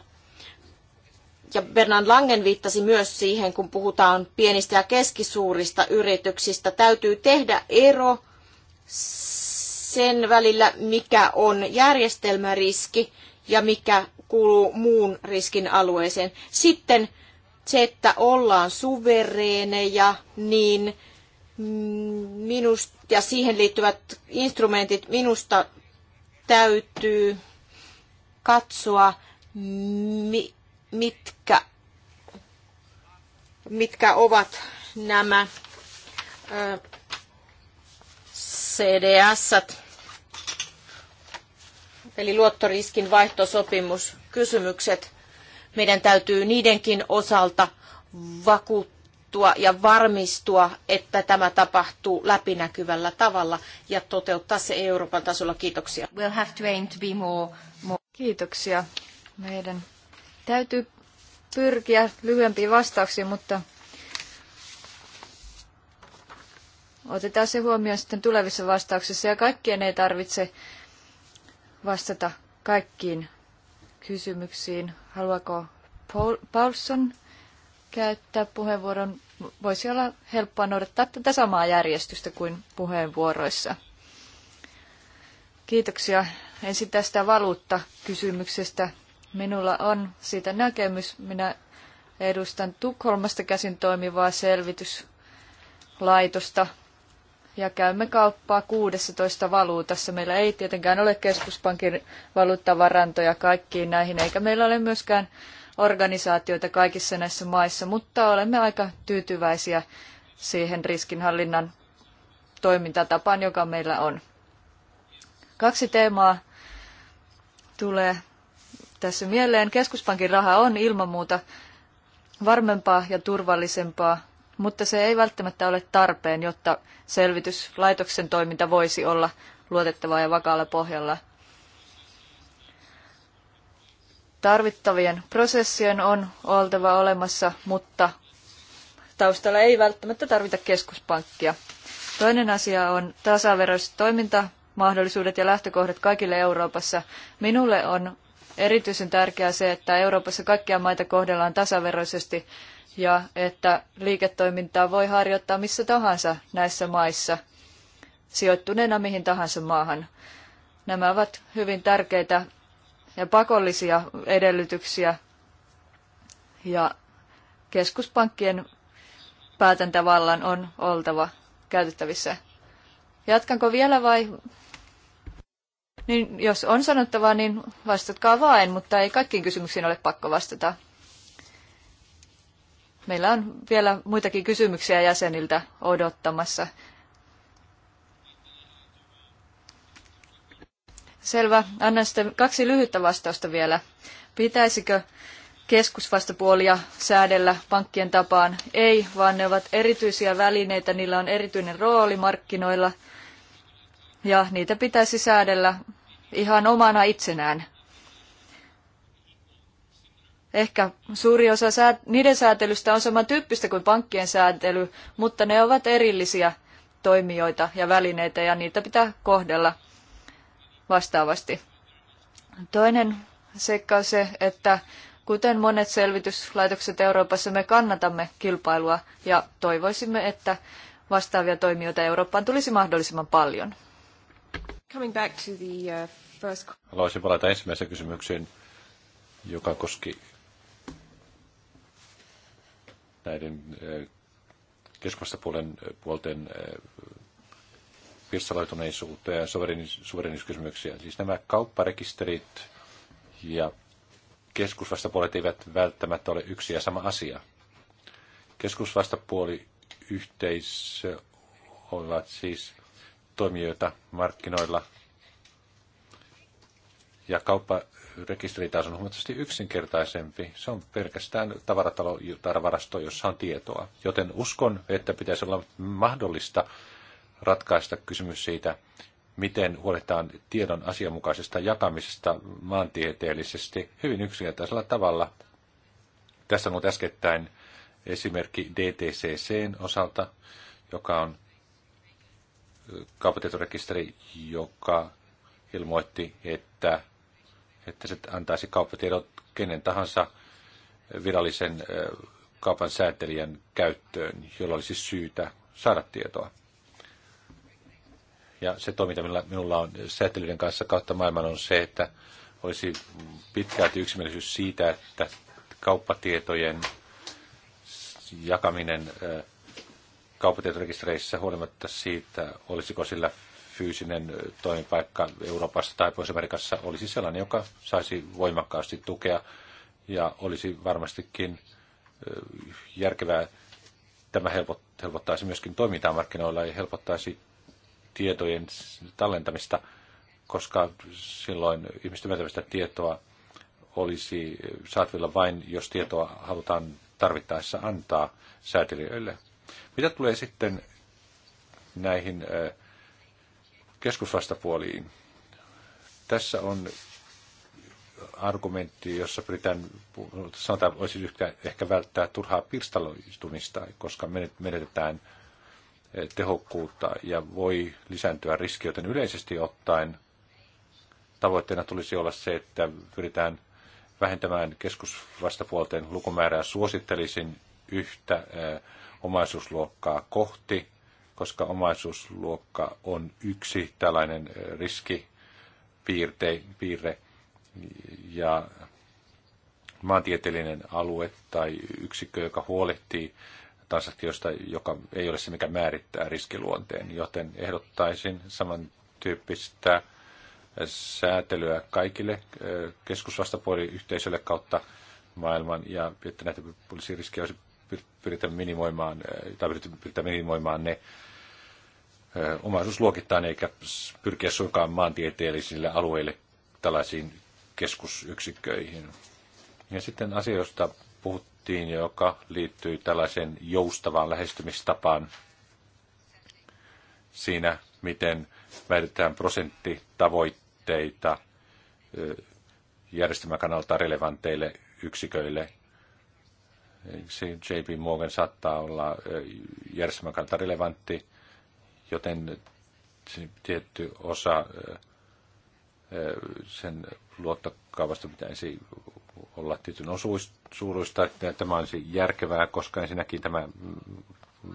ja Bernard Langen viittasi myös siihen, kun puhutaan pienistä ja keskisuurista yrityksistä, täytyy tehdä ero sen välillä, mikä on järjestelmäriski ja mikä kuuluu muun riskin alueeseen. Sitten se, että ollaan suvereeneja, niin minusta, ja siihen liittyvät instrumentit minusta täytyy katsoa, mi, mitkä, mitkä ovat nämä cds -t, eli luottoriskin vaihtosopimuskysymykset. Meidän täytyy niidenkin osalta vakuuttua ja varmistua, että tämä tapahtuu läpinäkyvällä tavalla ja toteuttaa se Euroopan tasolla. Kiitoksia. We'll have to aim to be more, more... Kiitoksia. Meidän Täytyy pyrkiä lyhyempiin vastauksiin, mutta otetaan se huomioon sitten tulevissa vastauksissa. Ja kaikkien ei tarvitse vastata kaikkiin kysymyksiin. Haluaako Paul, Paulson käyttää puheenvuoron? Voisi olla helppoa noudattaa tätä samaa järjestystä kuin puheenvuoroissa. Kiitoksia ensin tästä valuuttakysymyksestä. Minulla on siitä näkemys. Minä edustan Tukholmasta käsin toimivaa selvityslaitosta ja käymme kauppaa 16 valuutassa. Meillä ei tietenkään ole keskuspankin valuuttavarantoja kaikkiin näihin, eikä meillä ole myöskään organisaatioita kaikissa näissä maissa, mutta olemme aika tyytyväisiä siihen riskinhallinnan toimintatapaan, joka meillä on. Kaksi teemaa tulee tässä mieleen. Keskuspankin raha on ilman muuta varmempaa ja turvallisempaa, mutta se ei välttämättä ole tarpeen, jotta selvityslaitoksen toiminta voisi olla luotettavaa ja vakaalla pohjalla. Tarvittavien prosessien on oltava olemassa, mutta taustalla ei välttämättä tarvita keskuspankkia. Toinen asia on tasaveroiset toimintamahdollisuudet ja lähtökohdat kaikille Euroopassa. Minulle on erityisen tärkeää se, että Euroopassa kaikkia maita kohdellaan tasaveroisesti ja että liiketoimintaa voi harjoittaa missä tahansa näissä maissa, sijoittuneena mihin tahansa maahan. Nämä ovat hyvin tärkeitä ja pakollisia edellytyksiä ja keskuspankkien päätäntävallan on oltava käytettävissä. Jatkanko vielä vai niin jos on sanottavaa, niin vastatkaa vain, mutta ei kaikkiin kysymyksiin ole pakko vastata. Meillä on vielä muitakin kysymyksiä jäseniltä odottamassa. Selvä. Annan sitten kaksi lyhyttä vastausta vielä. Pitäisikö keskusvastapuolia säädellä pankkien tapaan? Ei, vaan ne ovat erityisiä välineitä, niillä on erityinen rooli markkinoilla – ja niitä pitäisi säädellä ihan omana itsenään. Ehkä suuri osa niiden säätelystä on samantyyppistä kuin pankkien säätely, mutta ne ovat erillisiä toimijoita ja välineitä ja niitä pitää kohdella vastaavasti. Toinen seikka on se, että kuten monet selvityslaitokset Euroopassa, me kannatamme kilpailua ja toivoisimme, että vastaavia toimijoita Eurooppaan tulisi mahdollisimman paljon. Coming back to the uh, first... Haluaisin palata ensimmäiseen kysymykseen, joka koski näiden keskustapuolen puolten pirstaloituneisuutta ja suverenisuuskysymyksiä. Siis nämä kaupparekisterit ja keskusvastapuolet eivät välttämättä ole yksi ja sama asia. Keskusvastapuoli yhteisö ovat siis toimijoita markkinoilla. Ja kaupparekisteri taas on huomattavasti yksinkertaisempi. Se on pelkästään tavaratalo tai varasto, jossa on tietoa. Joten uskon, että pitäisi olla mahdollista ratkaista kysymys siitä, miten huolehditaan tiedon asianmukaisesta jakamisesta maantieteellisesti hyvin yksinkertaisella tavalla. Tässä on äskettäin esimerkki DTCCn osalta, joka on kauppatietorekisteri, joka ilmoitti, että, että se antaisi kauppatiedot kenen tahansa virallisen kaupan säätelijän käyttöön, jolla olisi syytä saada tietoa. Ja se toiminta, millä minulla on säätelyiden kanssa kautta maailman, on se, että olisi pitkälti yksimielisyys siitä, että kauppatietojen jakaminen kauppatietorekistereissä huolimatta siitä, olisiko sillä fyysinen toimipaikka Euroopassa tai Pohjois-Amerikassa olisi sellainen, joka saisi voimakkaasti tukea ja olisi varmastikin järkevää. Tämä helpottaisi myöskin toimintaa markkinoilla ja helpottaisi tietojen tallentamista, koska silloin ihmisten myöntämistä tietoa olisi saatavilla vain, jos tietoa halutaan tarvittaessa antaa säätelijöille. Mitä tulee sitten näihin keskusvastapuoliin? Tässä on argumentti, jossa pyritään, sanotaan, voisi ehkä välttää turhaa pirstaloitumista, koska menetetään tehokkuutta ja voi lisääntyä riski, joten yleisesti ottaen tavoitteena tulisi olla se, että pyritään vähentämään keskusvastapuolten lukumäärää. Suosittelisin yhtä omaisuusluokkaa kohti, koska omaisuusluokka on yksi tällainen riskipiirre, ja maantieteellinen alue tai yksikkö, joka huolehtii transaktiosta, joka ei ole se, mikä määrittää riskiluonteen. Joten ehdottaisin samantyyppistä säätelyä kaikille keskusvastapuoliyhteisöille kautta maailman ja että näitä olisi olisi pyritään minimoimaan, eh, tai pyritään minimoimaan ne eh, omaisuusluokittain, eikä pyrkiä suinkaan maantieteellisille alueille tällaisiin keskusyksikköihin. Ja sitten asia, josta puhuttiin, joka liittyy tällaiseen joustavaan lähestymistapaan siinä, miten määritetään prosenttitavoitteita eh, järjestelmän kannalta relevanteille yksiköille JP Morgan saattaa olla järjestelmän kannalta relevantti, joten tietty osa sen luottokaavasta pitäisi olla tietyn osuussuuruista. Tämä on järkevää, koska ensinnäkin tämä mm,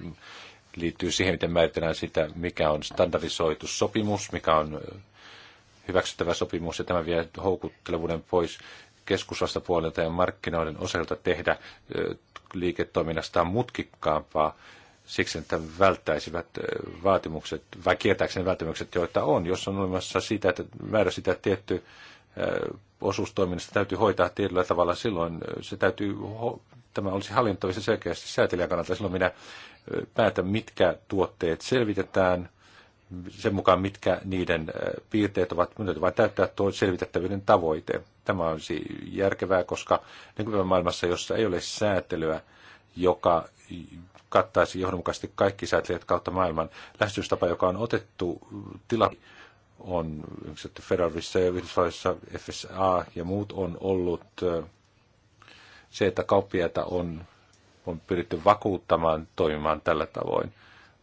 mm, liittyy siihen, miten määritellään sitä, mikä on standardisoitu sopimus, mikä on hyväksyttävä sopimus, ja tämä vie houkuttelevuuden pois puolelta ja markkinoiden osalta tehdä liiketoiminnastaan mutkikkaampaa siksi, että välttäisivät vaatimukset, vai kiertääkseen vaatimukset, joita on, jos on olemassa sitä, että määrä sitä tietty osuustoiminnasta täytyy hoitaa tietyllä tavalla, silloin se täytyy, tämä olisi hallintoissa selkeästi säätelijän kannalta, silloin minä päätän, mitkä tuotteet selvitetään – sen mukaan, mitkä niiden piirteet ovat, ne vain täyttää tuo selvitettävyyden tavoite. Tämä on järkevää, koska nykypäivän maailmassa, jossa ei ole säätelyä, joka kattaisi johdonmukaisesti kaikki säätelijät kautta maailman, lähestymistapa, joka on otettu tila on Federal Reserve Yhdysvalloissa, FSA ja muut on ollut se, että kauppiaita on, on pyritty vakuuttamaan toimimaan tällä tavoin.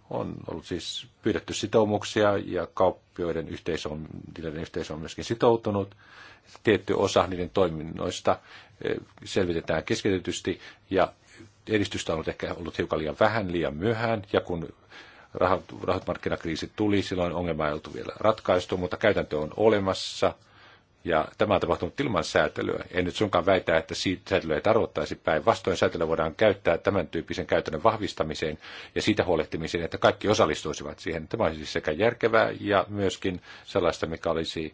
On ollut siis pyydetty sitoumuksia ja kauppioiden yhteisö on, yhteisö on myöskin sitoutunut. Tietty osa niiden toiminnoista eh, selvitetään keskitetysti ja edistystä on ollut ehkä ollut hiukan liian vähän, liian myöhään ja kun rahoitusmarkkinakriisi tuli, silloin ongelma ei oltu vielä ratkaistu, mutta käytäntö on olemassa – ja tämä on tapahtunut ilman säätelyä. En nyt sunkaan väitä, että siitä säätelyä ei tarvittaisi Vastoin Säätelyä voidaan käyttää tämän tyyppisen käytännön vahvistamiseen ja siitä huolehtimiseen, että kaikki osallistuisivat siihen. Tämä olisi siis sekä järkevää ja myöskin sellaista, mikä olisi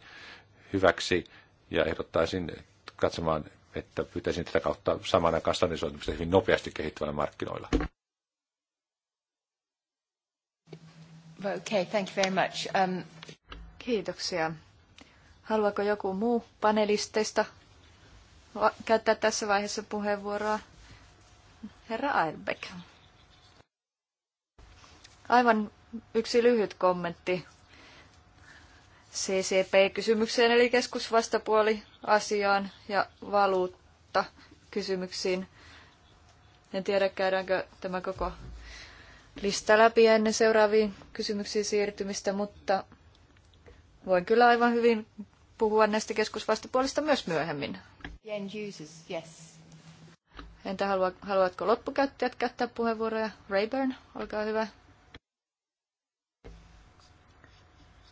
hyväksi. Ja ehdottaisin katsomaan, että pyytäisin tätä kautta samana kanssa hyvin nopeasti kehittyvällä markkinoilla. Okay, thank you very much. Um... Kiitoksia. Haluaako joku muu panelisteista käyttää tässä vaiheessa puheenvuoroa? Herra Airbeck. Aivan yksi lyhyt kommentti CCP-kysymykseen, eli keskusvastapuoli asiaan ja valuutta kysymyksiin. En tiedä, käydäänkö tämä koko lista läpi ennen seuraaviin kysymyksiin siirtymistä, mutta voin kyllä aivan hyvin puhua näistä keskusvastapuolista myös myöhemmin. Entä haluatko loppukäyttäjät käyttää puheenvuoroja? Rayburn, olkaa hyvä.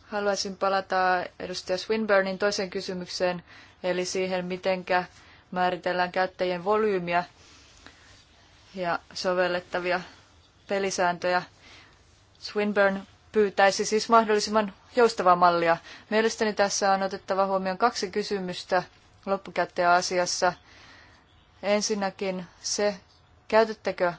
Haluaisin palata edustaja Swinburnin toiseen kysymykseen, eli siihen, mitenkä määritellään käyttäjien volyymiä ja sovellettavia pelisääntöjä. Swinburne pyytäisi siis mahdollisimman joustavaa mallia. Mielestäni tässä on otettava huomioon kaksi kysymystä loppukäteen asiassa. Ensinnäkin se, käytettekö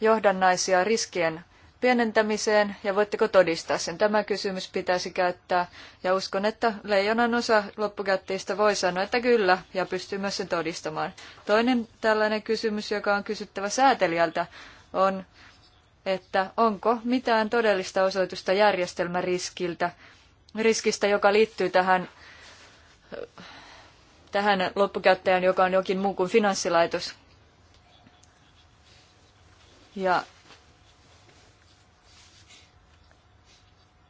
johdannaisia riskien pienentämiseen ja voitteko todistaa sen? Tämä kysymys pitäisi käyttää ja uskon, että leijonan osa loppukäyttäjistä voi sanoa, että kyllä ja pystyy myös sen todistamaan. Toinen tällainen kysymys, joka on kysyttävä säätelijältä, on että onko mitään todellista osoitusta järjestelmäriskiltä, riskistä, joka liittyy tähän, tähän loppukäyttäjään, joka on jokin muu kuin finanssilaitos. Ja,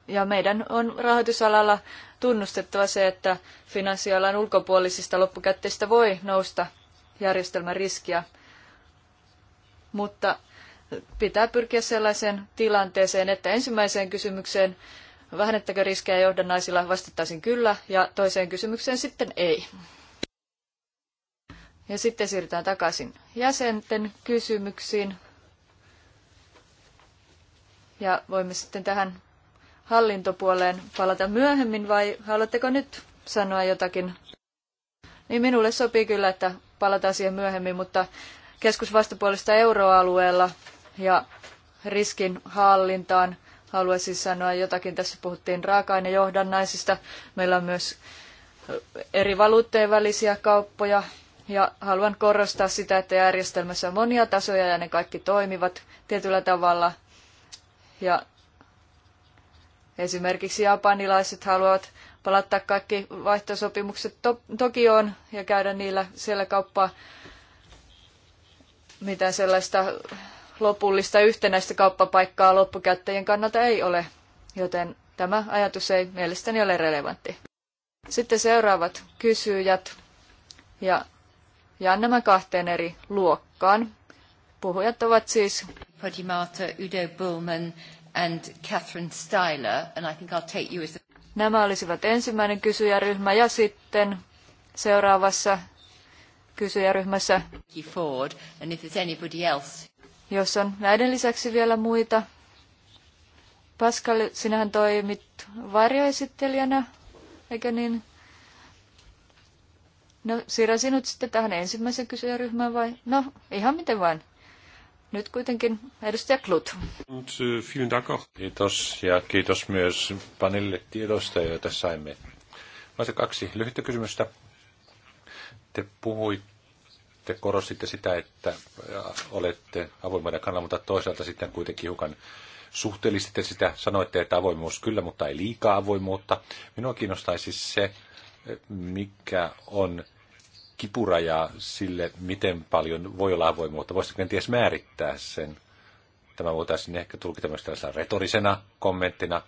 ja meidän on rahoitusalalla tunnustettava se, että finanssialan ulkopuolisista loppukäyttäjistä voi nousta järjestelmäriskiä, mutta pitää pyrkiä sellaiseen tilanteeseen, että ensimmäiseen kysymykseen vähennettäkö riskejä johdannaisilla vastattaisin kyllä ja toiseen kysymykseen sitten ei. Ja sitten siirrytään takaisin jäsenten kysymyksiin. Ja voimme sitten tähän hallintopuoleen palata myöhemmin vai haluatteko nyt sanoa jotakin? Niin minulle sopii kyllä, että palataan siihen myöhemmin, mutta keskusvastapuolesta euroalueella ja riskinhallintaan. Haluaisin sanoa jotakin. Tässä puhuttiin raaka ainejohdannaisista Meillä on myös eri valuutteen välisiä kauppoja. Ja haluan korostaa sitä, että järjestelmässä on monia tasoja ja ne kaikki toimivat tietyllä tavalla. Ja esimerkiksi japanilaiset haluavat palattaa kaikki vaihtosopimukset to- Tokioon ja käydä niillä siellä kauppaa. Mitä sellaista lopullista yhtenäistä kauppapaikkaa loppukäyttäjien kannalta ei ole, joten tämä ajatus ei mielestäni ole relevantti. Sitten seuraavat kysyjät ja jaan nämä kahteen eri luokkaan. Puhujat ovat siis Podimata, Udo Bullman and Catherine Styler, and I think I'll take you as Nämä olisivat ensimmäinen kysyjäryhmä ja sitten seuraavassa kysyjäryhmässä Ford, and if there's anybody else. Jos on näiden lisäksi vielä muita. Pascal, sinähän toimit varjoesittelijänä, eikö niin? No, siirrän sinut sitten tähän ensimmäisen kysyjäryhmään vai? No, ihan miten vain. Nyt kuitenkin edustaja Klut. Kiitos ja kiitos myös panille tiedosta, joita saimme. Vasta kaksi lyhyttä kysymystä. Te puhuitte te korostitte sitä, että olette avoimuuden kannalla, mutta toisaalta sitten kuitenkin hiukan suhteellistitte sitä, sanoitte, että avoimuus kyllä, mutta ei liikaa avoimuutta. Minua kiinnostaisi se, mikä on kipuraja sille, miten paljon voi olla avoimuutta. Voisitko kenties määrittää sen? Tämä voitaisiin ehkä tulkita myös tällaisena retorisena kommenttina,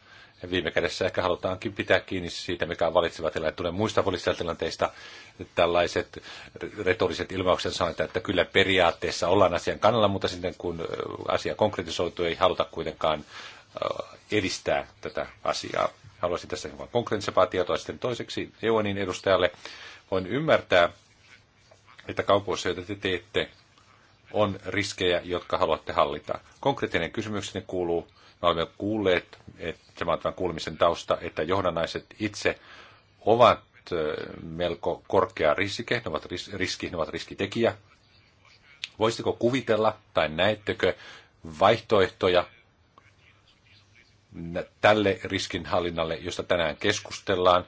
ja viime kädessä ehkä halutaankin pitää kiinni siitä, mikä on valitseva tilanne. Tulee muista poliittisista tilanteista tällaiset retoriset ilmaukset sanotaan, että kyllä periaatteessa ollaan asian kannalla, mutta sitten kun asia konkretisoituu, ei haluta kuitenkaan edistää tätä asiaa. Haluaisin tässä vain konkreettisempaa tietoa sitten toiseksi EUNin edustajalle. Voin ymmärtää, että kaupoissa, joita te teette, on riskejä, jotka haluatte hallita. Konkreettinen kysymykseni kuuluu, me olemme kuulleet, että tämän kuulemisen tausta, että johdannaiset itse ovat melko korkea riskike, ne ovat, ris- riski, ne ovat riskitekijä. Voisitko kuvitella tai näettekö vaihtoehtoja tälle riskinhallinnalle, josta tänään keskustellaan,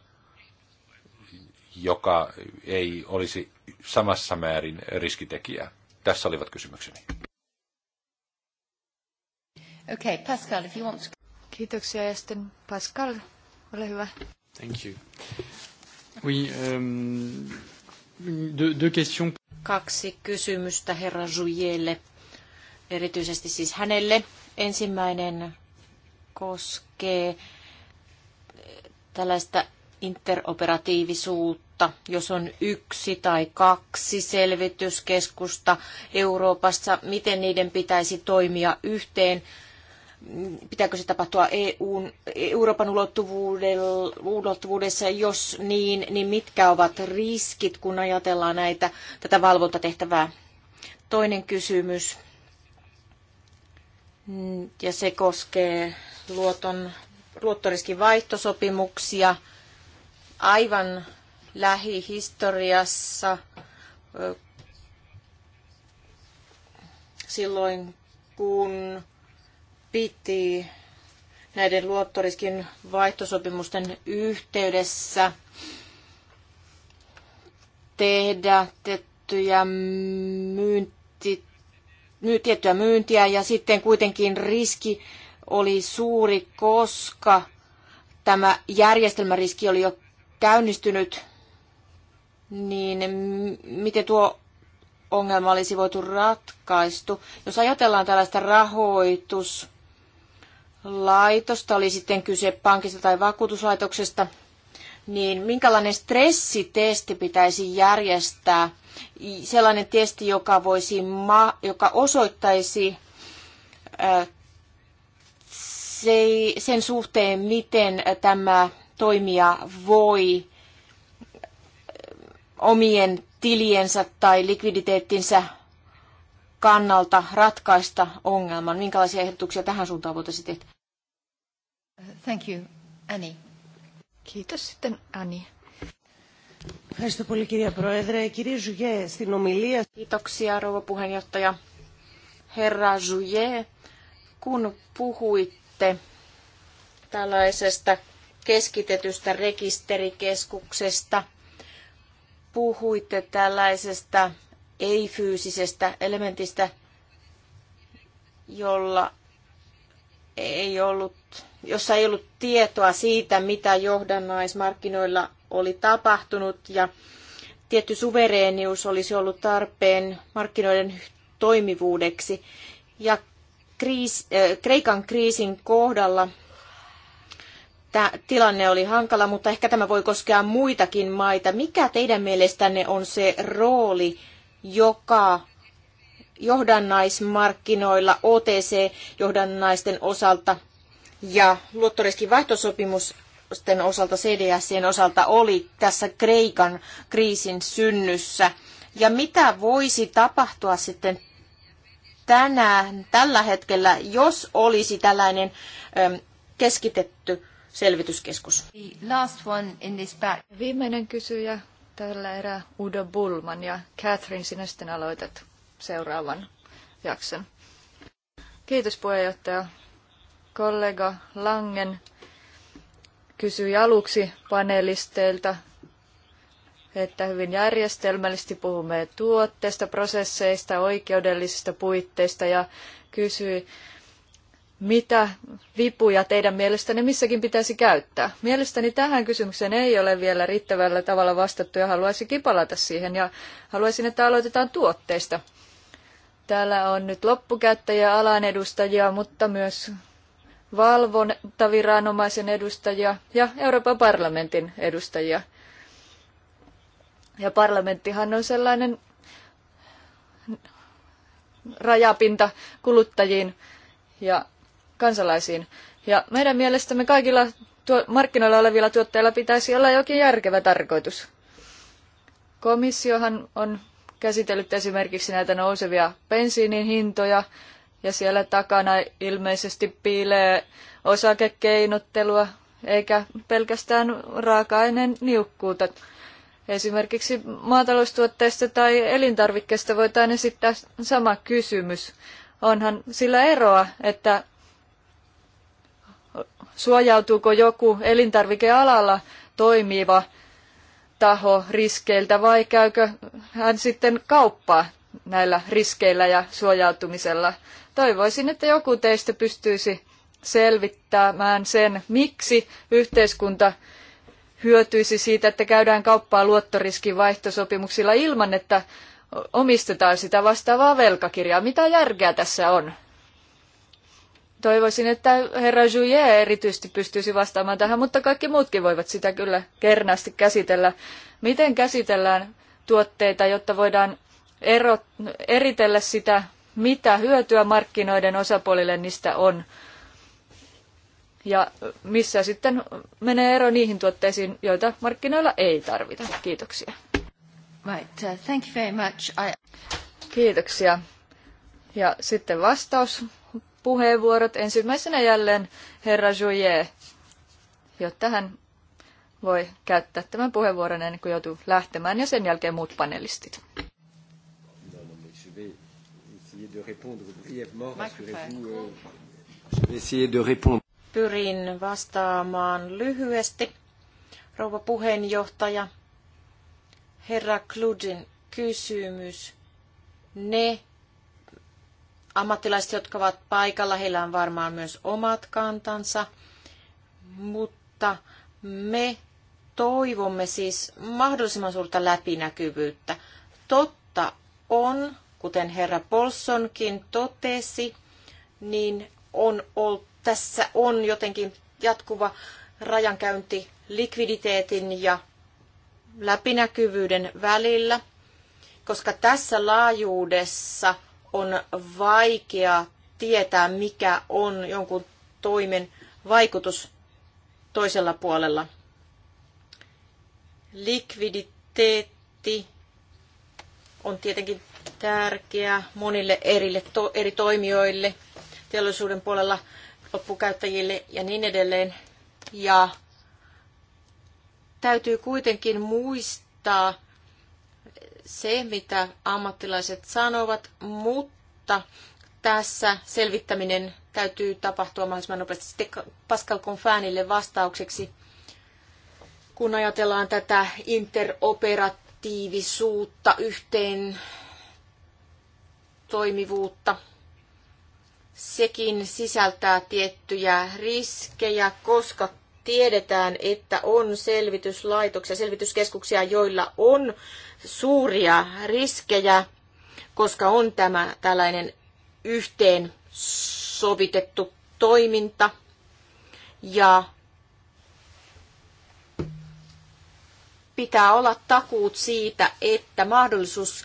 joka ei olisi samassa määrin riskitekijä? Tässä olivat kysymykseni. Okay, Pascal, if you want to... Kiitoksia ja sitten Pascal, ole hyvä. Thank you. Oui, um, deux, deux questions. Kaksi kysymystä herra Jouyelle, erityisesti siis hänelle. Ensimmäinen koskee eh, tällaista interoperatiivisuutta, jos on yksi tai kaksi selvityskeskusta Euroopassa, miten niiden pitäisi toimia yhteen pitääkö se tapahtua EUn, Euroopan ulottuvuudessa, jos niin, niin mitkä ovat riskit, kun ajatellaan näitä, tätä valvontatehtävää? Toinen kysymys, ja se koskee luoton, luottoriskin vaihtosopimuksia. Aivan lähihistoriassa silloin, kun piti näiden luottoriskin vaihtosopimusten yhteydessä tehdä tiettyjä, myynti, tiettyä myyntiä ja sitten kuitenkin riski oli suuri, koska tämä järjestelmäriski oli jo käynnistynyt, niin miten tuo ongelma olisi voitu ratkaistu? Jos ajatellaan tällaista rahoitus, laitosta, oli sitten kyse pankista tai vakuutuslaitoksesta, niin minkälainen stressitesti pitäisi järjestää? Sellainen testi, joka, voisi joka osoittaisi sen suhteen, miten tämä toimija voi omien tiliensä tai likviditeettinsä kannalta ratkaista ongelman. Minkälaisia ehdotuksia tähän suuntaan voitaisiin tehdä? Thank you. Annie. Kiitos sitten Annie. Ευχαριστώ πολύ κυρία Πρόεδρε. Κύριε Ζουγέ, στην ομιλία... Kiitoksia rouva puheenjohtaja. Herra Zouye, kun puhuitte tällaisesta keskitetystä rekisterikeskuksesta, puhuitte tällaisesta ei-fyysisestä elementistä, jolla ei ollut jossa ei ollut tietoa siitä, mitä johdannaismarkkinoilla oli tapahtunut ja tietty suvereenius olisi ollut tarpeen markkinoiden toimivuudeksi. Ja kriis, äh, Kreikan kriisin kohdalla tämä tilanne oli hankala, mutta ehkä tämä voi koskea muitakin maita. Mikä teidän mielestänne on se rooli, joka johdannaismarkkinoilla OTC-johdannaisten osalta ja luottoriskin vaihtosopimusten osalta, CDSien osalta oli tässä Kreikan kriisin synnyssä. Ja mitä voisi tapahtua sitten tänään, tällä hetkellä, jos olisi tällainen ähm, keskitetty selvityskeskus? Viimeinen kysyjä tällä erää Udo Bullman ja Catherine, sinä sitten aloitat seuraavan jakson. Kiitos puheenjohtaja. Kollega Langen kysyi aluksi panelisteilta, että hyvin järjestelmällisesti puhumme tuotteista, prosesseista, oikeudellisista puitteista ja kysyi, mitä vipuja teidän mielestänne missäkin pitäisi käyttää? Mielestäni tähän kysymykseen ei ole vielä riittävällä tavalla vastattu ja haluaisinkin palata siihen ja haluaisin, että aloitetaan tuotteista. Täällä on nyt loppukäyttäjiä, alan edustajia, mutta myös valvontaviranomaisen edustajia ja Euroopan parlamentin edustajia. Ja parlamenttihan on sellainen rajapinta kuluttajiin ja kansalaisiin. Ja meidän mielestämme kaikilla tuo, markkinoilla olevilla tuotteilla pitäisi olla jokin järkevä tarkoitus. Komissiohan on käsitellyt esimerkiksi näitä nousevia bensiinin hintoja, ja siellä takana ilmeisesti piilee osakekeinottelua, eikä pelkästään raaka-aineen niukkuutta. Esimerkiksi maataloustuotteista tai elintarvikkeista voitaan esittää sama kysymys. Onhan sillä eroa, että suojautuuko joku elintarvikealalla toimiva taho riskeiltä vai käykö hän sitten kauppaa näillä riskeillä ja suojautumisella. Toivoisin, että joku teistä pystyisi selvittämään sen, miksi yhteiskunta hyötyisi siitä, että käydään kauppaa luottoriskin vaihtosopimuksilla ilman, että omistetaan sitä vastaavaa velkakirjaa. Mitä järkeä tässä on? Toivoisin, että herra Jouyer erityisesti pystyisi vastaamaan tähän, mutta kaikki muutkin voivat sitä kyllä kernaasti käsitellä. Miten käsitellään tuotteita, jotta voidaan erot, eritellä sitä, mitä hyötyä markkinoiden osapuolille niistä on. Ja missä sitten menee ero niihin tuotteisiin, joita markkinoilla ei tarvita. Kiitoksia. Right, uh, thank you very much. I... Kiitoksia. Ja sitten vastauspuheenvuorot. Ensimmäisenä jälleen herra Jouye, jotta hän voi käyttää tämän puheenvuoron ennen kuin joutuu lähtemään ja sen jälkeen muut panelistit. de répondre brièvement. Rassurez-vous, euh, je vais essayer de répondre. Pyrin vastaamaan lyhyesti. Rouva puheenjohtaja, herra Kludin kysymys. Ne ammattilaiset, jotka ovat paikalla, heillä on varmaan myös omat kantansa, mutta me toivomme siis mahdollisimman suurta läpinäkyvyyttä. Totta on, kuten herra Polsonkin totesi, niin on, ol, tässä on jotenkin jatkuva rajankäynti likviditeetin ja läpinäkyvyyden välillä, koska tässä laajuudessa on vaikea tietää, mikä on jonkun toimen vaikutus toisella puolella. Likviditeetti on tietenkin tärkeä monille erille, to, eri toimijoille, teollisuuden puolella loppukäyttäjille ja niin edelleen. Ja täytyy kuitenkin muistaa se, mitä ammattilaiset sanovat, mutta tässä selvittäminen täytyy tapahtua mahdollisimman nopeasti. Sitten Pascal Confanille vastaukseksi, kun ajatellaan tätä interoperatiivisuutta, yhteen toimivuutta. Sekin sisältää tiettyjä riskejä, koska tiedetään, että on selvityslaitoksia, selvityskeskuksia, joilla on suuria riskejä, koska on tämä tällainen yhteen sovitettu toiminta ja pitää olla takuut siitä, että mahdollisuus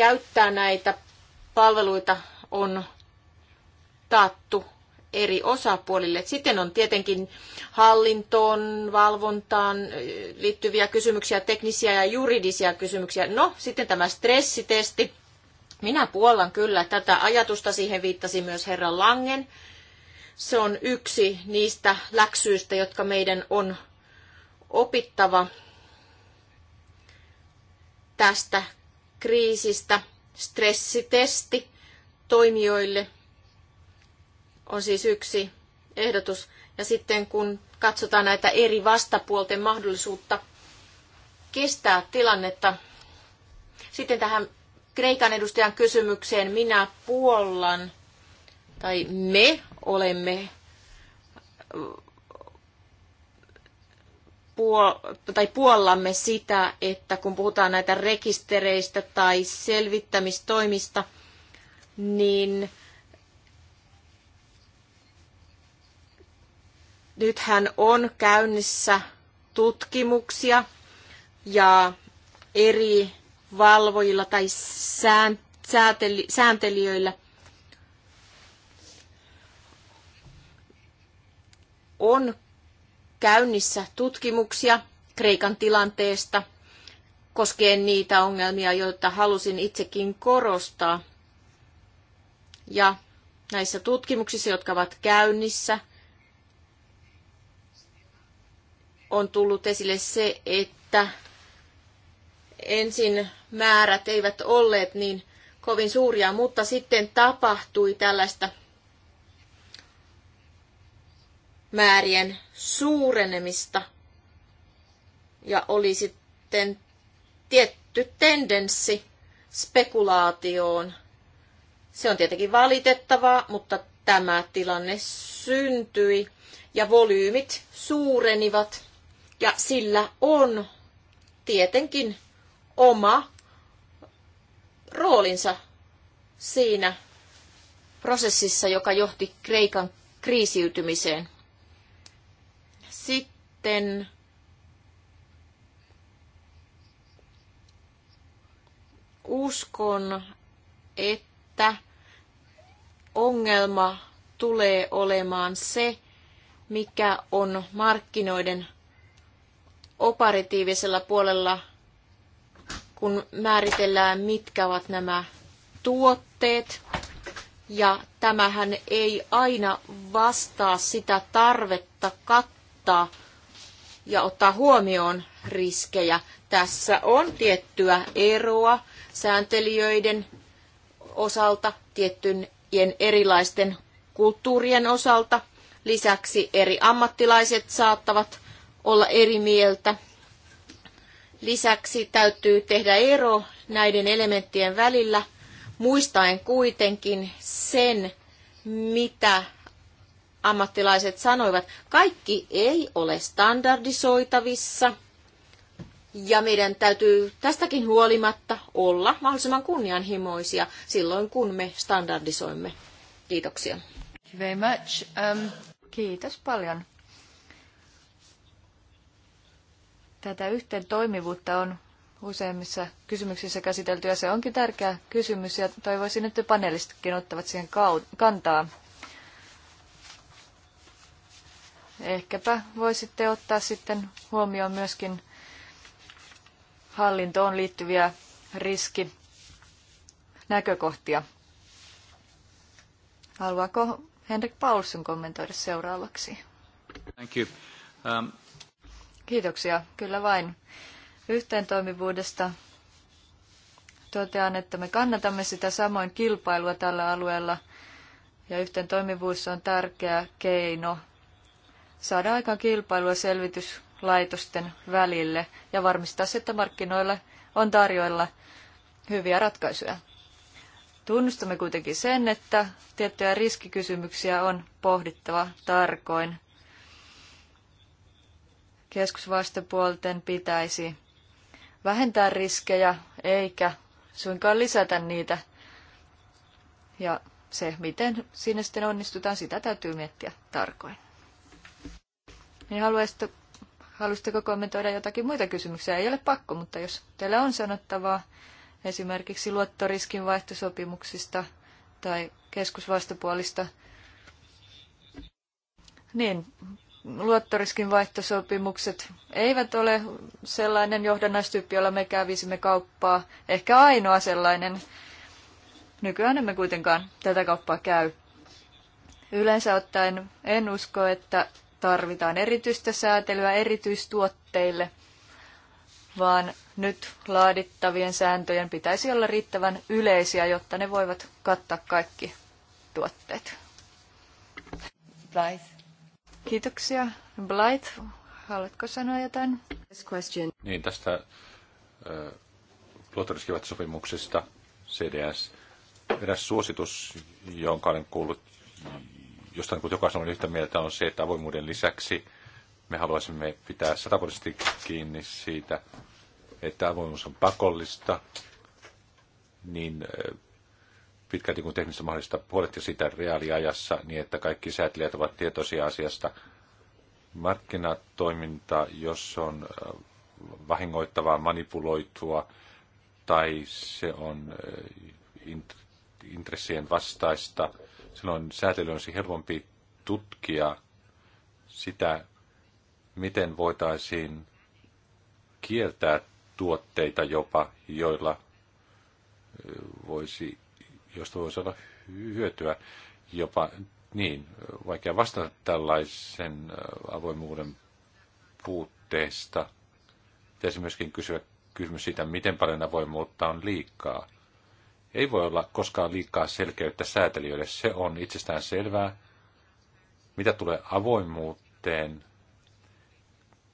käyttää näitä palveluita on taattu eri osapuolille. Sitten on tietenkin hallintoon, valvontaan liittyviä kysymyksiä, teknisiä ja juridisia kysymyksiä. No, sitten tämä stressitesti. Minä puollan kyllä tätä ajatusta, siihen viittasi myös herra Langen. Se on yksi niistä läksyistä, jotka meidän on opittava tästä kriisistä stressitesti toimijoille on siis yksi ehdotus. Ja sitten kun katsotaan näitä eri vastapuolten mahdollisuutta kestää tilannetta, sitten tähän Kreikan edustajan kysymykseen minä puollan, tai me olemme puo- tai puollamme sitä, että kun puhutaan näitä rekistereistä tai selvittämistoimista, niin nythän on käynnissä tutkimuksia ja eri valvojilla tai sääntelijöillä on käynnissä tutkimuksia Kreikan tilanteesta koskien niitä ongelmia, joita halusin itsekin korostaa. Ja näissä tutkimuksissa, jotka ovat käynnissä, on tullut esille se, että ensin määrät eivät olleet niin kovin suuria, mutta sitten tapahtui tällaista määrien suurenemista ja oli sitten tietty tendenssi spekulaatioon. Se on tietenkin valitettavaa, mutta tämä tilanne syntyi ja volyymit suurenivat ja sillä on tietenkin oma roolinsa siinä prosessissa, joka johti Kreikan kriisiytymiseen sitten uskon, että ongelma tulee olemaan se, mikä on markkinoiden operatiivisella puolella, kun määritellään, mitkä ovat nämä tuotteet. Ja tämähän ei aina vastaa sitä tarvetta kattaa ja ottaa huomioon riskejä. Tässä on tiettyä eroa sääntelijöiden osalta, tiettyjen erilaisten kulttuurien osalta. Lisäksi eri ammattilaiset saattavat olla eri mieltä. Lisäksi täytyy tehdä ero näiden elementtien välillä, muistaen kuitenkin sen, mitä ammattilaiset sanoivat, kaikki ei ole standardisoitavissa ja meidän täytyy tästäkin huolimatta olla mahdollisimman kunnianhimoisia silloin, kun me standardisoimme. Kiitoksia. very much. Um... Kiitos paljon. Tätä yhteen toimivuutta on useimmissa kysymyksissä käsitelty ja se onkin tärkeä kysymys ja toivoisin, että panelistikin ottavat siihen kantaa. ehkäpä voisitte ottaa sitten huomioon myöskin hallintoon liittyviä riskinäkökohtia. Haluaako Henrik Paulsson kommentoida seuraavaksi? Thank you. Um... Kiitoksia, kyllä vain. Yhteentoimivuudesta totean, että me kannatamme sitä samoin kilpailua tällä alueella – ja yhteen toimivuus on tärkeä keino saada aikaan kilpailua selvityslaitosten välille ja varmistaa se, että markkinoille on tarjoilla hyviä ratkaisuja. Tunnustamme kuitenkin sen, että tiettyjä riskikysymyksiä on pohdittava tarkoin. Keskusvastapuolten pitäisi vähentää riskejä eikä suinkaan lisätä niitä. Ja se, miten siinä sitten onnistutaan, sitä täytyy miettiä tarkoin niin haluaisitte, haluaisitteko kommentoida jotakin muita kysymyksiä? Ei ole pakko, mutta jos teillä on sanottavaa esimerkiksi luottoriskin vaihtosopimuksista tai keskusvastapuolista, niin, luottoriskin vaihtosopimukset eivät ole sellainen johdannaistyyppi, jolla me kävisimme kauppaa. Ehkä ainoa sellainen. Nykyään emme kuitenkaan tätä kauppaa käy. Yleensä ottaen en usko, että tarvitaan erityistä säätelyä erityistuotteille, vaan nyt laadittavien sääntöjen pitäisi olla riittävän yleisiä, jotta ne voivat kattaa kaikki tuotteet. Blythe. Kiitoksia. Blythe, haluatko sanoa jotain? This question. Niin, tästä äh, luotoriskivat sopimuksesta CDS. Eräs suositus, jonka olen kuullut josta niin jokaisen on yhtä mieltä, on se, että avoimuuden lisäksi me haluaisimme pitää sataprosenttisesti kiinni siitä, että avoimuus on pakollista, niin äh, pitkälti kuin teknistä mahdollista huolehtia sitä reaaliajassa niin, että kaikki säätelijät ovat tietoisia asiasta. Markkinatoiminta, jos on äh, vahingoittavaa, manipuloitua tai se on äh, intressien vastaista, silloin säätely olisi helpompi tutkia sitä, miten voitaisiin kieltää tuotteita jopa, joilla voisi, josta voisi olla hyötyä jopa niin, vaikea vastata tällaisen avoimuuden puutteesta. Pitäisi myöskin kysyä kysymys siitä, miten paljon avoimuutta on liikaa – ei voi olla koskaan liikaa selkeyttä säätelijöille, se on itsestään selvää. Mitä tulee avoimuuteen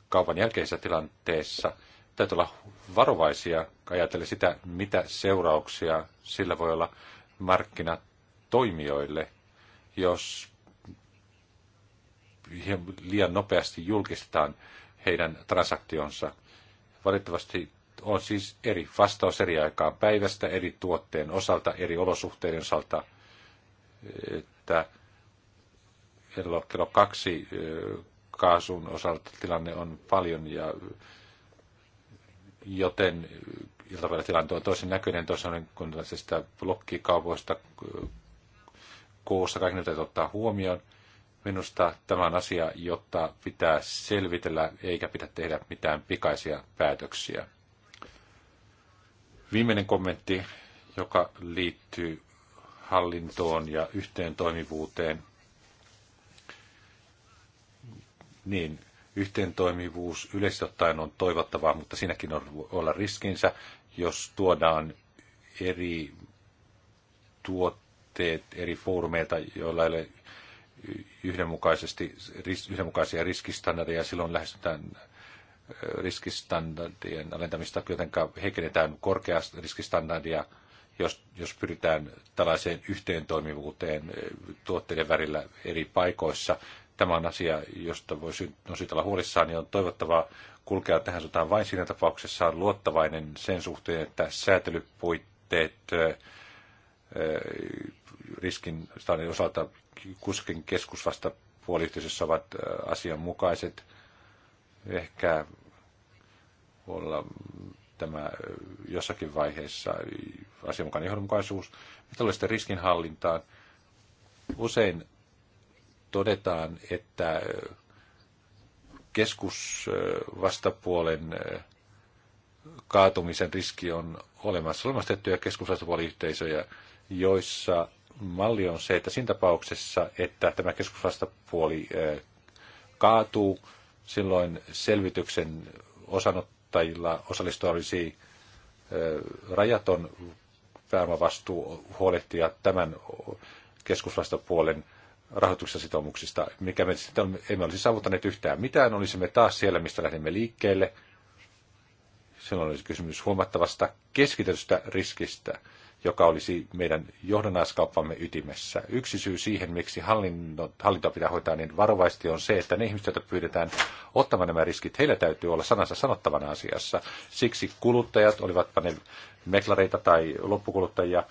kaupan jälkeisessä tilanteessa, täytyy olla varovaisia ajatella sitä, mitä seurauksia sillä voi olla markkinatoimijoille, jos liian nopeasti julkistetaan heidän transaktionsa. Valitettavasti on siis eri vastaus eri aikaan päivästä, eri tuotteen osalta, eri olosuhteiden osalta, että kello, kello kaksi kaasun osalta tilanne on paljon ja joten iltapäivällä tilanne on toisen näköinen, toisen kun tällaisista blokkikaupoista koossa kaikki täytyy ottaa huomioon. Minusta tämä on asia, jotta pitää selvitellä eikä pitää tehdä mitään pikaisia päätöksiä. Viimeinen kommentti, joka liittyy hallintoon ja yhteen toimivuuteen. Niin, yhteen toimivuus yleisesti ottaen on toivottavaa, mutta siinäkin on olla riskinsä, jos tuodaan eri tuotteet eri foorumeita, joilla ei ole yhdenmukaisesti, yhdenmukaisia riskistandardeja, silloin lähestytään riskistandardien alentamista, joten heikennetään korkeaa riskistandardia, jos, jos pyritään tällaiseen yhteentoimivuuteen eh, tuotteiden välillä eri paikoissa. Tämä on asia, josta voi on no, syytä olla huolissaan, niin on toivottavaa kulkea tähän suuntaan vain siinä tapauksessa on luottavainen sen suhteen, että säätelypuitteet eh, eh, riskin osalta kuskin keskusvasta puoliyhteisössä ovat asianmukaiset – Ehkä olla tämä jossakin vaiheessa asianmukainen johdonmukaisuus. Mitä tulee sitten riskinhallintaan? Usein todetaan, että keskusvastapuolen kaatumisen riski on olemassa. Olemassa tiettyjä keskusvastapuoliyhteisöjä, joissa malli on se, että siinä tapauksessa, että tämä keskusvastapuoli kaatuu, silloin selvityksen osanottajilla osallistua olisi rajaton pääomavastuu huolehtia tämän keskusvastapuolen rahoituksen sitoumuksista, mikä me sitten emme olisi saavuttaneet yhtään mitään, olisimme taas siellä, mistä lähdimme liikkeelle. Silloin olisi kysymys huomattavasta keskitetystä riskistä joka olisi meidän johdonnaiskauppamme ytimessä. Yksi syy siihen, miksi hallinto, hallintoa pitää hoitaa niin varovaisesti, on se, että ne ihmiset, joita pyydetään ottamaan nämä riskit, heillä täytyy olla sanansa sanottavana asiassa. Siksi kuluttajat, olivatpa ne meklareita tai loppukuluttajia,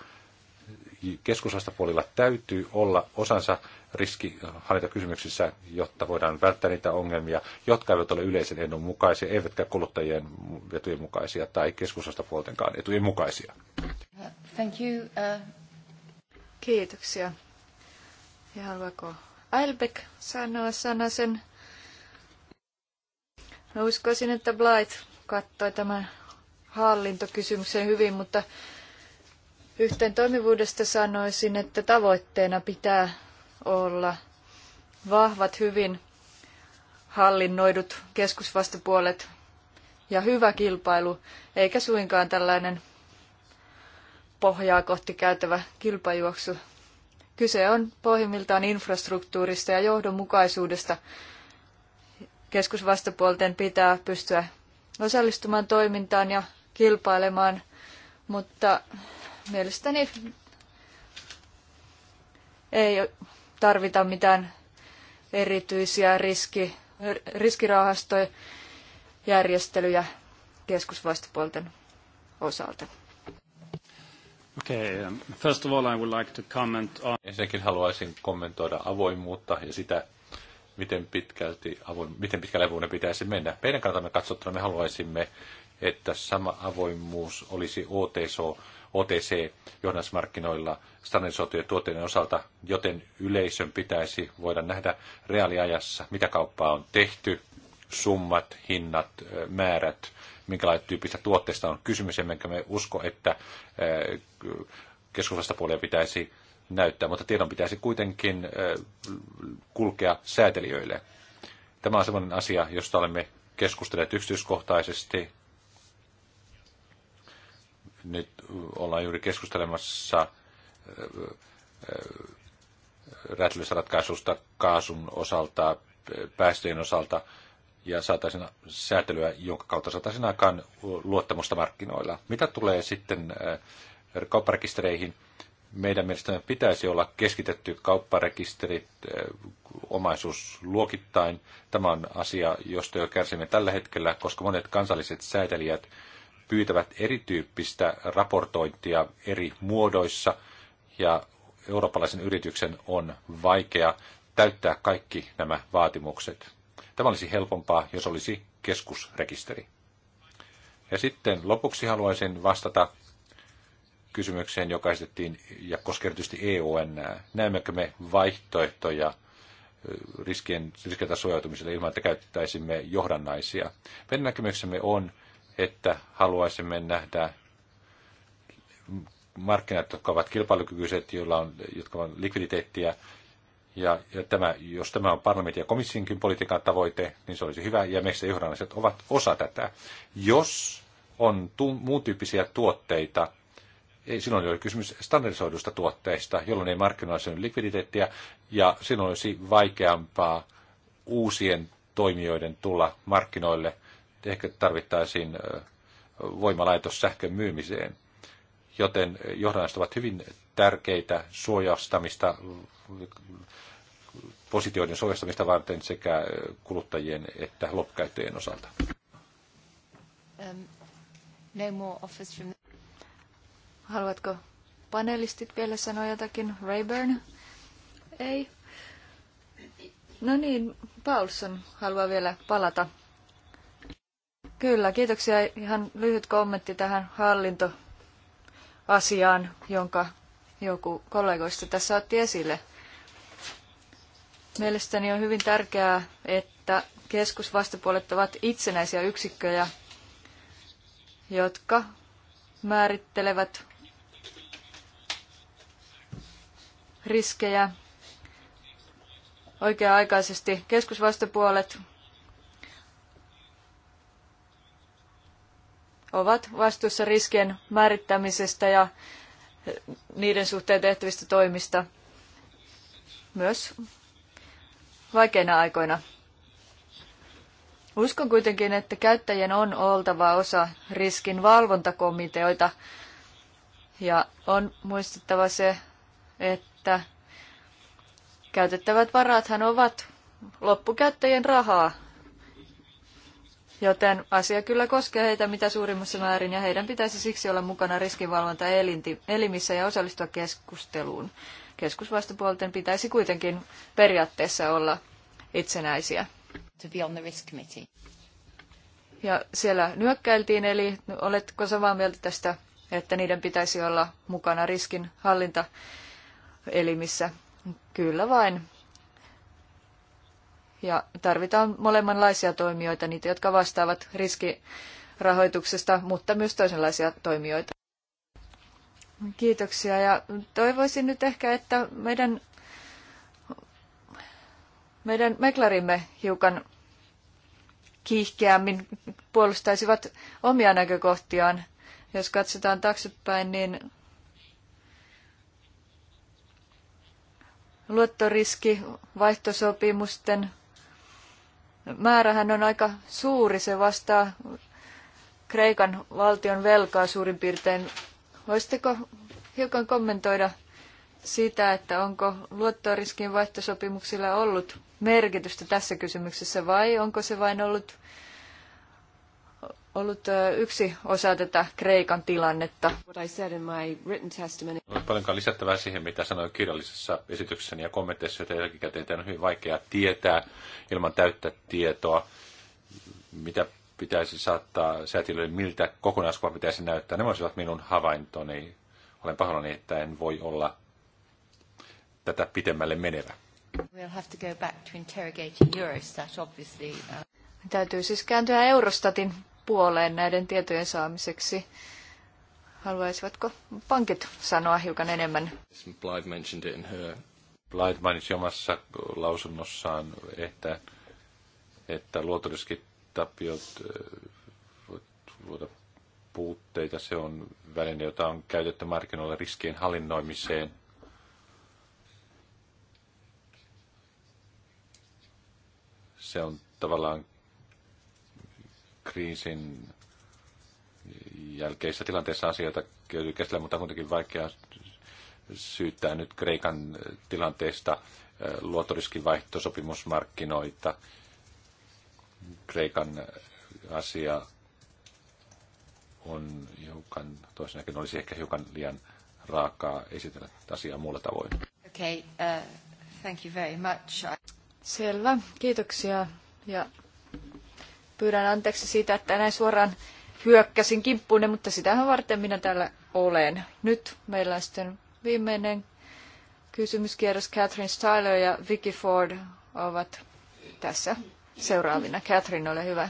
keskusastapuolilla täytyy olla osansa riskihallintakysymyksissä, jotta voidaan välttää niitä ongelmia, jotka eivät ole yleisen edun mukaisia, eivätkä kuluttajien etujen mukaisia tai keskusastapuoltenkaan etujen mukaisia. Thank you. Uh... Kiitoksia. Ja haluaako Albeck sanoa sanasen? No uskoisin, että Blight kattoi tämän hallintokysymyksen hyvin, mutta yhteen toimivuudesta sanoisin, että tavoitteena pitää olla vahvat, hyvin hallinnoidut keskusvastapuolet ja hyvä kilpailu, eikä suinkaan tällainen pohjaa kohti käytävä kilpajuoksu. Kyse on pohjimmiltaan infrastruktuurista ja johdonmukaisuudesta. Keskusvastapuolten pitää pystyä osallistumaan toimintaan ja kilpailemaan, mutta mielestäni ei tarvita mitään erityisiä riski, riskirahastojärjestelyjä keskusvastapuolten osalta. Okay, um, first of all I would like to comment on... Ensinnäkin haluaisin kommentoida avoimuutta ja sitä, miten, pitkälti avoin, miten pitkälle avoimuuden pitäisi mennä. Meidän kannaltamme katsottuna me haluaisimme, että sama avoimuus olisi OTSO, OTC johdannusmarkkinoilla standardisoitujen tuotteiden osalta, joten yleisön pitäisi voida nähdä reaaliajassa, mitä kauppaa on tehty, summat, hinnat, määrät, minkälaista tyyppistä tuotteista on kysymys, emmekä me usko, että eh, keskustelusta pitäisi näyttää, mutta tiedon pitäisi kuitenkin eh, kulkea säätelijöille. Tämä on sellainen asia, josta olemme keskustelleet yksityiskohtaisesti. Nyt ollaan juuri keskustelemassa eh, räätälöissä ratkaisusta kaasun osalta, päästöjen osalta ja saataisiin säätelyä, jonka kautta saataisiin aikaan luottamusta markkinoilla. Mitä tulee sitten äh, kaupparekistereihin, meidän mielestämme pitäisi olla keskitetty kaupparekisterit äh, omaisuusluokittain. Tämä on asia, josta jo kärsimme tällä hetkellä, koska monet kansalliset säätelijät pyytävät erityyppistä raportointia eri muodoissa ja eurooppalaisen yrityksen on vaikea täyttää kaikki nämä vaatimukset. Tämä olisi helpompaa, jos olisi keskusrekisteri. Ja sitten lopuksi haluaisin vastata kysymykseen, joka esitettiin ja koskee erityisesti EUn. Näemmekö me vaihtoehtoja riskien, riskiltä suojautumiselle ilman, että käyttäisimme johdannaisia? Meidän näkemyksemme on, että haluaisimme nähdä markkinat, jotka ovat kilpailukykyiset, joilla on, jotka ovat likviditeettiä, ja, ja tämä, jos tämä on parlamentin ja komissionkin politiikan tavoite, niin se olisi hyvä, ja meistä johdannaiset ovat osa tätä. Jos on tu- muun tyyppisiä tuotteita, ei, silloin ole kysymys standardisoidusta tuotteista, jolloin ei markkinoilla synny likviditeettiä, ja silloin olisi vaikeampaa uusien toimijoiden tulla markkinoille. Ehkä tarvittaisiin voimalaitos sähkön myymiseen joten johdannaiset ovat hyvin tärkeitä suojastamista, positioiden suojastamista varten sekä kuluttajien että loppukäyttäjien osalta. No from... Haluatko panelistit vielä sanoa jotakin? Rayburn? Ei. No niin, Paulson haluaa vielä palata. Kyllä, kiitoksia. Ihan lyhyt kommentti tähän hallinto asiaan, jonka joku kollegoista tässä otti esille. Mielestäni on hyvin tärkeää, että keskusvastapuolet ovat itsenäisiä yksikköjä, jotka määrittelevät riskejä oikea-aikaisesti. Keskusvastapuolet ovat vastuussa riskien määrittämisestä ja niiden suhteen tehtävistä toimista myös vaikeina aikoina. Uskon kuitenkin, että käyttäjien on oltava osa riskin valvontakomiteoita ja on muistettava se, että käytettävät varathan ovat loppukäyttäjien rahaa Joten asia kyllä koskee heitä mitä suurimmassa määrin ja heidän pitäisi siksi olla mukana riskinvalvontaelimissä ja osallistua keskusteluun. Keskusvastapuolten pitäisi kuitenkin periaatteessa olla itsenäisiä. To be on the risk committee. Ja siellä nyökkäiltiin, eli oletko samaa mieltä tästä, että niiden pitäisi olla mukana riskinhallintaelimissä? Kyllä vain. Ja tarvitaan molemmanlaisia toimijoita, niitä jotka vastaavat riskirahoituksesta, mutta myös toisenlaisia toimijoita. Kiitoksia ja toivoisin nyt ehkä, että meidän, meidän meklarimme hiukan kiihkeämmin puolustaisivat omia näkökohtiaan. Jos katsotaan taaksepäin, niin luottoriski, vaihtosopimusten määrähän on aika suuri. Se vastaa Kreikan valtion velkaa suurin piirtein. Voisitteko hiukan kommentoida sitä, että onko luottoriskin vaihtosopimuksilla ollut merkitystä tässä kysymyksessä vai onko se vain ollut ollut yksi osa tätä Kreikan tilannetta. On paljonkaan lisättävää siihen, mitä sanoin kirjallisessa esityksessäni ja kommenteissa, joita jälkikäteen on hyvin vaikea tietää ilman täyttä tietoa, mitä pitäisi saattaa säätiölle, miltä kokonaiskuva pitäisi näyttää. Nämä olisivat minun havaintoni. Olen pahoillani, että en voi olla tätä pitemmälle menevä. We'll have to go back to interrogating Eurostat, obviously. Uh- Täytyy siis kääntyä Eurostatin puoleen näiden tietojen saamiseksi. Haluaisivatko pankit sanoa hiukan enemmän? Blythe mainitsi omassa lausunnossaan, että, että luotoriskitappiot luoda puutteita. Se on väline, jota on käytetty markkinoilla riskien hallinnoimiseen. Se on tavallaan kriisin jälkeisessä tilanteessa asioita käsitellä, mutta on kuitenkin vaikea syyttää nyt Kreikan tilanteesta luottoriskin vaihtosopimusmarkkinoita. Kreikan asia on hiukan, toisenäkin olisi ehkä hiukan liian raakaa esitellä asiaa muulla tavoin. Okay, uh, thank you very much. Selvä, kiitoksia ja Pyydän anteeksi siitä, että näin suoraan hyökkäsin kimppuunne, mutta sitähän varten minä täällä olen. Nyt meillä on sitten viimeinen kysymyskierros. Catherine Styler ja Vicky Ford ovat tässä seuraavina. Catherine, ole hyvä.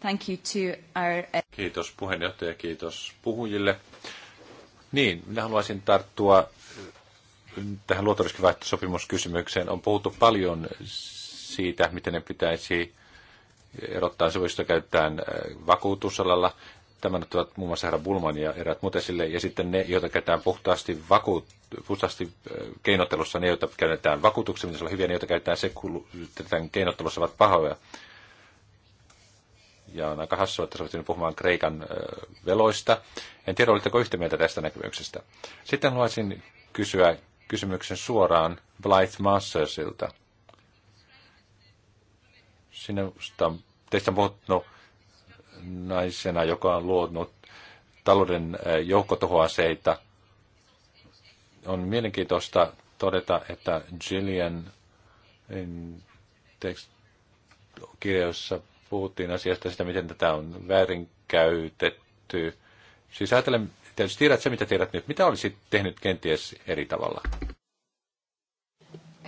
Thank you to our... Uh, kiitos puheenjohtaja ja kiitos puhujille. Niin, minä haluaisin tarttua äh, tähän luottoriskivaihtosopimuskysymykseen. On puhuttu paljon siitä, miten ne pitäisi erottaa sivuista käyttää äh, vakuutusalalla. Tämän ottavat muun muassa herra Bulman ja erät muut esille. Ja sitten ne, joita käytetään puhtaasti, vakuut, puhtaasti äh, keinottelussa, ne, joita käytetään vakuutuksen, mitä hyviä, ne, joita käytetään sekulu, keinottelussa, ovat pahoja. Ja on aika hassua, että olette puhumaan Kreikan äh, veloista. En tiedä, olitteko yhtä mieltä tästä näkemyksestä. Sitten haluaisin kysyä kysymyksen suoraan Blythe Mastersilta sinusta, teistä Botno, naisena, joka on luonut talouden joukkotuhoaseita, on mielenkiintoista todeta, että Jillian kirjoissa puhuttiin asiasta sitä, miten tätä on väärinkäytetty. Siis ajattelen, tietysti tiedät se, mitä tiedät nyt. Mitä olisit tehnyt kenties eri tavalla?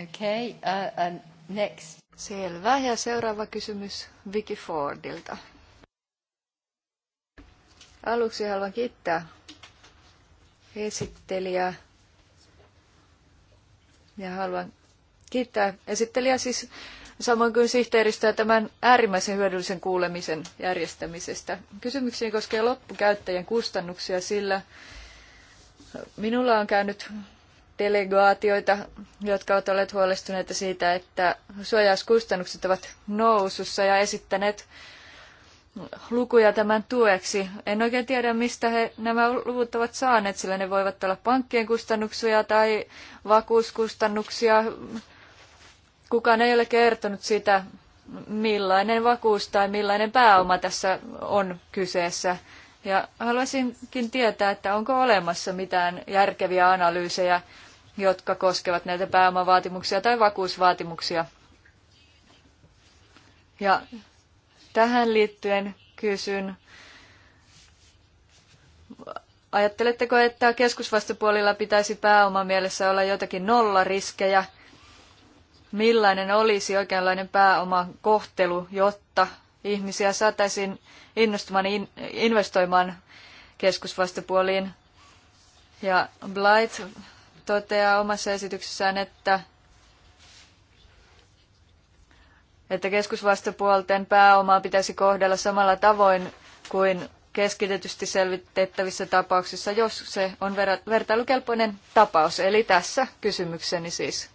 Okay, uh, um, next. Selvä. Ja seuraava kysymys Vicky Fordilta. Aluksi haluan kiittää esittelijää ja haluan kiittää esittelijää siis samoin kuin sihteeristöä tämän äärimmäisen hyödyllisen kuulemisen järjestämisestä. Kysymyksiä koskee loppukäyttäjän kustannuksia, sillä minulla on käynyt delegaatioita, jotka ovat olleet huolestuneita siitä, että suojauskustannukset ovat nousussa ja esittäneet lukuja tämän tueksi. En oikein tiedä, mistä he nämä luvut ovat saaneet, sillä ne voivat olla pankkien kustannuksia tai vakuuskustannuksia. Kukaan ei ole kertonut sitä, millainen vakuus tai millainen pääoma tässä on kyseessä. Ja haluaisinkin tietää, että onko olemassa mitään järkeviä analyysejä, jotka koskevat näitä pääomavaatimuksia tai vakuusvaatimuksia. Ja tähän liittyen kysyn, ajatteletteko, että keskusvastapuolilla pitäisi pääomamielessä olla jotakin nollariskejä? Millainen olisi oikeanlainen pääoman kohtelu, jotta ihmisiä saataisiin innostumaan investoimaan keskusvastapuoliin. Ja Blight toteaa omassa esityksessään, että että keskusvastapuolten pääomaa pitäisi kohdella samalla tavoin kuin keskitetysti selvitettävissä tapauksissa, jos se on vertailukelpoinen tapaus. Eli tässä kysymykseni siis.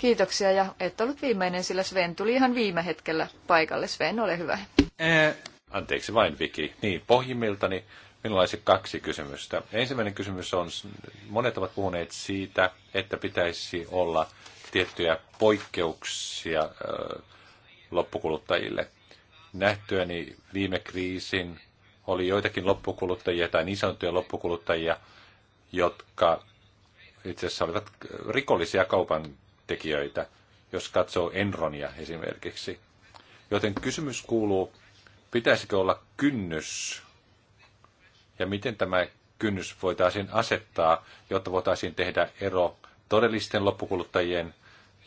Kiitoksia ja et ollut viimeinen, sillä Sven tuli ihan viime hetkellä paikalle. Sven, ole hyvä. Ää, eh. anteeksi vain Viki. Niin, pohjimmiltani minulla olisi kaksi kysymystä. Ensimmäinen kysymys on, monet ovat puhuneet siitä, että pitäisi olla tiettyjä poikkeuksia ää, eh, loppukuluttajille. Nähtyäni viime kriisin oli joitakin loppukuluttajia tai niin sanottuja loppukuluttajia, jotka itse asiassa olivat rikollisia kaupan tekijöitä, jos katsoo Enronia esimerkiksi. Joten kysymys kuuluu, pitäisikö olla kynnys ja miten tämä kynnys voitaisiin asettaa, jotta voitaisiin tehdä ero todellisten loppukuluttajien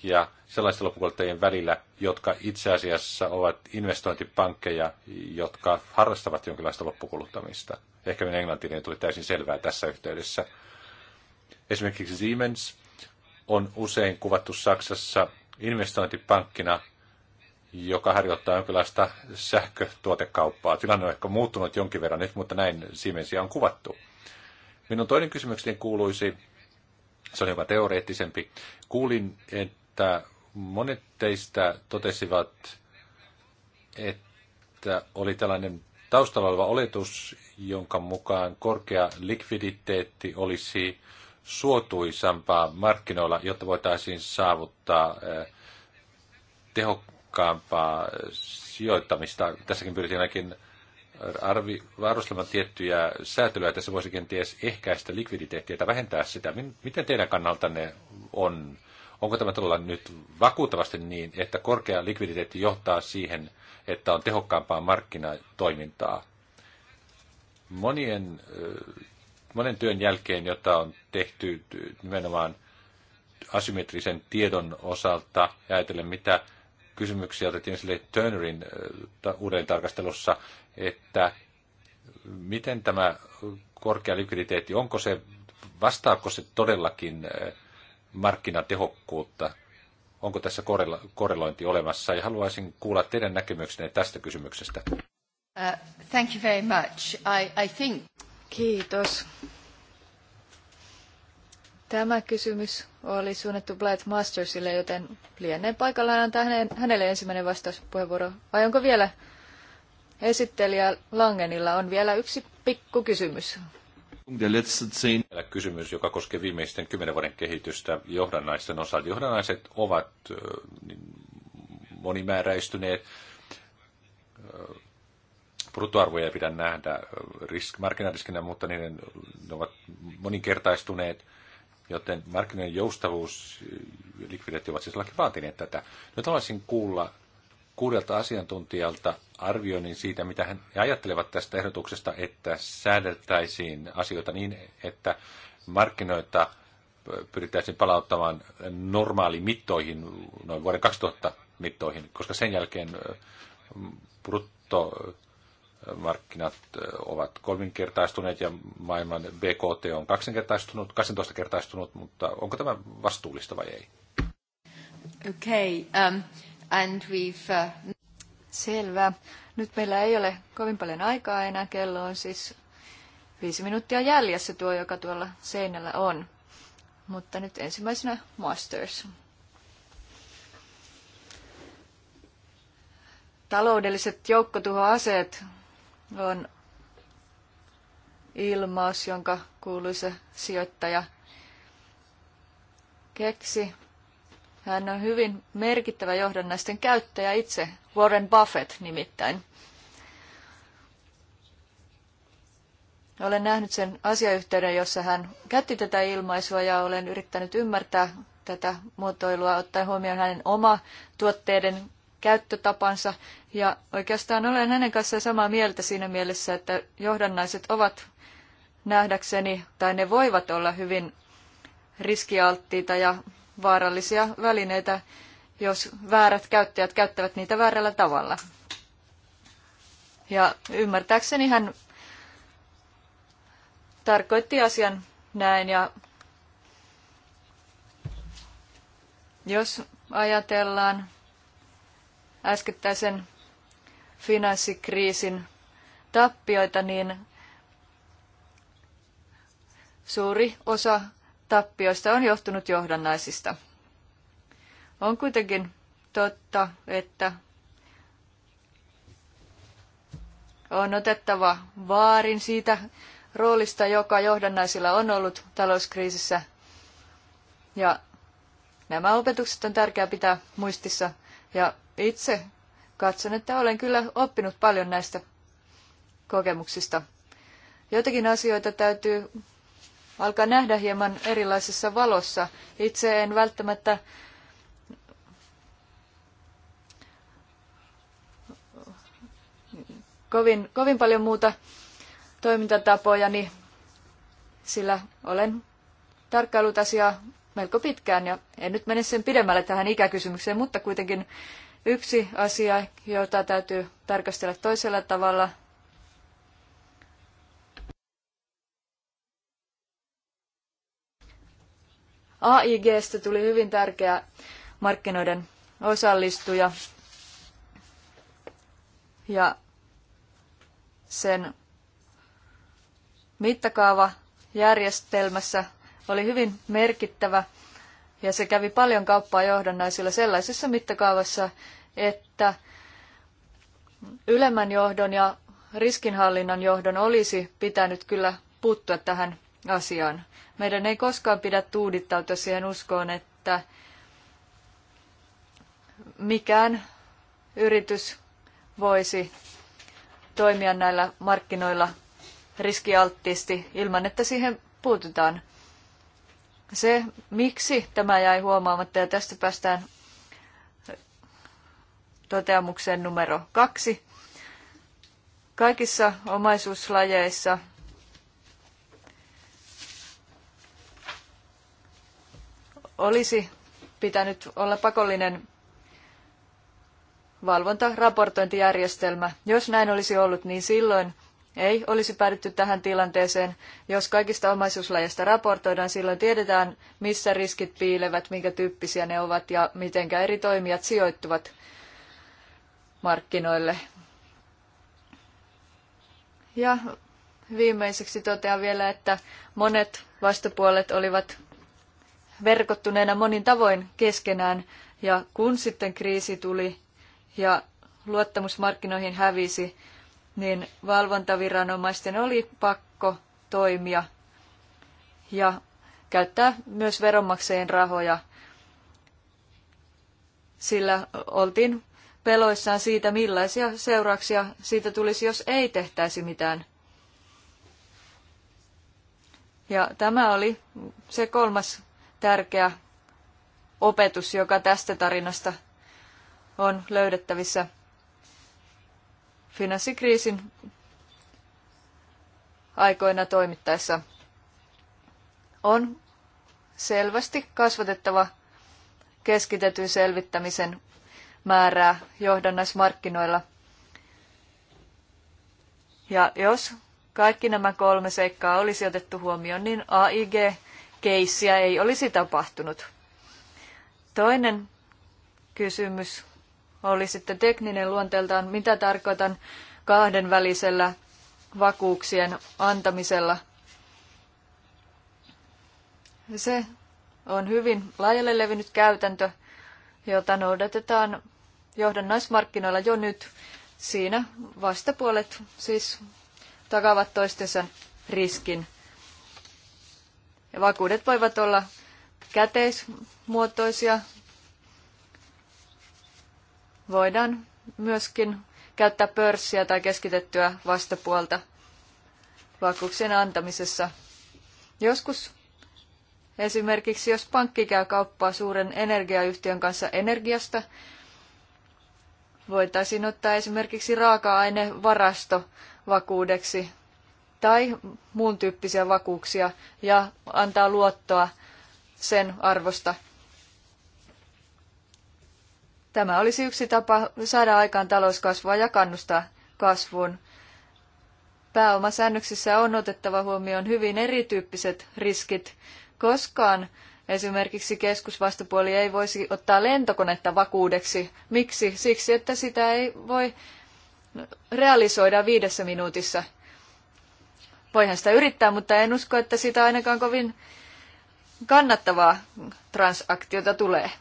ja sellaisten loppukuluttajien välillä, jotka itse asiassa ovat investointipankkeja, jotka harrastavat jonkinlaista loppukuluttamista. Ehkä minun englantilainen tuli täysin selvää tässä yhteydessä. Esimerkiksi Siemens on usein kuvattu Saksassa investointipankkina, joka harjoittaa jonkinlaista sähkötuotekauppaa. Tilanne on ehkä muuttunut jonkin verran nyt, mutta näin Siemensia on kuvattu. Minun toinen kysymykseni kuuluisi, se on jopa teoreettisempi. Kuulin, että monet teistä totesivat, että oli tällainen taustalla oleva oletus, jonka mukaan korkea likviditeetti olisi suotuisampaa markkinoilla, jotta voitaisiin saavuttaa eh, tehokkaampaa eh, sijoittamista. Tässäkin pyritään ainakin arvi, varustelemaan tiettyjä säätelyjä, että se voisi kenties ehkäistä likviditeettiä tai vähentää sitä. Miten teidän kannaltanne on? Onko tämä todella nyt vakuuttavasti niin, että korkea likviditeetti johtaa siihen, että on tehokkaampaa markkinatoimintaa? Monien eh, monen työn jälkeen, jota on tehty nimenomaan asymmetrisen tiedon osalta ja ajatellen, mitä kysymyksiä otettiin sille Turnerin uuden tarkastelussa, että miten tämä korkea likviditeetti, onko se, vastaako se todellakin markkinatehokkuutta? Onko tässä korrelointi olemassa? Ja haluaisin kuulla teidän näkemyksenne tästä kysymyksestä. Uh, thank you very much. I, I think... Kiitos. Tämä kysymys oli suunnattu Blatt Mastersille, joten lienee paikallaan antaa hänelle ensimmäinen vastauspuheenvuoro. Vai onko vielä esittelijä Langenilla on vielä yksi pikku kysymys? kysymys, joka koskee viimeisten kymmenen vuoden kehitystä johdannaisten osalta. Johdannaiset ovat niin monimääräistyneet bruttoarvoja ei pidä nähdä äh, risk, markkinariskinä, mutta niiden, ne ovat moninkertaistuneet, joten markkinoiden joustavuus ja äh, likviditeetti ovat siis vaatineet tätä. Nyt haluaisin kuulla kuudelta asiantuntijalta arvioinnin siitä, mitä he ajattelevat tästä ehdotuksesta, että säädeltäisiin asioita niin, että markkinoita äh, pyrittäisiin palauttamaan normaali mittoihin, noin vuoden 2000 mittoihin, koska sen jälkeen brutto markkinat ovat kolminkertaistuneet ja maailman BKT on kaksinkertaistunut, 12 kertaistunut, mutta onko tämä vastuullista vai ei? Okay, um, and we've, uh... Selvä. Nyt meillä ei ole kovin paljon aikaa enää. Kello on siis viisi minuuttia jäljessä tuo, joka tuolla seinällä on. Mutta nyt ensimmäisenä Masters. Taloudelliset joukkotuhoaseet on ilmaus, jonka kuuluisa sijoittaja keksi. Hän on hyvin merkittävä johdannaisten käyttäjä itse, Warren Buffett nimittäin. Olen nähnyt sen asiayhteyden, jossa hän käytti tätä ilmaisua ja olen yrittänyt ymmärtää tätä muotoilua ottaen huomioon hänen oma tuotteiden käyttötapansa. Ja oikeastaan olen hänen kanssaan samaa mieltä siinä mielessä, että johdannaiset ovat nähdäkseni, tai ne voivat olla hyvin riskialttiita ja vaarallisia välineitä, jos väärät käyttäjät käyttävät niitä väärällä tavalla. Ja ymmärtääkseni hän tarkoitti asian näin ja jos ajatellaan äskettäisen finanssikriisin tappioita, niin suuri osa tappioista on johtunut johdannaisista. On kuitenkin totta, että on otettava vaarin siitä roolista, joka johdannaisilla on ollut talouskriisissä. Ja nämä opetukset on tärkeää pitää muistissa ja itse katson, että olen kyllä oppinut paljon näistä kokemuksista. Joitakin asioita täytyy alkaa nähdä hieman erilaisessa valossa. Itse en välttämättä kovin, kovin paljon muuta toimintatapojani, niin sillä olen tarkkailut asiaa melko pitkään ja en nyt mene sen pidemmälle tähän ikäkysymykseen, mutta kuitenkin yksi asia, jota täytyy tarkastella toisella tavalla, AIGstä tuli hyvin tärkeä markkinoiden osallistuja ja sen mittakaava järjestelmässä oli hyvin merkittävä ja se kävi paljon kauppaa johdannaisilla sellaisessa mittakaavassa, että ylemmän johdon ja riskinhallinnan johdon olisi pitänyt kyllä puuttua tähän asiaan. Meidän ei koskaan pidä tuudittautua siihen uskoon, että mikään yritys voisi toimia näillä markkinoilla riskialttiisti ilman, että siihen puututaan. Se, miksi tämä jäi huomaamatta, ja tästä päästään toteamukseen numero kaksi. Kaikissa omaisuuslajeissa olisi pitänyt olla pakollinen valvontaraportointijärjestelmä. Jos näin olisi ollut, niin silloin ei olisi päädytty tähän tilanteeseen. Jos kaikista omaisuuslajeista raportoidaan, silloin tiedetään, missä riskit piilevät, minkä tyyppisiä ne ovat ja miten eri toimijat sijoittuvat markkinoille. Ja viimeiseksi totean vielä, että monet vastapuolet olivat verkottuneena monin tavoin keskenään ja kun sitten kriisi tuli ja luottamus markkinoihin hävisi, niin valvontaviranomaisten oli pakko toimia ja käyttää myös veronmaksajien rahoja, sillä oltiin peloissaan siitä, millaisia seurauksia siitä tulisi, jos ei tehtäisi mitään. Ja tämä oli se kolmas tärkeä opetus, joka tästä tarinasta on löydettävissä finanssikriisin aikoina toimittaessa on selvästi kasvatettava keskitetyn selvittämisen määrää johdannaismarkkinoilla. Ja jos kaikki nämä kolme seikkaa olisi otettu huomioon, niin AIG-keissiä ei olisi tapahtunut. Toinen kysymys oli sitten tekninen luonteeltaan, mitä tarkoitan kahdenvälisellä vakuuksien antamisella. Se on hyvin laajalle levinnyt käytäntö, jota noudatetaan johdannaismarkkinoilla jo nyt. Siinä vastapuolet siis takavat toistensa riskin. Ja vakuudet voivat olla käteismuotoisia voidaan myöskin käyttää pörssiä tai keskitettyä vastapuolta vakuuksien antamisessa. Joskus esimerkiksi, jos pankki käy kauppaa suuren energiayhtiön kanssa energiasta, voitaisiin ottaa esimerkiksi raaka-ainevarasto vakuudeksi tai muun tyyppisiä vakuuksia ja antaa luottoa sen arvosta Tämä olisi yksi tapa saada aikaan talouskasvua ja kannustaa kasvuun. Pääomasäännöksissä on otettava huomioon hyvin erityyppiset riskit. Koskaan esimerkiksi keskusvastapuoli ei voisi ottaa lentokonetta vakuudeksi. Miksi? Siksi, että sitä ei voi realisoida viidessä minuutissa. Voihan sitä yrittää, mutta en usko, että sitä ainakaan kovin kannattavaa transaktiota tulee.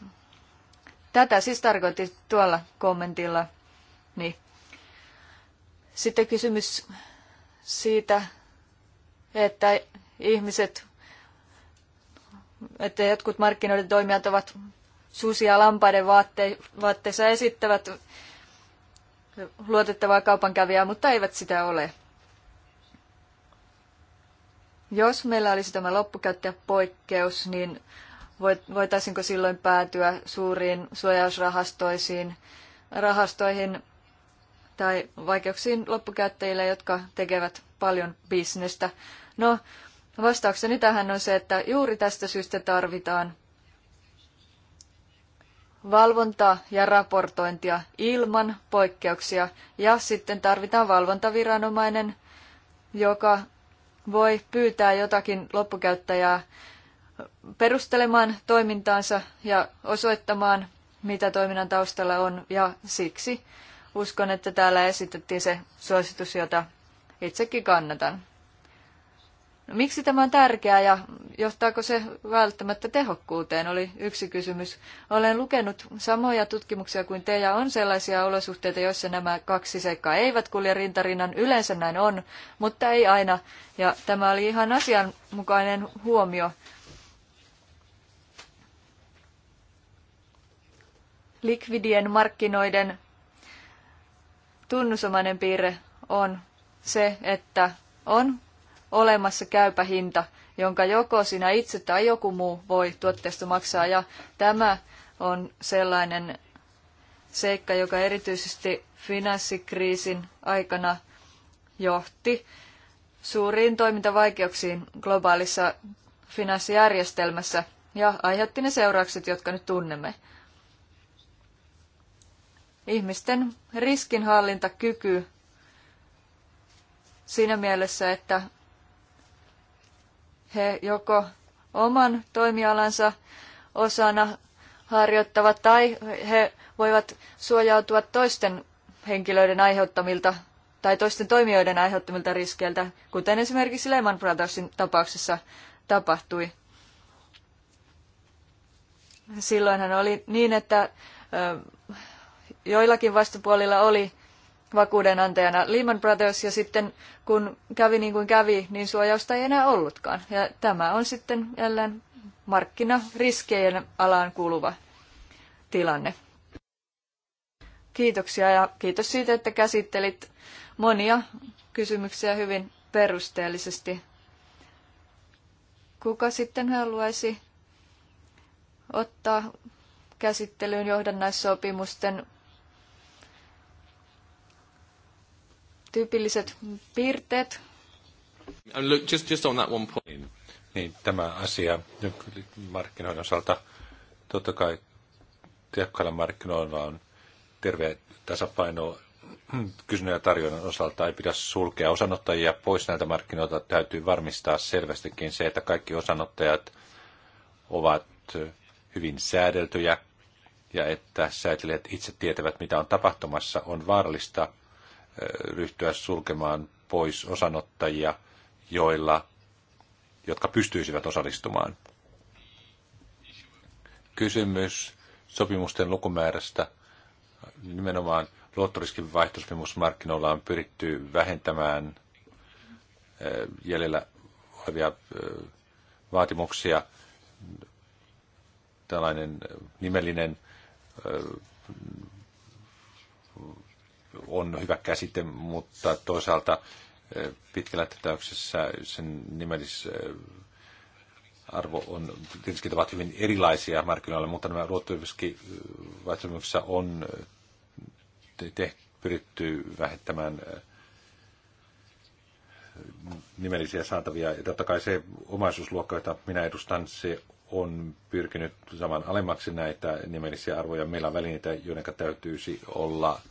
Tätä siis tarkoitti tuolla kommentilla. Niin. Sitten kysymys siitä, että ihmiset, että jotkut markkinoiden toimijat ovat susia lampaiden vaatte- vaatteissa esittävät luotettavaa kaupankävijää, mutta eivät sitä ole. Jos meillä olisi tämä loppukäyttäjäpoikkeus, niin voitaisiinko silloin päätyä suuriin suojausrahastoisiin, rahastoihin tai vaikeuksiin loppukäyttäjille, jotka tekevät paljon bisnestä. No, vastaukseni tähän on se, että juuri tästä syystä tarvitaan valvontaa ja raportointia ilman poikkeuksia. Ja sitten tarvitaan valvontaviranomainen, joka voi pyytää jotakin loppukäyttäjää perustelemaan toimintaansa ja osoittamaan, mitä toiminnan taustalla on. Ja siksi uskon, että täällä esitettiin se suositus, jota itsekin kannatan. No, miksi tämä on tärkeää ja johtaako se välttämättä tehokkuuteen, oli yksi kysymys. Olen lukenut samoja tutkimuksia kuin te ja on sellaisia olosuhteita, joissa nämä kaksi seikkaa eivät kulje rintarinnan. Yleensä näin on, mutta ei aina. Ja tämä oli ihan asianmukainen huomio. likvidien markkinoiden tunnusomainen piirre on se, että on olemassa käypä hinta, jonka joko sinä itse tai joku muu voi tuotteesta maksaa. Ja tämä on sellainen seikka, joka erityisesti finanssikriisin aikana johti suuriin toimintavaikeuksiin globaalissa finanssijärjestelmässä ja aiheutti ne seuraukset, jotka nyt tunnemme ihmisten riskinhallintakyky siinä mielessä, että he joko oman toimialansa osana harjoittavat tai he voivat suojautua toisten henkilöiden aiheuttamilta tai toisten toimijoiden aiheuttamilta riskeiltä, kuten esimerkiksi Lehman Brothersin tapauksessa tapahtui. Silloinhan oli niin, että joillakin vastapuolilla oli vakuudenantajana Lehman Brothers ja sitten kun kävi niin kuin kävi, niin suojausta ei enää ollutkaan. Ja tämä on sitten jälleen markkinariskien alaan kuuluva tilanne. Kiitoksia ja kiitos siitä, että käsittelit monia kysymyksiä hyvin perusteellisesti. Kuka sitten haluaisi ottaa käsittelyyn johdannaissopimusten tyypilliset piirteet. Look, just, just on that one point. Niin, niin tämä asia markkinoiden osalta, totta kai tehokkailla markkinoilla on terve tasapaino kysynnän ja tarjonnan osalta ei pidä sulkea osanottajia pois näiltä markkinoilta. Täytyy varmistaa selvästikin se, että kaikki osanottajat ovat hyvin säädeltyjä ja että säätelijät itse tietävät, mitä on tapahtumassa. On vaarallista Eh, ryhtyä sulkemaan pois osanottajia, joilla, jotka pystyisivät osallistumaan. Kysymys sopimusten lukumäärästä. Nimenomaan luottoriskin vaihtosopimusmarkkinoilla on pyritty vähentämään eh, jäljellä olevia eh, vaatimuksia. Tällainen nimellinen on hyvä käsite, mutta toisaalta pitkällä tähtäyksessä sen nimellis arvo on, tietysti ovat hyvin erilaisia markkinoilla, mutta nämä ruotsinkielisyydessä on tehty, pyritty vähentämään nimellisiä saatavia. Ja totta kai se omaisuusluokka, jota minä edustan, se on pyrkinyt saman alemmaksi näitä nimellisiä arvoja. Meillä on välineitä, joiden täytyisi olla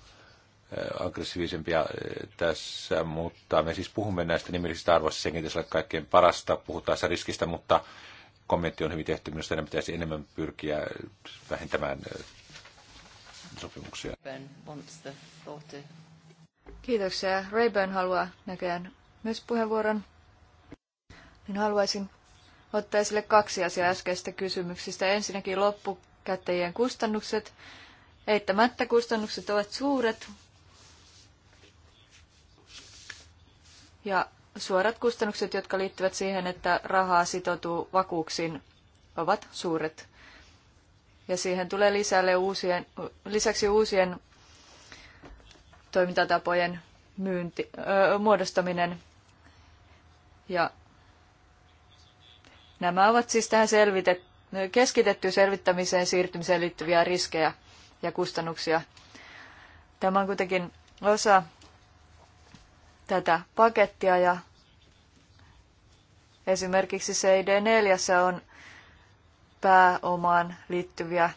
aggressiivisempia eh, tässä, mutta me siis puhumme näistä nimellisistä arvoista, senkin tässä kaikkein parasta, puhutaan tässä riskistä, mutta kommentti on hyvin tehty, minusta meidän pitäisi enemmän pyrkiä vähentämään eh, sopimuksia. Kiitoksia. Rayburn haluaa näköjään myös puheenvuoron. Niin haluaisin ottaa esille kaksi asiaa äskeistä kysymyksistä. Ensinnäkin loppukäteen kustannukset. Eittämättä kustannukset ovat suuret, Ja suorat kustannukset, jotka liittyvät siihen, että rahaa sitoutuu vakuuksiin, ovat suuret. Ja siihen tulee lisälle uusien, lisäksi uusien toimintatapojen myynti, ö, muodostaminen. Ja nämä ovat siis tähän selvitet, keskitettyyn selvittämiseen siirtymiseen liittyviä riskejä ja kustannuksia. Tämä on kuitenkin osa tätä pakettia ja esimerkiksi CD4 on pääomaan liittyviä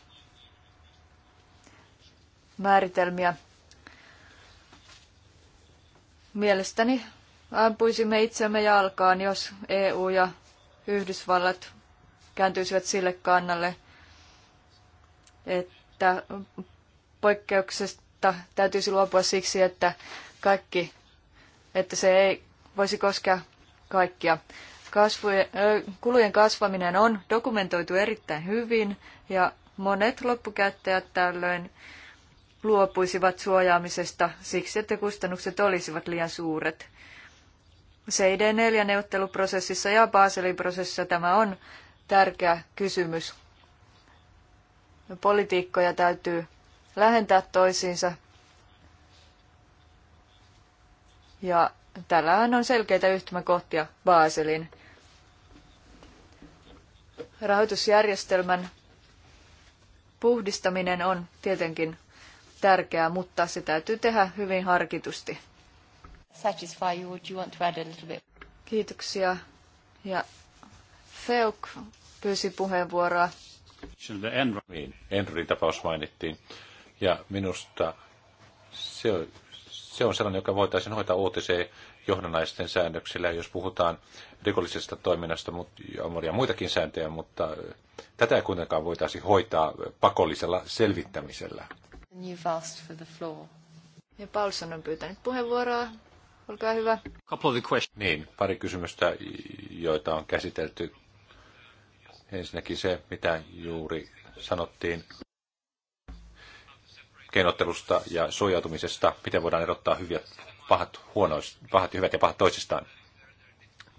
määritelmiä. Mielestäni ampuisimme itsemme jalkaan, jos EU ja Yhdysvallat kääntyisivät sille kannalle, että poikkeuksesta täytyisi luopua siksi, että kaikki että se ei voisi koskea kaikkia. Kasvujen, kulujen kasvaminen on dokumentoitu erittäin hyvin ja monet loppukäyttäjät tällöin luopuisivat suojaamisesta siksi, että kustannukset olisivat liian suuret. CD4-neuvotteluprosessissa ja Baselin prosessissa tämä on tärkeä kysymys. Politiikkoja täytyy lähentää toisiinsa Ja tällähän on selkeitä yhtymäkohtia Baselin rahoitusjärjestelmän puhdistaminen on tietenkin tärkeää, mutta se täytyy tehdä hyvin harkitusti. Kiitoksia. Ja Feuk pyysi puheenvuoroa. Enronin, Enronin tapaus mainittiin. Ja minusta se se on sellainen, joka voitaisiin hoitaa uutiseen johdonnaisten säännöksillä, jos puhutaan rikollisesta toiminnasta ja monia muitakin sääntöjä, mutta äh, tätä ei kuitenkaan voitaisiin hoitaa pakollisella selvittämisellä. for the floor. Ja Paulson on pyytänyt puheenvuoroa. Olkaa hyvä. Couple of the niin, pari kysymystä, joita on käsitelty. Ensinnäkin se, mitä juuri sanottiin keinottelusta ja suojautumisesta, miten voidaan erottaa hyviä pahat, huonoist, pahat hyvät ja pahat toisistaan.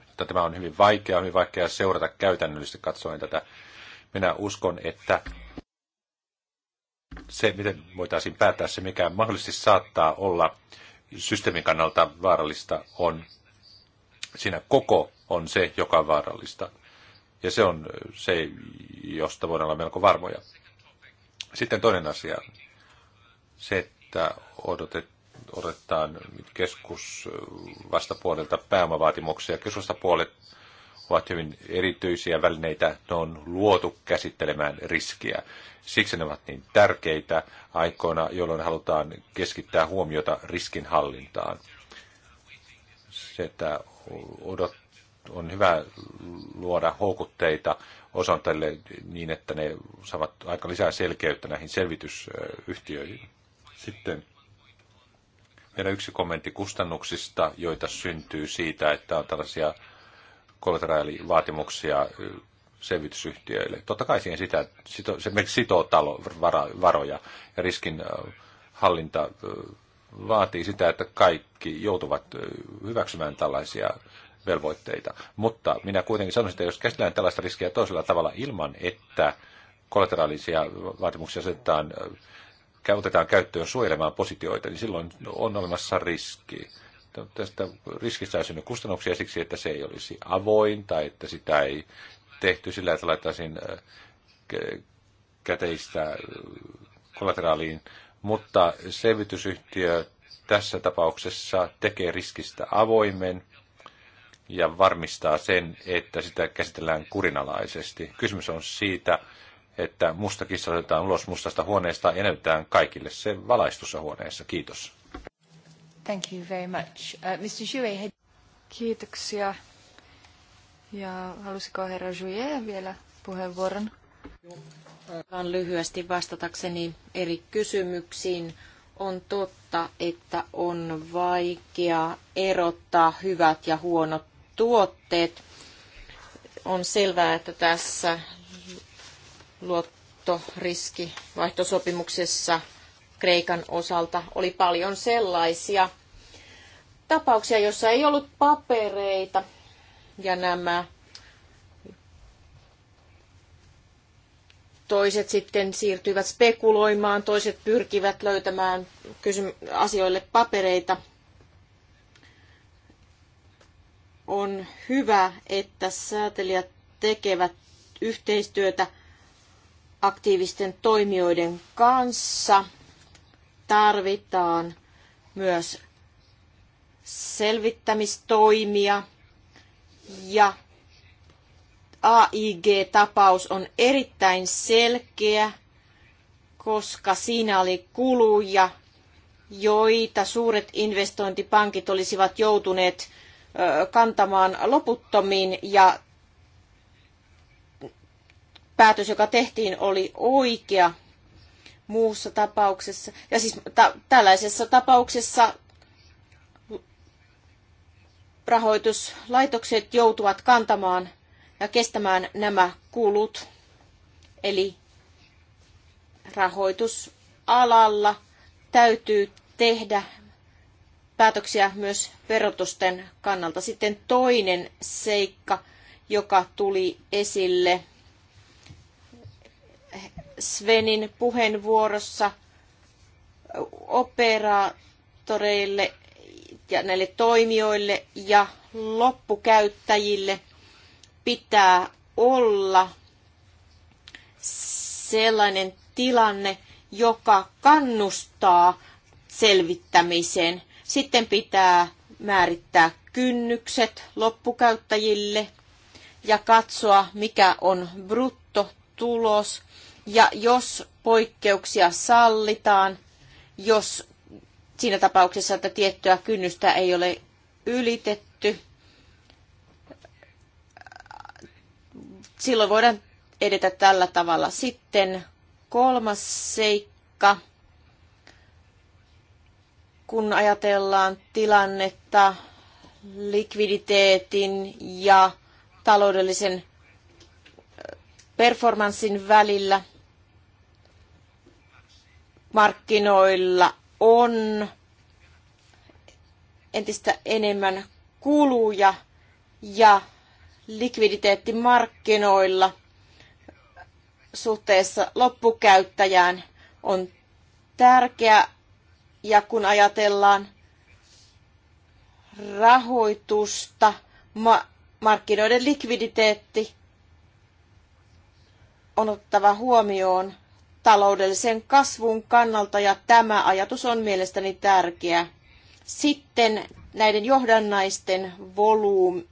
Mutta tämä on hyvin vaikea, hyvin vaikea seurata käytännöllisesti katsoen tätä. Minä uskon, että se, miten voitaisiin päättää se, mikä mahdollisesti saattaa olla systeemin kannalta vaarallista, on siinä koko on se, joka on vaarallista. Ja se on se, josta voidaan olla melko varmoja. Sitten toinen asia, se, että odotet, odotetaan keskus vastapuolelta pääomavaatimuksia. Keskustapuolet ovat hyvin erityisiä välineitä. Ne on luotu käsittelemään riskiä. Siksi ne ovat niin tärkeitä aikoina, jolloin halutaan keskittää huomiota riskinhallintaan. Se, että odot, on hyvä luoda houkutteita osantajille niin, että ne saavat aika lisää selkeyttä näihin selvitysyhtiöihin sitten vielä yksi kommentti kustannuksista, joita syntyy siitä, että on tällaisia kollateraalivaatimuksia selvitysyhtiöille. Totta kai siihen sitä, sito, se sitoo talo, vara, varoja ja riskin hallinta vaatii sitä, että kaikki joutuvat hyväksymään tällaisia velvoitteita. Mutta minä kuitenkin sanoisin, että jos käsitellään tällaista riskiä toisella tavalla ilman, että kollateraalisia vaatimuksia asetetaan otetaan käyttöön suojelemaan positioita, niin silloin on olemassa riski. Tästä riskistä on kustannuksia siksi, että se ei olisi avoin tai että sitä ei tehty sillä, että laittaisin äh, käteistä äh, kollateraaliin, mutta selvitysyhtiö tässä tapauksessa tekee riskistä avoimen ja varmistaa sen, että sitä käsitellään kurinalaisesti. Kysymys on siitä, että musta kissa otetaan ulos mustasta huoneesta ja näytetään kaikille se valaistussa huoneessa. Kiitos. Thank you very much. Uh, Mr. Jouet had... Kiitoksia. Ja halusiko herra Jouet vielä puheenvuoron? Haluan lyhyesti vastatakseni eri kysymyksiin. On totta, että on vaikea erottaa hyvät ja huonot tuotteet. On selvää, että tässä vaihtosopimuksessa Kreikan osalta oli paljon sellaisia tapauksia, joissa ei ollut papereita ja nämä toiset sitten siirtyivät spekuloimaan, toiset pyrkivät löytämään kysym- asioille papereita. On hyvä, että säätelijät tekevät yhteistyötä aktiivisten toimijoiden kanssa tarvitaan myös selvittämistoimia ja AIG-tapaus on erittäin selkeä, koska siinä oli kuluja, joita suuret investointipankit olisivat joutuneet kantamaan loputtomiin ja päätös, joka tehtiin, oli oikea muussa tapauksessa. Ja siis ta- tällaisessa tapauksessa rahoituslaitokset joutuvat kantamaan ja kestämään nämä kulut. Eli rahoitusalalla täytyy tehdä päätöksiä myös verotusten kannalta. Sitten toinen seikka, joka tuli esille – Svenin puheenvuorossa operaattoreille ja näille toimijoille ja loppukäyttäjille pitää olla sellainen tilanne, joka kannustaa selvittämiseen. Sitten pitää määrittää kynnykset loppukäyttäjille ja katsoa, mikä on bruttotulos ja jos poikkeuksia sallitaan, jos siinä tapauksessa, että tiettyä kynnystä ei ole ylitetty, silloin voidaan edetä tällä tavalla. Sitten kolmas seikka, kun ajatellaan tilannetta likviditeetin ja taloudellisen performanssin välillä – markkinoilla on entistä enemmän kuluja ja likviditeetti suhteessa loppukäyttäjään on tärkeä. Ja kun ajatellaan rahoitusta, ma- markkinoiden likviditeetti on ottava huomioon – taloudellisen kasvun kannalta ja tämä ajatus on mielestäni tärkeä. Sitten näiden johdannaisten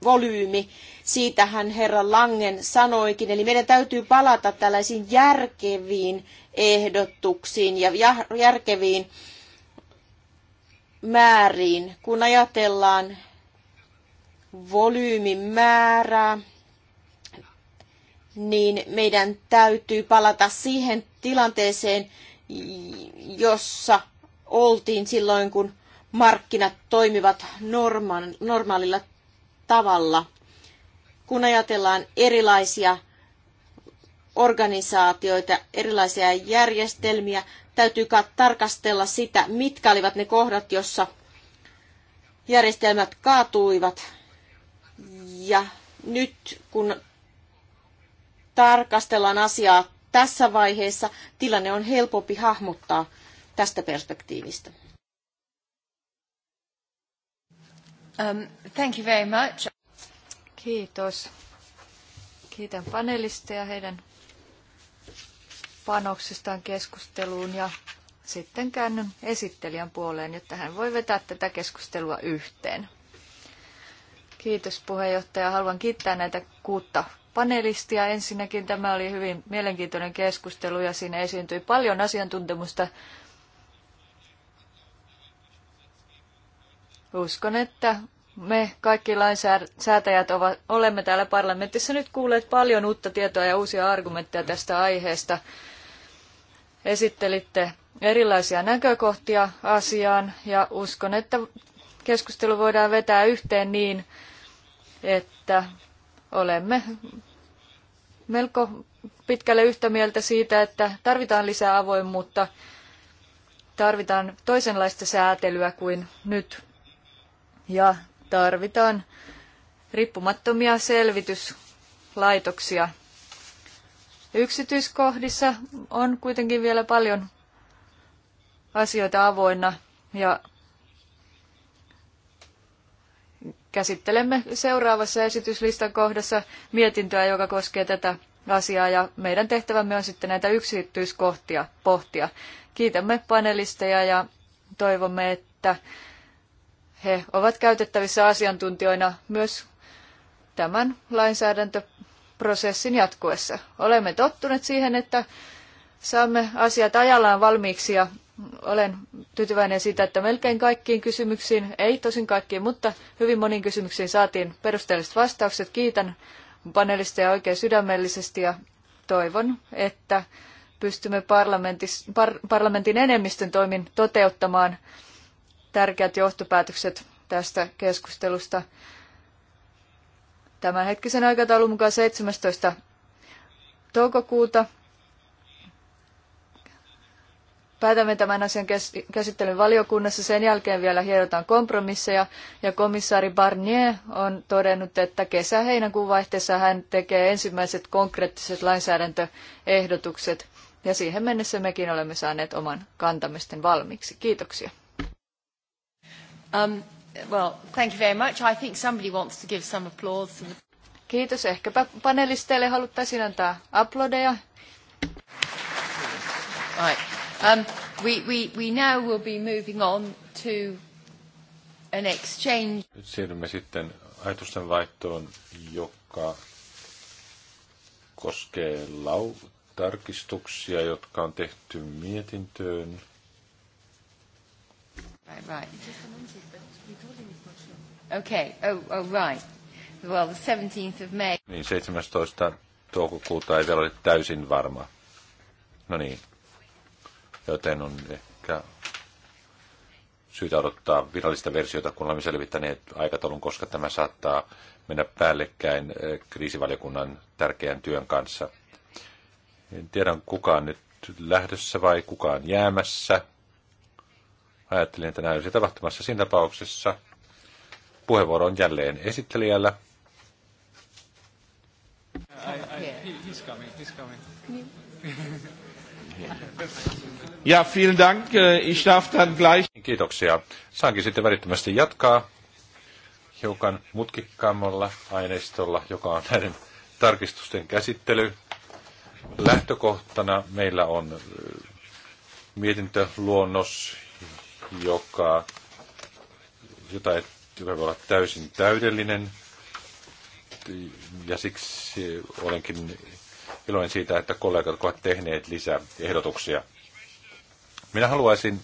volyymi, siitähän herra Langen sanoikin, eli meidän täytyy palata tällaisiin järkeviin ehdotuksiin ja järkeviin määriin, kun ajatellaan volyymin määrää, niin meidän täytyy palata siihen tilanteeseen, jossa oltiin silloin, kun markkinat toimivat norma- normaalilla tavalla. Kun ajatellaan erilaisia organisaatioita, erilaisia järjestelmiä, täytyy tarkastella sitä, mitkä olivat ne kohdat, jossa järjestelmät kaatuivat. Ja nyt kun tarkastellaan asiaa tässä vaiheessa, tilanne on helpompi hahmottaa tästä perspektiivistä. Um, thank you very much. Kiitos. Kiitän panelisteja heidän panoksistaan keskusteluun ja sitten käännyn esittelijän puoleen, jotta hän voi vetää tätä keskustelua yhteen. Kiitos puheenjohtaja. Haluan kiittää näitä kuutta panelistia ensinnäkin. Tämä oli hyvin mielenkiintoinen keskustelu ja siinä esiintyi paljon asiantuntemusta. Uskon, että me kaikki lainsäätäjät ovat, olemme täällä parlamentissa nyt kuulleet paljon uutta tietoa ja uusia argumentteja tästä aiheesta. Esittelitte erilaisia näkökohtia asiaan ja uskon, että keskustelu voidaan vetää yhteen niin, että Olemme melko pitkälle yhtä mieltä siitä, että tarvitaan lisää avoimuutta, tarvitaan toisenlaista säätelyä kuin nyt ja tarvitaan riippumattomia selvityslaitoksia. Yksityiskohdissa on kuitenkin vielä paljon asioita avoinna ja käsittelemme seuraavassa esityslistan kohdassa mietintöä, joka koskee tätä asiaa ja meidän tehtävämme on sitten näitä yksityiskohtia pohtia. Kiitämme panelisteja ja toivomme, että he ovat käytettävissä asiantuntijoina myös tämän lainsäädäntöprosessin jatkuessa. Olemme tottuneet siihen, että saamme asiat ajallaan valmiiksi ja olen tyytyväinen siitä, että melkein kaikkiin kysymyksiin, ei tosin kaikkiin, mutta hyvin moniin kysymyksiin saatiin perusteelliset vastaukset. Kiitän panelisteja oikein sydämellisesti ja toivon, että pystymme par, parlamentin enemmistön toimin toteuttamaan tärkeät johtopäätökset tästä keskustelusta. Tämänhetkisen aikataulun mukaan 17. toukokuuta päätämme tämän asian käsittelyn valiokunnassa. Sen jälkeen vielä hierotaan kompromisseja ja komissaari Barnier on todennut, että kesä-heinäkuun vaihteessa hän tekee ensimmäiset konkreettiset lainsäädäntöehdotukset ja siihen mennessä mekin olemme saaneet oman kantamme sitten valmiiksi. Kiitoksia. Um, well, thank you very much. I think somebody wants to give some applause. Kiitos. Ehkäpä panelisteille haluttaisiin antaa aplodeja. Right. Um, we, we, we now will be moving on to an exchange. Nyt siirrymme sitten ajatusten vaihtoon, joka koskee lau tarkistuksia, jotka on tehty mietintöön. Right, right. Okay, oh, oh right. Well, the 17th of May. Niin, 17. toukokuuta ei vielä ole täysin varma. No niin, joten on ehkä syytä odottaa virallista versiota, kun olemme selvittäneet aikataulun, koska tämä saattaa mennä päällekkäin eh, kriisivaliokunnan tärkeän työn kanssa. En tiedä, kukaan nyt lähdössä vai kukaan jäämässä. Ajattelin, että näin olisi tapahtumassa siinä tapauksessa. Puheenvuoro on jälleen esittelijällä. I, I, he's coming, he's coming. Ja, vielen Dank. Äh, ich darf dann gleich... Kiitoksia. Saankin sitten välittömästi jatkaa hiukan mutkikkaammalla aineistolla, joka on näiden tarkistusten käsittely. Lähtökohtana meillä on äh, mietintöluonnos, joka, jota et, joka voi olla täysin täydellinen. Ja siksi olenkin iloinen siitä, että kollegat ovat tehneet lisää ehdotuksia. Minä haluaisin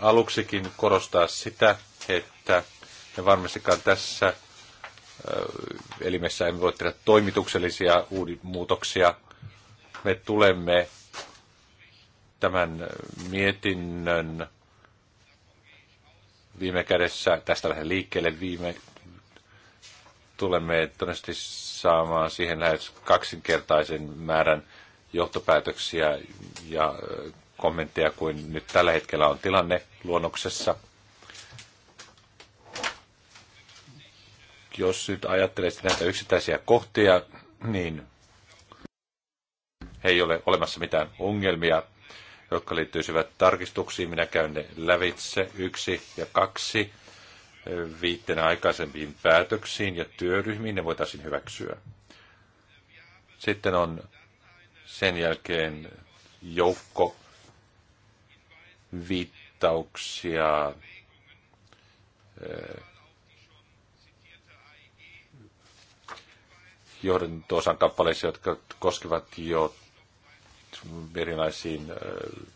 aluksikin korostaa sitä, että me varmastikaan tässä elimessä emme voi tehdä toimituksellisia muutoksia. Me tulemme tämän mietinnön viime kädessä, tästä lähden liikkeelle viime, tulemme todennäköisesti saamaan siihen lähes kaksinkertaisen määrän johtopäätöksiä ja kommentteja kuin nyt tällä hetkellä on tilanne luonnoksessa. Jos nyt ajattelee näitä yksittäisiä kohtia, niin ei ole olemassa mitään ongelmia, jotka liittyisivät tarkistuksiin. Minä käyn ne lävitse yksi ja kaksi viitteenä aikaisempiin päätöksiin ja työryhmiin, ne voitaisiin hyväksyä. Sitten on sen jälkeen joukko viittauksia eh, johdantosan kappaleissa, jotka koskevat jo erilaisiin eh,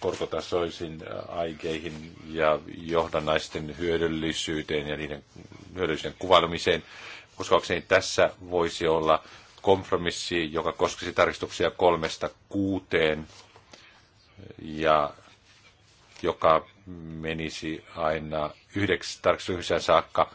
korkotasoisiin äh, aikeihin ja johdannaisten hyödyllisyyteen ja niiden hyödyllisen kuvailumiseen, Uskoakseni tässä voisi olla kompromissi, joka koskisi tarkistuksia kolmesta kuuteen ja joka menisi aina yhdeksi tarkistukseen saakka,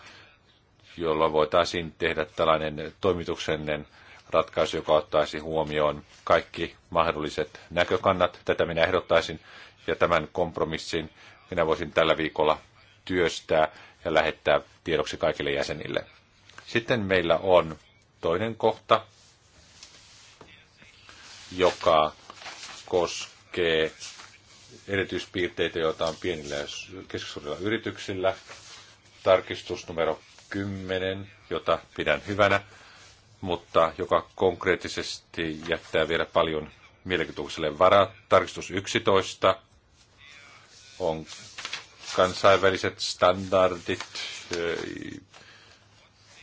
jolloin voitaisiin tehdä tällainen toimituksellinen ratkaisu, joka ottaisi huomioon kaikki mahdolliset näkökannat. Tätä minä ehdottaisin ja tämän kompromissin minä voisin tällä viikolla työstää ja lähettää tiedoksi kaikille jäsenille. Sitten meillä on toinen kohta, joka koskee erityispiirteitä, joita on pienillä ja keskisuurilla yrityksillä. Tarkistus numero 10, jota pidän hyvänä mutta joka konkreettisesti jättää vielä paljon mielenkiintoiselle varaa. Tarkistus 11 on kansainväliset standardit,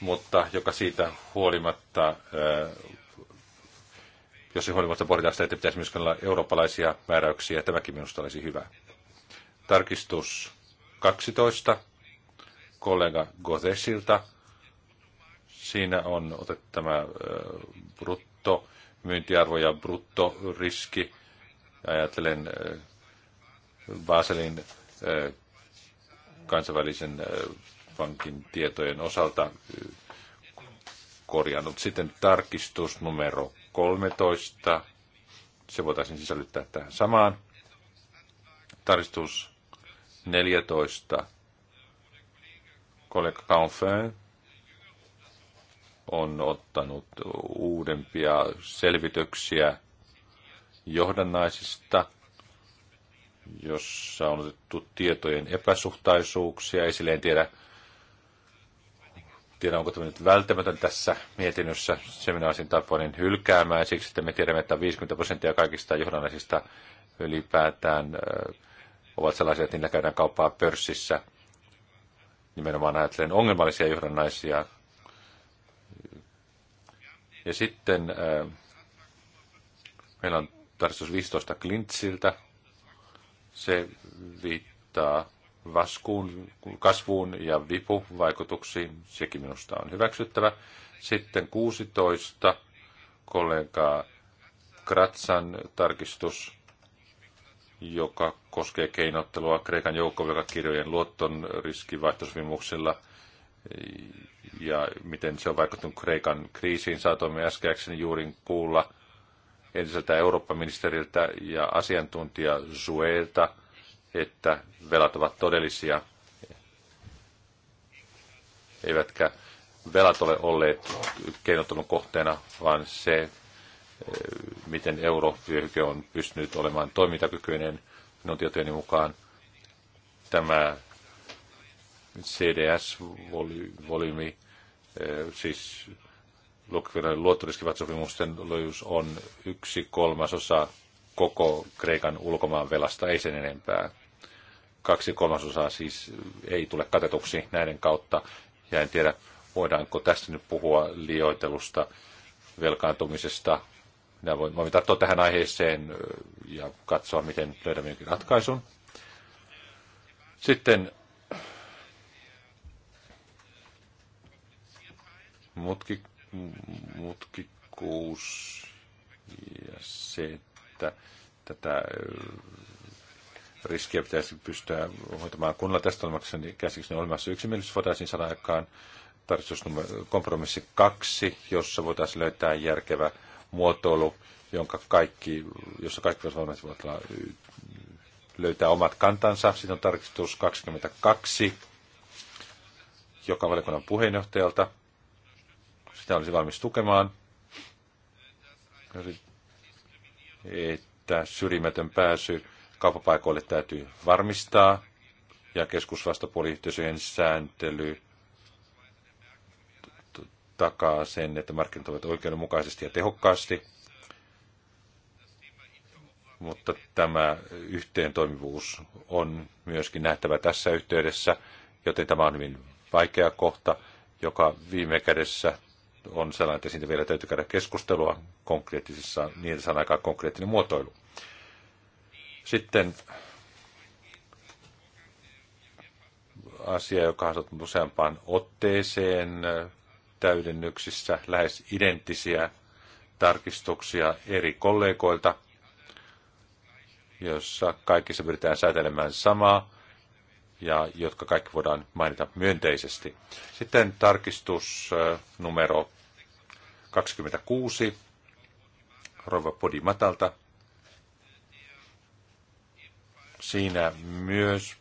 mutta joka siitä huolimatta, jos se huolimatta pohditaan sitä, että pitäisi myös olla eurooppalaisia määräyksiä, tämäkin minusta olisi hyvä. Tarkistus 12 kollega Godesilta Siinä on otettu tämä brutto myyntiarvo ja riski. Ajattelen Baselin kansainvälisen pankin tietojen osalta korjannut. Sitten tarkistus numero 13. Se voitaisiin sisällyttää tähän samaan. Tarkistus 14. Kollega Canfin on ottanut uudempia selvityksiä johdannaisista, jossa on otettu tietojen epäsuhtaisuuksia esille. En tiedä, tiedä onko tämä nyt välttämätön tässä mietinnössä seminaarin tapoinen hylkäämään, siksi että me tiedämme, että 50 prosenttia kaikista johdannaisista ylipäätään ovat sellaisia, että niillä käydään kauppaa pörssissä. Nimenomaan ajattelen ongelmallisia johdannaisia, ja sitten äh, meillä on tarkistus 15 Klintsiltä. Se viittaa vaskuun, kasvuun ja vipuvaikutuksiin. Sekin minusta on hyväksyttävä. Sitten 16 kollega Kratsan tarkistus, joka koskee keinottelua Kreikan joukkovelkakirjojen luotton riskivaihtosopimuksilla – ja miten se on vaikuttanut Kreikan kriisiin. Saatoimme äskeäkseni juuri kuulla entiseltä ministeriltä ja asiantuntija Zuelta, että velat ovat todellisia, eivätkä velat ole olleet keinottelun kohteena, vaan se, eh, miten eurovyöhyke on pystynyt olemaan toimintakykyinen minun tietojeni mukaan. Tämä CDS-volyymi, eh, siis luottoriskivatsopimusten lojuus on yksi kolmasosa koko Kreikan ulkomaan velasta, ei sen enempää. Kaksi kolmasosaa siis ei tule katetuksi näiden kautta, ja en tiedä, voidaanko tästä nyt puhua liioitelusta, velkaantumisesta. Minä voin, voin tarttua tähän aiheeseen eh, ja katsoa, miten löydämme jonkin ratkaisun. Sitten mutki, mutkikkuus ja se, että tätä riskiä pitäisi pystyä hoitamaan kunnolla tästä olemassa, niin käsikseni on olemassa yksimielisyys, voitaisiin saada aikaan kompromissi kaksi, jossa voitaisiin löytää järkevä muotoilu, jonka kaikki, jossa kaikki varmasti voivat löytää omat kantansa. Sitten on tarkistus 22, joka valiokunnan puheenjohtajalta sitä olisi valmis tukemaan, että syrjimätön pääsy kauppapaikoille täytyy varmistaa ja keskusvastapuoliyhteisöjen sääntely takaa sen, että markkinat ovat oikeudenmukaisesti ja tehokkaasti. Mutta tämä yhteentoimivuus on myöskin nähtävä tässä yhteydessä, joten tämä on hyvin vaikea kohta, joka viime kädessä on sellainen, että siitä vielä täytyy käydä keskustelua konkreettisissa, niin että aika konkreettinen muotoilu. Sitten asia, joka on useampaan otteeseen täydennyksissä, lähes identtisiä tarkistuksia eri kollegoilta, jossa kaikissa pyritään säätelemään samaa, ja jotka kaikki voidaan mainita myönteisesti. Sitten tarkistus numero 26 Rova Matalta. Siinä myös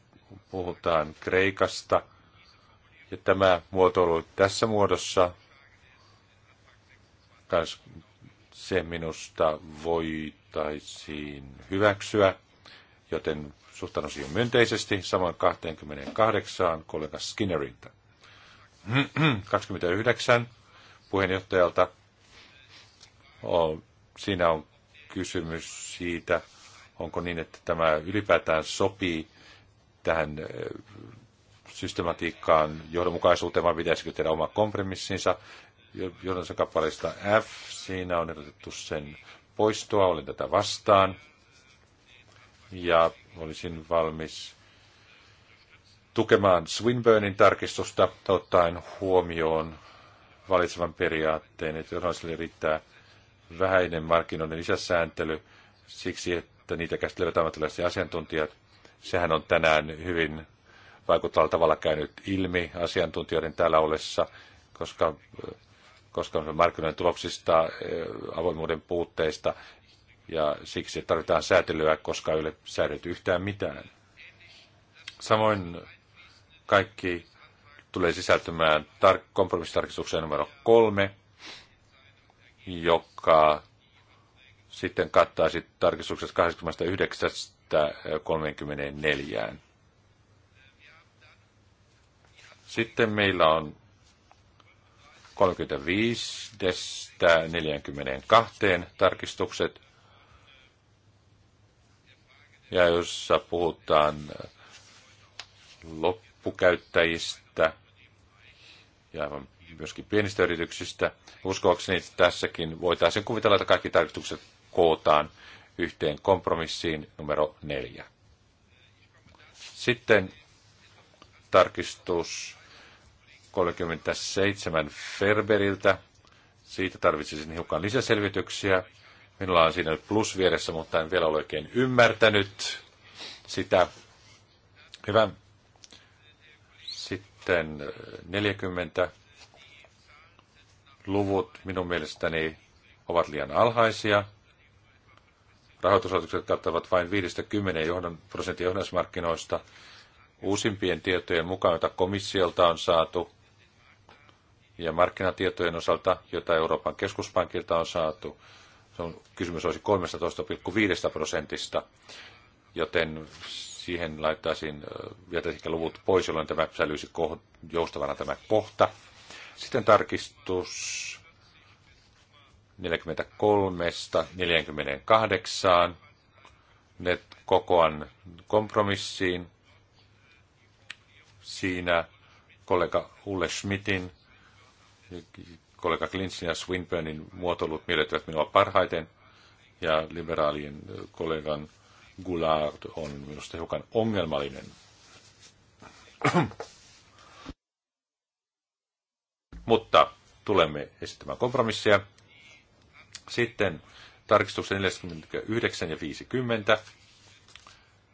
puhutaan Kreikasta. Ja tämä muotoilu tässä muodossa, se minusta voitaisiin hyväksyä, joten suhtaudun siihen myönteisesti, samoin 28 kollega Skinnerilta. 29 puheenjohtajalta. Siinä on kysymys siitä, onko niin, että tämä ylipäätään sopii tähän eh, systematiikkaan johdonmukaisuuteen, vai pitäisikö tehdä oma kompromissinsa. Johdonsa kappaleesta F, siinä on ehdotettu sen poistoa, olen tätä vastaan. Ja olisin valmis tukemaan Swinburnin tarkistusta ottaen huomioon valitsevan periaatteen, että jokaiselle riittää vähäinen markkinoiden lisäsääntely siksi, että niitä käsittelevät ammattilaiset asiantuntijat. Sehän on tänään hyvin vaikuttavalla tavalla käynyt ilmi asiantuntijoiden täällä ollessa, koska koska markkinoiden tuloksista, avoimuuden puutteista ja siksi tarvitaan säätelyä, koska ei ole säädetty yhtään mitään. Samoin kaikki tulee sisältymään tar- kompromissitarkistukseen numero kolme, joka sitten kattaisi tarkistukset 29.34. Sitten meillä on 35-42 tarkistukset, ja jossa puhutaan loppukäyttäjistä ja myöskin pienistä yrityksistä. Uskoakseni tässäkin voitaisiin kuvitella, että kaikki tarkistukset kootaan yhteen kompromissiin numero neljä. Sitten tarkistus 37 Ferberiltä. Siitä tarvitsisin hiukan lisäselvityksiä. Minulla on siinä plus vieressä, mutta en vielä ole oikein ymmärtänyt sitä. Hyvä. Sitten 40 äh, luvut minun mielestäni ovat liian alhaisia. Rahoitusrahoitukset kattavat vain 50 johdon, prosentin johdannusmarkkinoista. Uusimpien tietojen mukaan, joita komissiolta on saatu, ja markkinatietojen osalta, joita Euroopan keskuspankilta on saatu, on, kysymys olisi 13,5 prosentista, joten siihen laittaisin, jätäisin luvut pois, jolloin tämä säilyisi joustavana tämä kohta. Sitten tarkistus 43-48. Ne kokoan kompromissiin. Siinä kollega Ulle Schmidtin kollega Clinchin ja Swinburnin muotoilut miellyttävät minua parhaiten, ja liberaalien kollegan Goulard on minusta hiukan ongelmallinen. Mutta tulemme esittämään kompromisseja. Sitten tarkistukset 49 ja 50.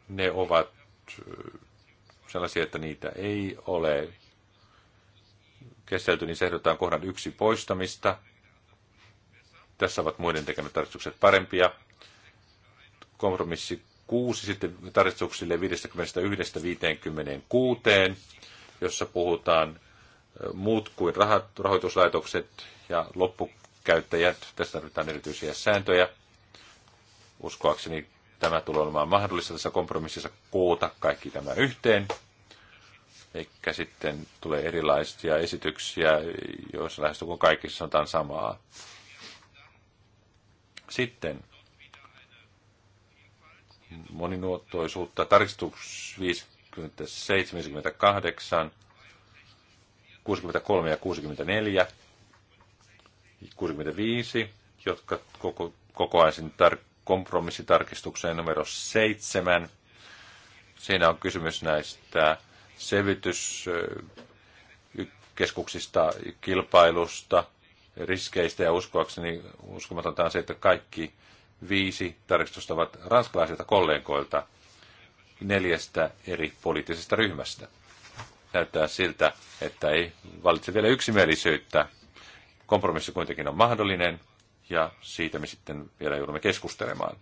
Ne ovat sellaisia, että niitä ei ole kestelty, niin sehdotaan kohdan yksi poistamista. Tässä ovat muiden tekemät tarkistukset parempia. Kompromissi kuusi sitten tarkistuksille 51-56, jossa puhutaan muut kuin rahat, rahoituslaitokset ja loppukäyttäjät. Tässä tarvitaan erityisiä sääntöjä. Uskoakseni tämä tulee olemaan mahdollista tässä kompromississa koota kaikki tämä yhteen eikä sitten tule erilaisia esityksiä, joissa lähestulkoon kaikissa sanotaan samaa. Sitten moninuottoisuutta, tarkistus 57, 78, 63 ja 64, 65, jotka koko, kokoaisin tar- kompromissitarkistukseen numero 7. Siinä on kysymys näistä selvityskeskuksista, kilpailusta, riskeistä ja uskoakseni uskomatonta on se, että kaikki viisi tarkistusta ovat ranskalaisilta kollegoilta neljästä eri poliittisesta ryhmästä. Näyttää siltä, että ei valitse vielä yksimielisyyttä. Kompromissi kuitenkin on mahdollinen ja siitä me sitten vielä joudumme keskustelemaan.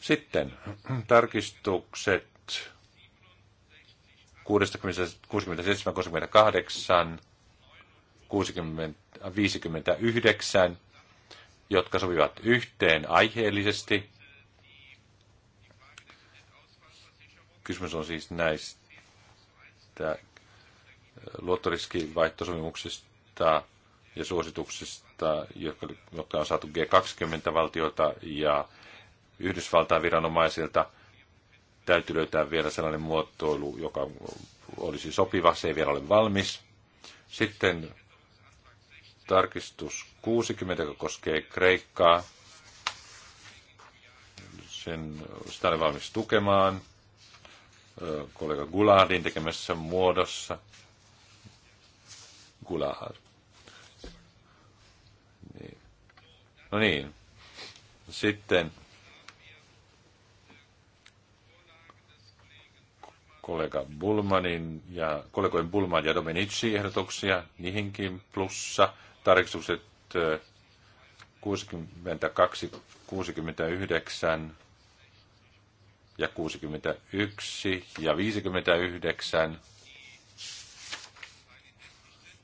Sitten tarkistukset 67, 68, 60, 59, jotka sopivat yhteen aiheellisesti. Kysymys on siis näistä äh, luottoriskivaihtosopimuksista ja suosituksista, jotka, jotka on saatu G20-valtiolta ja Yhdysvaltain viranomaisilta täytyy löytää vielä sellainen muotoilu, joka olisi sopiva, se ei vielä ole valmis. Sitten tarkistus 60, joka koskee Kreikkaa. Sen, sitä olen valmis tukemaan kollega Gulardin tekemässä muodossa. Gulard. Niin. No niin. Sitten kollega Bulmanin ja kollegojen Bulman ja Domenici ehdotuksia niihinkin plussa. Tarkistukset 62, 69 ja 61 ja 59,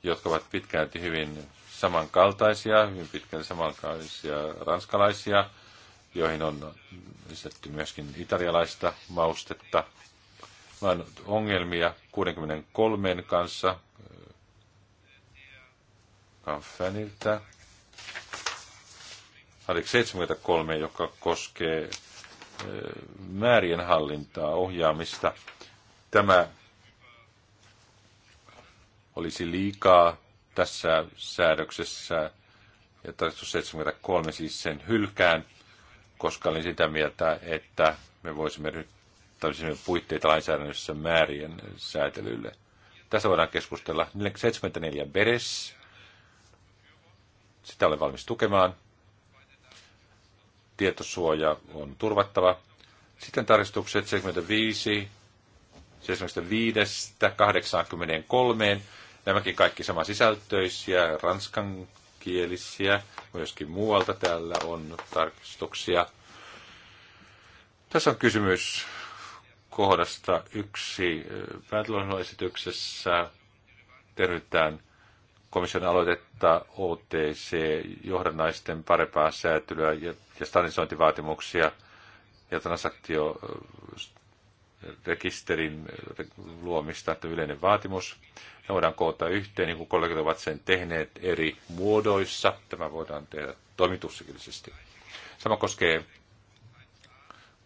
jotka ovat pitkälti hyvin samankaltaisia, hyvin pitkälti samankaltaisia ranskalaisia, joihin on lisätty myöskin italialaista maustetta. Mä ongelmia 63 kanssa äh, Kanfanilta. Alik 73, joka koskee äh, määrien hallintaa, ohjaamista. Tämä olisi liikaa tässä säädöksessä ja 73 siis sen hylkään, koska olin sitä mieltä, että me voisimme nyt tarvitsisimme puitteita lainsäädännössä määrien säätelylle. Tässä voidaan keskustella. 74 Beres. Sitä olen valmis tukemaan. Tietosuoja on turvattava. Sitten tarkistukset 75, 75, 83. Nämäkin kaikki sama sisältöisiä, ranskankielisiä, myöskin muualta täällä on tarkistuksia. Tässä on kysymys kohdasta yksi eh, päätöslauselmaesityksessä tervitään komission aloitetta OTC-johdannaisten parempaa säätelyä ja, standardisointivaatimuksia ja transaktiorekisterin eh, luomista, että yleinen vaatimus. Ne voidaan koota yhteen, niin kuin kollegat ovat sen tehneet eri muodoissa. Tämä voidaan tehdä toimituksellisesti. Sama koskee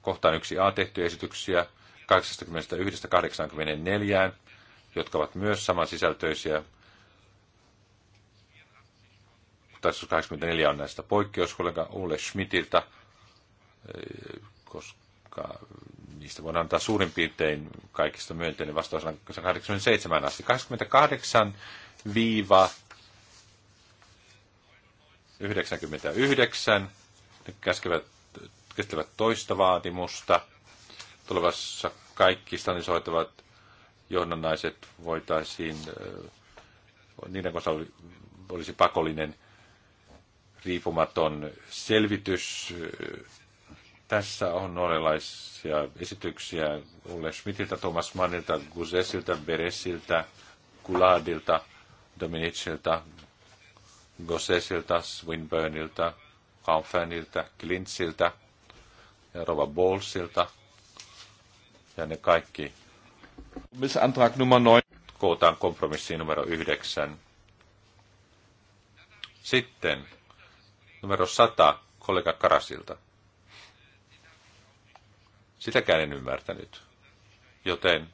kohtaan yksi A tehtyjä esityksiä, 81-84, jotka ovat myös samansisältöisiä. Tarkistus 84 on näistä poikkeus kollega Ulle Schmidtiltä, eh, koska niistä voidaan antaa suurin piirtein kaikista myönteinen vastaus 87 asti. 88 viiva 99 ne käskevät, käskevät toista vaatimusta – tulevassa kaikki stanisoitavat johdannaiset voitaisiin, niiden kanssa olisi pakollinen riippumaton selvitys. Tässä on olenlaisia esityksiä Ulle Schmidtiltä, Thomas Mannilta, Guzesilta, Beresiltä, Kuladilta, Dominicilta, Gossesilta, Swinburneilta, Kaufmanilta, Klintsiltä ja Rova Bolsilta ja ne kaikki Antrag numero 9. kootaan kompromissiin numero 9. Sitten numero 100 kollega Karasilta. Sitäkään en ymmärtänyt. Joten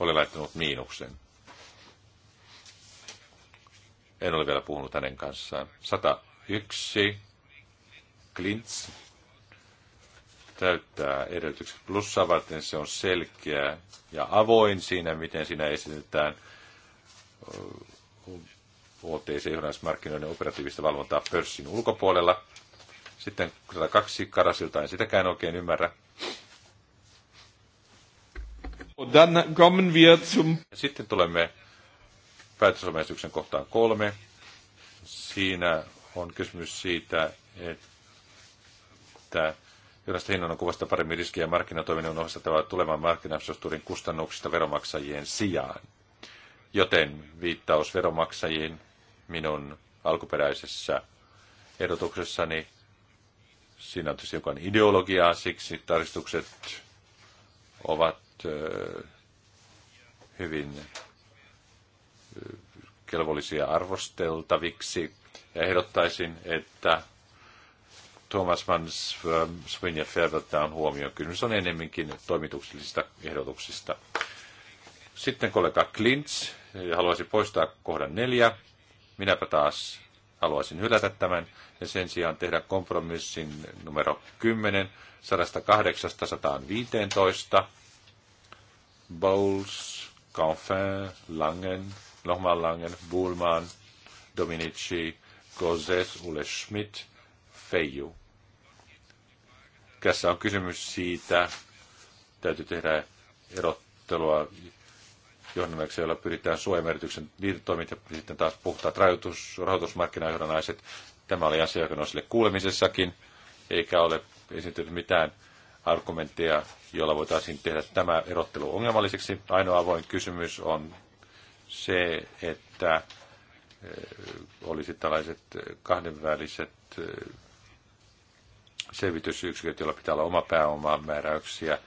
oli laittanut miinuksen. En ole vielä puhunut hänen kanssaan. 101. Klints täyttää edellytykset plussaa varten. Se on selkeä ja avoin siinä, miten siinä esitetään otc markkinoiden operatiivista valvontaa pörssin ulkopuolella. Sitten 102 karasilta en sitäkään oikein ymmärrä. Sitten tulemme päätösomaistuksen kohtaan kolme. Siinä on kysymys siitä, että jokaista hinnan on kuvasta paremmin riskiä markkinatoiminnan on vastattava tulevan markkinastruktuurin kustannuksista veromaksajien sijaan. Joten viittaus veromaksajiin minun alkuperäisessä ehdotuksessani, siinä on tietysti jokin ideologiaa, siksi tarkistukset ovat hyvin kelvollisia arvosteltaviksi. Ja ehdottaisin, että Thomas Manns Swin ja Ferveltaan huomioon. Kysymys on enemminkin toimituksellisista ehdotuksista. Sitten kollega Klints haluaisi poistaa kohdan neljä. Minäpä taas haluaisin hylätä tämän ja sen sijaan tehdä kompromissin numero 10 108-115. Bowles, Canfin, Langen, Lohmann Langen, Bullman, Dominici, Gozes, Ule Schmidt, Feiju. Tässä on kysymys siitä, täytyy tehdä erottelua johdanneeksi, jolla pyritään suojamerityksen liitetoimit ja sitten taas puhtaat rajoitus, rahoitusmarkkinajohdannaiset. Tämä oli asia, joka nousi kuulemisessakin, eikä ole esiintynyt mitään argumentteja, jolla voitaisiin tehdä tämä erottelu ongelmalliseksi. Ainoa avoin kysymys on se, että eh, olisi tällaiset kahdenväliset eh, selvitysyksiköt, joilla pitää olla oma pääomaan määräyksiä.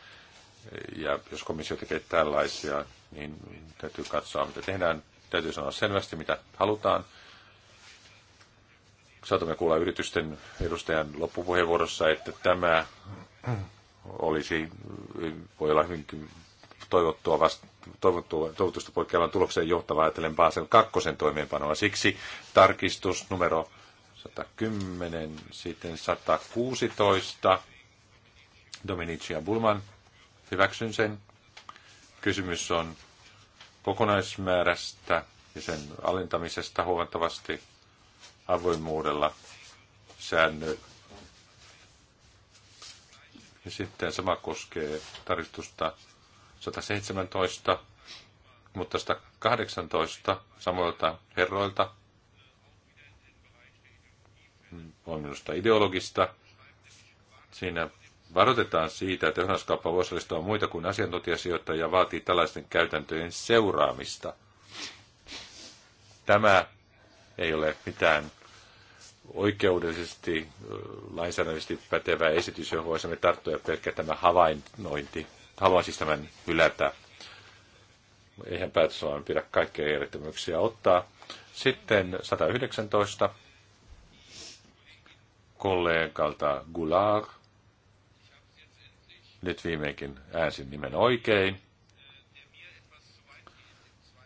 Ja jos komissio tekee tällaisia, niin, niin täytyy katsoa, mitä tehdään. Täytyy sanoa selvästi, mitä halutaan. Saatamme kuulla yritysten edustajan loppupuheenvuorossa, että tämä olisi, voi olla hyvinkin toivottua, vasta, toivottua toivotusta poikkeavan tulokseen johtava ajatellen Basel kakkosen toimeenpanoa. Siksi tarkistus numero 110, sitten 116. Dominici ja Bulman, hyväksyn sen. Kysymys on kokonaismäärästä ja sen alentamisesta huomattavasti avoimuudella säännöt. Ja sitten sama koskee tarkistusta 117, mutta 118 samoilta herroilta on minusta ideologista. Siinä varoitetaan siitä, että johdannaiskauppa voisi olla muita kuin asiantuntijasijoittajia ja vaatii tällaisten käytäntöjen seuraamista. Tämä ei ole mitään oikeudellisesti, lainsäädännöllisesti pätevä esitys, johon voisimme tarttua pelkkä tämä havainnointi. Haluan siis tämän hylätä. Eihän ole pidä kaikkia järjettömyyksiä ottaa. Sitten 119 kollegalta Goulart. Nyt viimeinkin äänsin nimen oikein.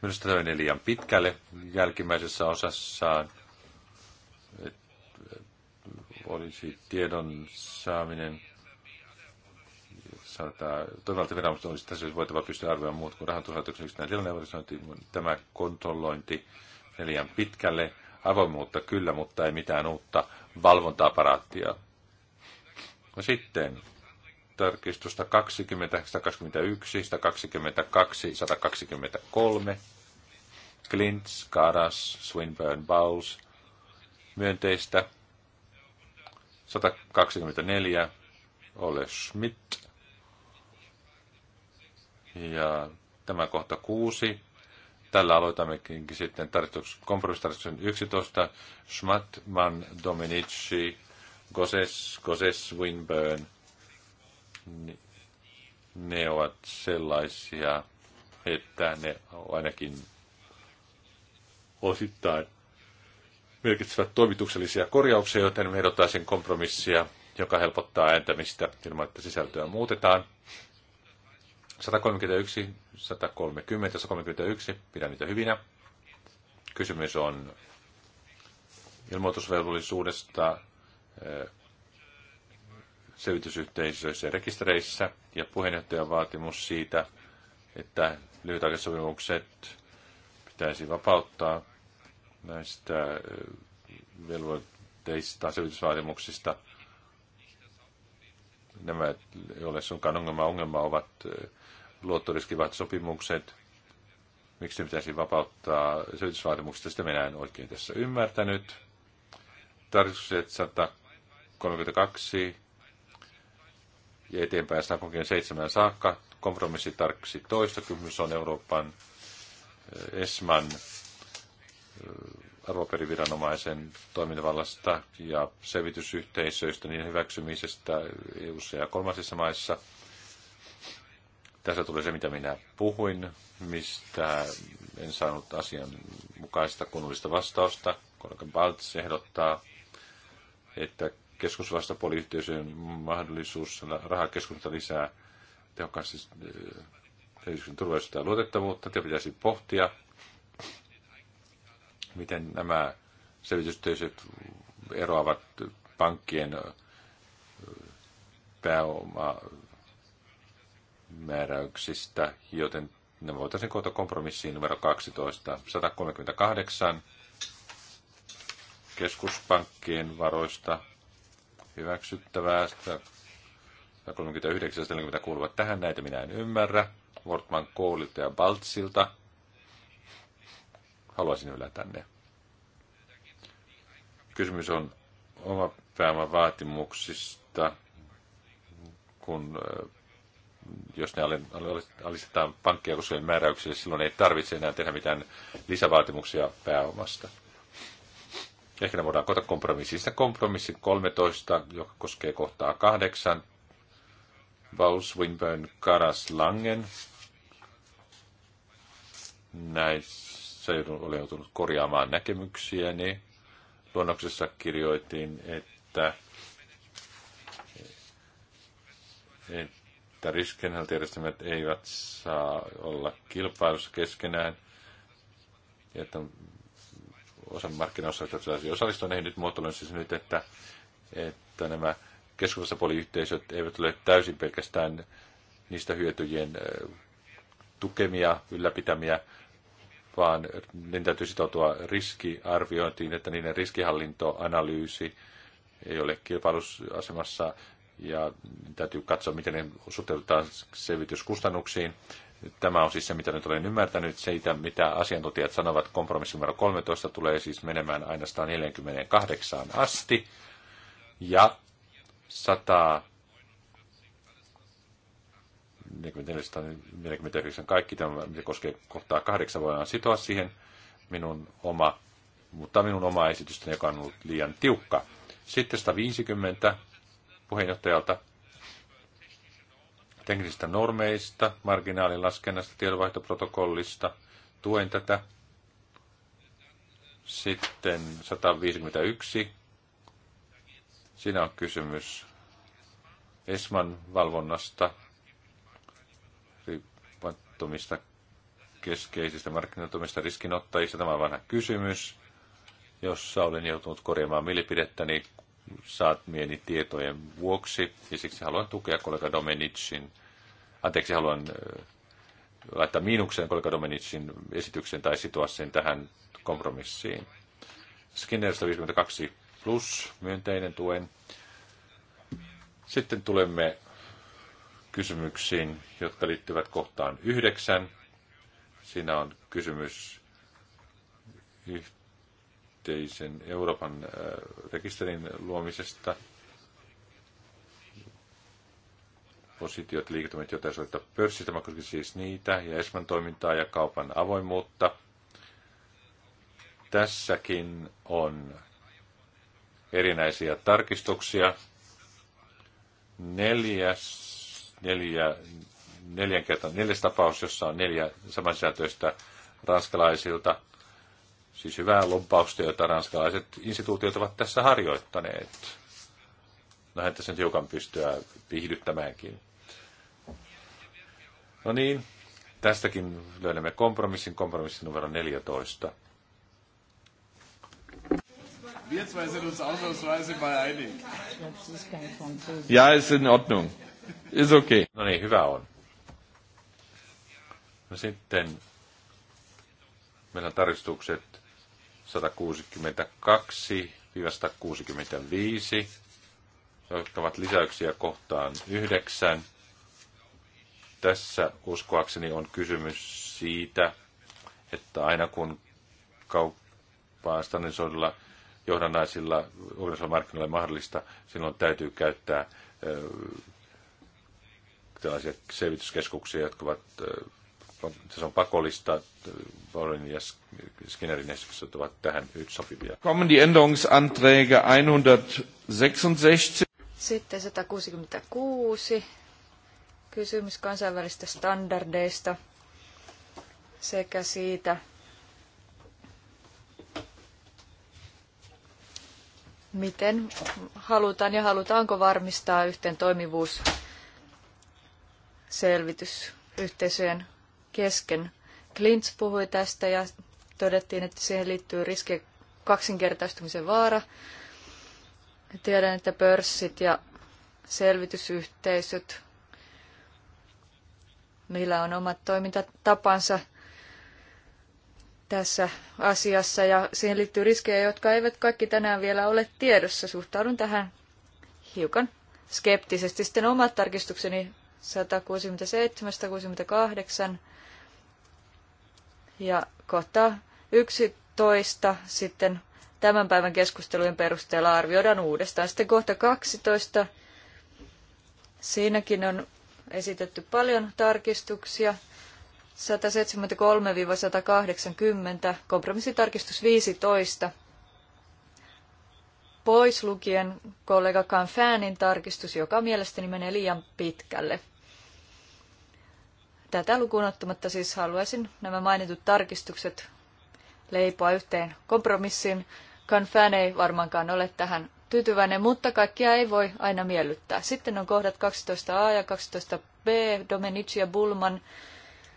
Minusta tämä meni liian pitkälle jälkimmäisessä osassaan. Et, olisi tiedon saaminen Toivottavasti toisaalta viranomaiset olisi tässä voitava pystyä arvioimaan muut kuin rahoituslaitoksen yksittäinen tilanne, tämä kontrollointi liian pitkälle avoimuutta kyllä, mutta ei mitään uutta valvontaaparaattia. No sitten tarkistusta 20, 121, 122, 123. Klintz, Karas, Swinburne, Bowles. Myönteistä. 124. Ole Schmidt. Ja tämä kohta 6 tällä aloitammekin sitten kompromissitarkistuksen 11. Schmatman, Dominici, Goses, Goses Winburn. Ne ovat sellaisia, että ne ainakin osittain merkitsevät toimituksellisia korjauksia, joten me sen kompromissia, joka helpottaa ääntämistä ilman, että sisältöä muutetaan. 131, 130, 131, pidän niitä hyvinä. Kysymys on ilmoitusvelvollisuudesta eh, selvitysyhteisöissä ja rekistereissä ja puheenjohtajan vaatimus siitä, että lyhytaikaisopimukset pitäisi vapauttaa näistä eh, velvoitteista, selvitysvaatimuksista. Nämä joille sunkaan ongelma. Ongelma ovat eh, luottoriskivat sopimukset, miksi ne pitäisi vapauttaa syytysvaatimuksista, sitä minä en oikein tässä ymmärtänyt. Tarkistukset 132 ja eteenpäin 137 saakka. Kompromissi tarkisi toista. Kysymys on Euroopan eh, ESMAN eh, arvoperiviranomaisen toimintavallasta ja selvitysyhteisöistä, niin hyväksymisestä EU- ja kolmansissa maissa – tässä tulee se, mitä minä puhuin, mistä en saanut asian mukaista kunnollista vastausta. Kollega Baltz ehdottaa, että keskusvastapuoliyhteisöjen mahdollisuus saada rahakeskusta lisää tehokkaasti yrityksen äh, turvallisuutta ja luotettavuutta. Te pitäisi pohtia, miten nämä selvitystyöiset eroavat pankkien äh, pääoma määräyksistä, joten ne voitaisiin koota kompromissiin numero 12, 138 keskuspankkien varoista hyväksyttävää, 139 140 kuuluvat tähän, näitä minä en ymmärrä, Wortman Koolilta ja Baltsilta. Haluaisin ylä tänne. Kysymys on oma pääoman vaatimuksista, kun jos ne alistetaan pankkia määräyksille, silloin ei tarvitse enää tehdä mitään lisävaatimuksia pääomasta. Ehkä ne voidaan kota kompromissista. Kompromissi 13, joka koskee kohtaa 8. Baus, Winburn, Karas, Langen. Näissä olen joutunut korjaamaan näkemyksiäni. Luonnoksessa kirjoitin, että, että että riskienhaltijärjestelmät eivät saa olla kilpailussa keskenään, ja että osa markkinaosaajista saisi osallistua näihin nyt muotoiluun siis nyt, että, että nämä keskustapuoliyhteisöt eivät ole täysin pelkästään niistä hyötyjien tukemia, ylläpitämiä, vaan niiden täytyy sitoutua riskiarviointiin, että niiden riskihallintoanalyysi ei ole kilpailusasemassa ja täytyy katsoa, miten ne suhteutetaan selvityskustannuksiin. Tämä on siis se, mitä nyt olen ymmärtänyt. Seitä, mitä asiantuntijat sanovat, kompromissi numero 13 tulee siis menemään aina 148 asti. Ja 100 49 kaikki tämä, mitä koskee kohtaa kahdeksan, voidaan sitoa siihen minun oma, mutta minun oma esitystäni, joka on ollut liian tiukka. Sitten 150 puheenjohtajalta teknisistä normeista, marginaalilaskennasta, tiedonvaihtoprotokollista. Tuen tätä. Sitten 151. Siinä on kysymys ESMAN valvonnasta, riippumattomista keskeisistä markkinoitumista riskinottajista. Tämä on vanha kysymys, jossa olen joutunut korjaamaan mielipidettäni saamieni tietojen vuoksi, ja siksi haluan tukea kollega Domenicin, anteeksi, haluan laittaa miinukseen kollega Domenicin esityksen tai sitoa sen tähän kompromissiin. Skinner 152 plus, myönteinen tuen. Sitten tulemme kysymyksiin, jotka liittyvät kohtaan yhdeksän. Siinä on kysymys yhteisen Euroopan äh, rekisterin luomisesta. Positiot, liiketoimet, joita soittaa pörssistä, mä siis niitä, ja Esman toimintaa ja kaupan avoimuutta. Tässäkin on erinäisiä tarkistuksia. Neljäs, neljä, neljän kertaa, neljäs tapaus, jossa on neljä samansisältöistä ranskalaisilta – siis hyvää lompausta, jota ranskalaiset instituutiot ovat tässä harjoittaneet. Lähden tässä nyt hiukan pystyä viihdyttämäänkin. No niin, tästäkin löydämme kompromissin, kompromissin numero 14. Wir zwei sind uns ausnahmsweise mal einig. Ja, ist in Ordnung. Ist okay. No niin, hyvä on. No sitten meillä on tarkistukset 162-165, jotka ovat lisäyksiä kohtaan 9. Tässä uskoakseni on kysymys siitä, että aina kun kauppaan standardisoidulla johdannaisilla organisoilla markkinoilla mahdollista, silloin täytyy käyttää tällaisia selvityskeskuksia, jotka ovat se on pakollista. Warren ja Skinnerin esitykset ovat tähän nyt sopivia. Kommen die Änderungsanträge 166. Sitten 166. Kysymys kansainvälistä standardeista sekä siitä, miten halutaan ja halutaanko varmistaa yhteen toimivuus selvitys yhteisöjen kesken. Klintz puhui tästä ja todettiin, että siihen liittyy riski kaksinkertaistumisen vaara. Tiedän, että pörssit ja selvitysyhteisöt, niillä on omat toimintatapansa tässä asiassa ja siihen liittyy riskejä, jotka eivät kaikki tänään vielä ole tiedossa. Suhtaudun tähän hiukan skeptisesti. Sitten omat tarkistukseni 167, 168, ja kohta 11 sitten tämän päivän keskustelujen perusteella arvioidaan uudestaan. Sitten kohta 12. Siinäkin on esitetty paljon tarkistuksia. 173-180, kompromissitarkistus 15, pois lukien kollega Kanfäänin tarkistus, joka mielestäni menee liian pitkälle. Tätä lukuun ottamatta siis haluaisin nämä mainitut tarkistukset leipoa yhteen kompromissiin. Kanfään ei varmaankaan ole tähän tyytyväinen, mutta kaikkia ei voi aina miellyttää. Sitten on kohdat 12a ja 12b. Domenici ja Bulman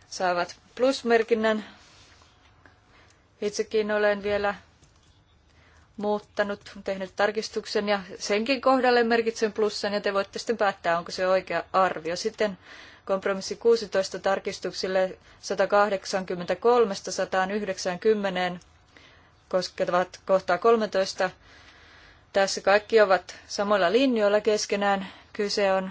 saavat plusmerkinnän. Itsekin olen vielä muuttanut, tehnyt tarkistuksen ja senkin kohdalle merkitsen plussan ja te voitte sitten päättää, onko se oikea arvio. Sitten Kompromissi 16 tarkistuksille 183-190 koskevat kohtaa 13. Tässä kaikki ovat samoilla linjoilla keskenään. Kyse on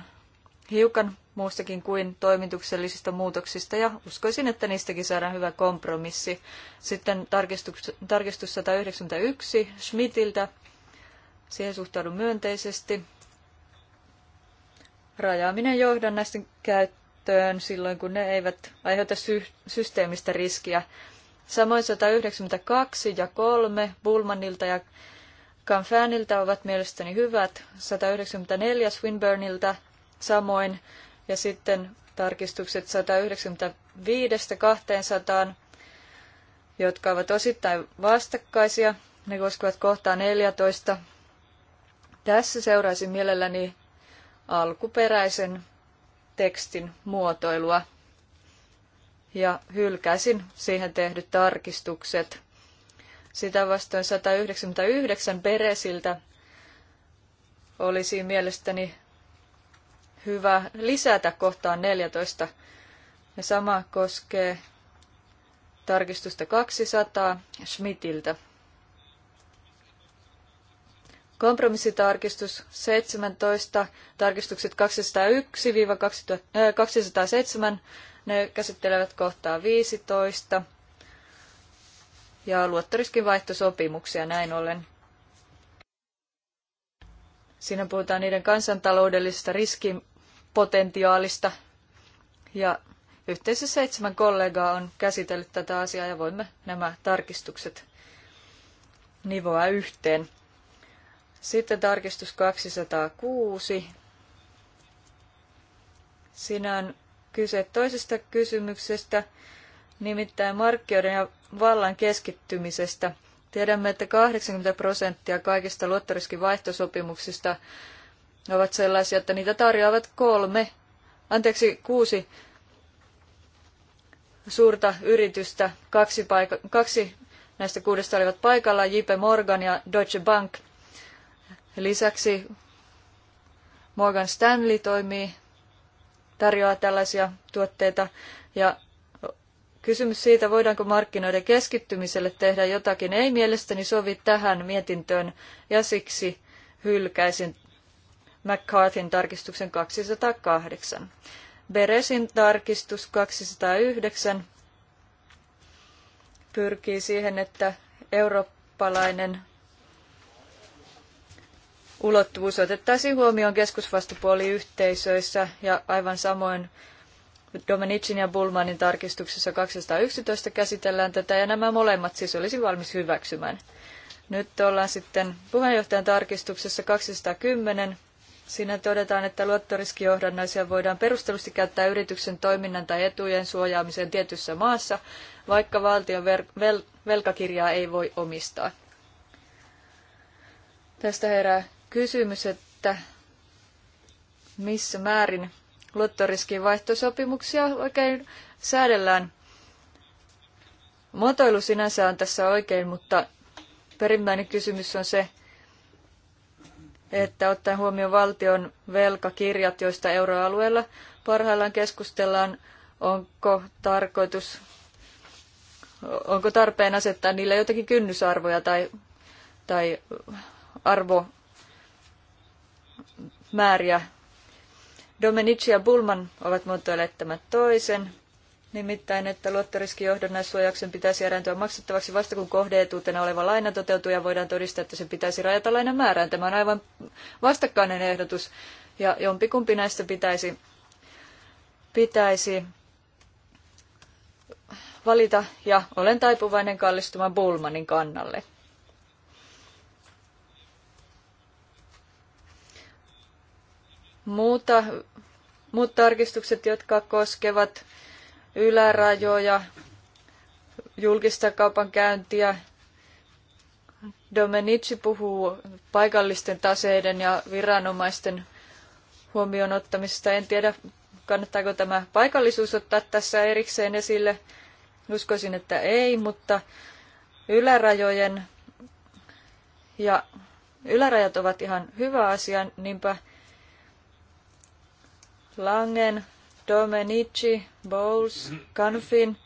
hiukan muustakin kuin toimituksellisista muutoksista ja uskoisin, että niistäkin saadaan hyvä kompromissi. Sitten tarkistus, tarkistus 191 Schmidtiltä. Siihen suhtaudun myönteisesti. Rajaaminen johdannaisten käyttöön käyttöön silloin, kun ne eivät aiheuta sy- systeemistä riskiä. Samoin 192 ja 3 Bulmanilta ja Kanfäniltä ovat mielestäni hyvät, 194 Swinburneilta samoin ja sitten tarkistukset 195-200, jotka ovat osittain vastakkaisia. Ne koskevat kohtaa 14. Tässä seuraisin mielelläni alkuperäisen tekstin muotoilua ja hylkäsin siihen tehdyt tarkistukset. Sitä vastoin 199 peresiltä olisi mielestäni hyvä lisätä kohtaan 14. Ja sama koskee tarkistusta 200 Schmidtiltä. Kompromissitarkistus 17, tarkistukset 201-207, äh, ne käsittelevät kohtaa 15 ja luottoriskin vaihtosopimuksia näin ollen. Siinä puhutaan niiden kansantaloudellisesta riskipotentiaalista ja yhteensä seitsemän kollegaa on käsitellyt tätä asiaa ja voimme nämä tarkistukset nivoa yhteen. Sitten tarkistus 206. Siinä on kyse toisesta kysymyksestä, nimittäin markkinoiden ja vallan keskittymisestä. Tiedämme, että 80 prosenttia kaikista luottoriskin vaihtosopimuksista ovat sellaisia, että niitä tarjoavat kolme, anteeksi kuusi suurta yritystä. Kaksi, paik- kaksi näistä kuudesta olivat paikalla, JP Morgan ja Deutsche Bank – Lisäksi Morgan Stanley toimii, tarjoaa tällaisia tuotteita ja Kysymys siitä, voidaanko markkinoiden keskittymiselle tehdä jotakin, ei mielestäni sovi tähän mietintöön ja siksi hylkäisin McCarthyn tarkistuksen 208. Beresin tarkistus 209 pyrkii siihen, että eurooppalainen ulottuvuus otettaisiin huomioon keskusvastupuoliyhteisöissä ja aivan samoin Domenicin ja Bulmanin tarkistuksessa 211 käsitellään tätä ja nämä molemmat siis olisi valmis hyväksymään. Nyt ollaan sitten puheenjohtajan tarkistuksessa 210. Siinä todetaan, että luottoriskijohdannaisia voidaan perustellusti käyttää yrityksen toiminnan tai etujen suojaamiseen tietyssä maassa, vaikka valtion velkakirjaa ei voi omistaa. Tästä herää kysymys, että missä määrin luottoriskin vaihtosopimuksia oikein säädellään. Muotoilu sinänsä on tässä oikein, mutta perimmäinen kysymys on se, että ottaen huomioon valtion velkakirjat, joista euroalueella parhaillaan keskustellaan, onko tarkoitus, onko tarpeen asettaa niille jotakin kynnysarvoja tai, tai arvo, määriä. Domenici ja Bulman ovat muotoilleet tämän toisen, nimittäin, että luottoriskijohdannaissuojauksen pitäisi erääntyä maksettavaksi vasta kun kohdeetuutena oleva laina toteutuu ja voidaan todistaa, että se pitäisi rajata lainan määrään. Tämä on aivan vastakkainen ehdotus ja jompikumpi näistä pitäisi, pitäisi valita ja olen taipuvainen kallistumaan Bulmanin kannalle. muuta, muut tarkistukset, jotka koskevat ylärajoja, julkista kaupankäyntiä. Domenici puhuu paikallisten taseiden ja viranomaisten huomioon ottamisesta. En tiedä, kannattaako tämä paikallisuus ottaa tässä erikseen esille. Uskoisin, että ei, mutta ylärajojen ja ylärajat ovat ihan hyvä asia, niinpä Langen, Domenici, Bowles, Canfin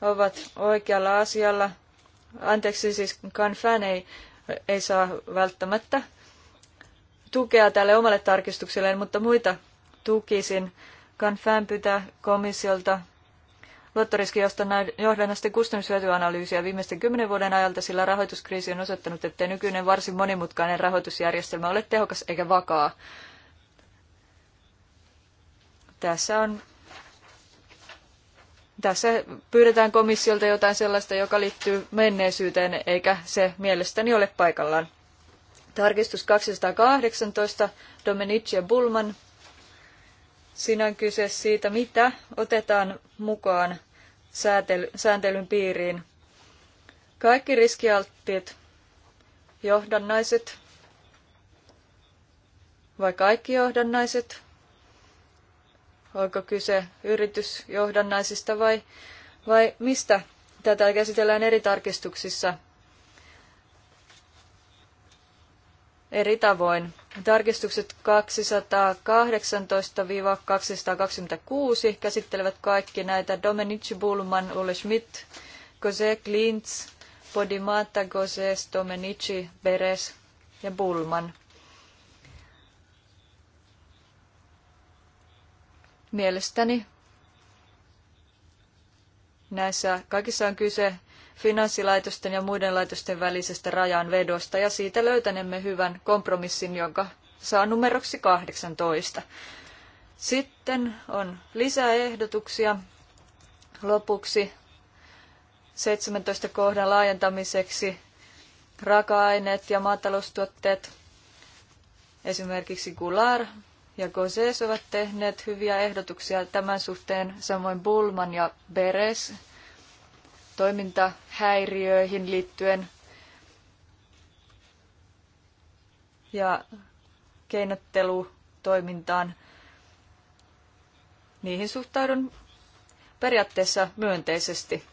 ovat oikealla asialla. Anteeksi, siis Canfan ei, ei saa välttämättä tukea tälle omalle tarkistukselleen, mutta muita tukisin. Canfan pyytää komissiolta josta johdannasten kustannushyötyanalyysiä viimeisten kymmenen vuoden ajalta, sillä rahoituskriisi on osoittanut, ettei nykyinen varsin monimutkainen rahoitusjärjestelmä ole tehokas eikä vakaa. Tässä on tässä pyydetään komissiolta jotain sellaista, joka liittyy menneisyyteen, eikä se mielestäni ole paikallaan. Tarkistus 218, Domenici ja Bulman. Siinä on kyse siitä, mitä otetaan mukaan sääntelyn piiriin. Kaikki riskialttiit, johdannaiset, vai kaikki johdannaiset, onko kyse yritysjohdannaisista vai, vai mistä tätä käsitellään eri tarkistuksissa eri tavoin. Tarkistukset 218-226 käsittelevät kaikki näitä Domenici Bulman, Ulle Schmidt, Gose Klintz, Podimata, Gose, Domenici, Beres ja Bulman. Mielestäni näissä kaikissa on kyse finanssilaitosten ja muiden laitosten välisestä rajanvedosta ja siitä löytänemme hyvän kompromissin, jonka saa numeroksi 18. Sitten on lisäehdotuksia lopuksi 17 kohdan laajentamiseksi raaka-aineet ja maataloustuotteet, esimerkiksi gular, ja Gosees ovat tehneet hyviä ehdotuksia tämän suhteen, samoin Bulman ja Beres toimintahäiriöihin liittyen ja keinottelutoimintaan. Niihin suhtaudun periaatteessa myönteisesti.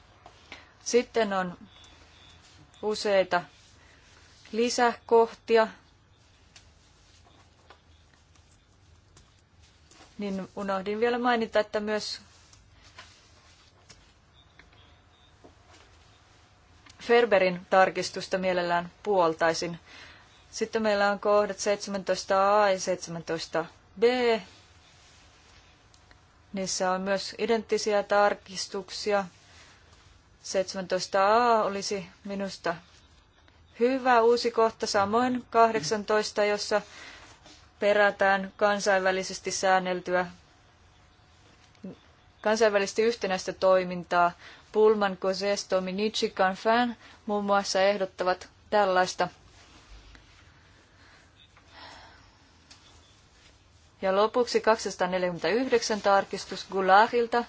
Sitten on useita lisäkohtia niin unohdin vielä mainita, että myös Ferberin tarkistusta mielellään puoltaisin. Sitten meillä on kohdat 17a ja 17b. Niissä on myös identtisiä tarkistuksia. 17a olisi minusta hyvä uusi kohta, samoin 18, jossa perätään kansainvälisesti säänneltyä, kansainvälisesti yhtenäistä toimintaa. Pulman, Koses, Dominici, Canfin muun muassa ehdottavat tällaista. Ja lopuksi 249 tarkistus Gularilta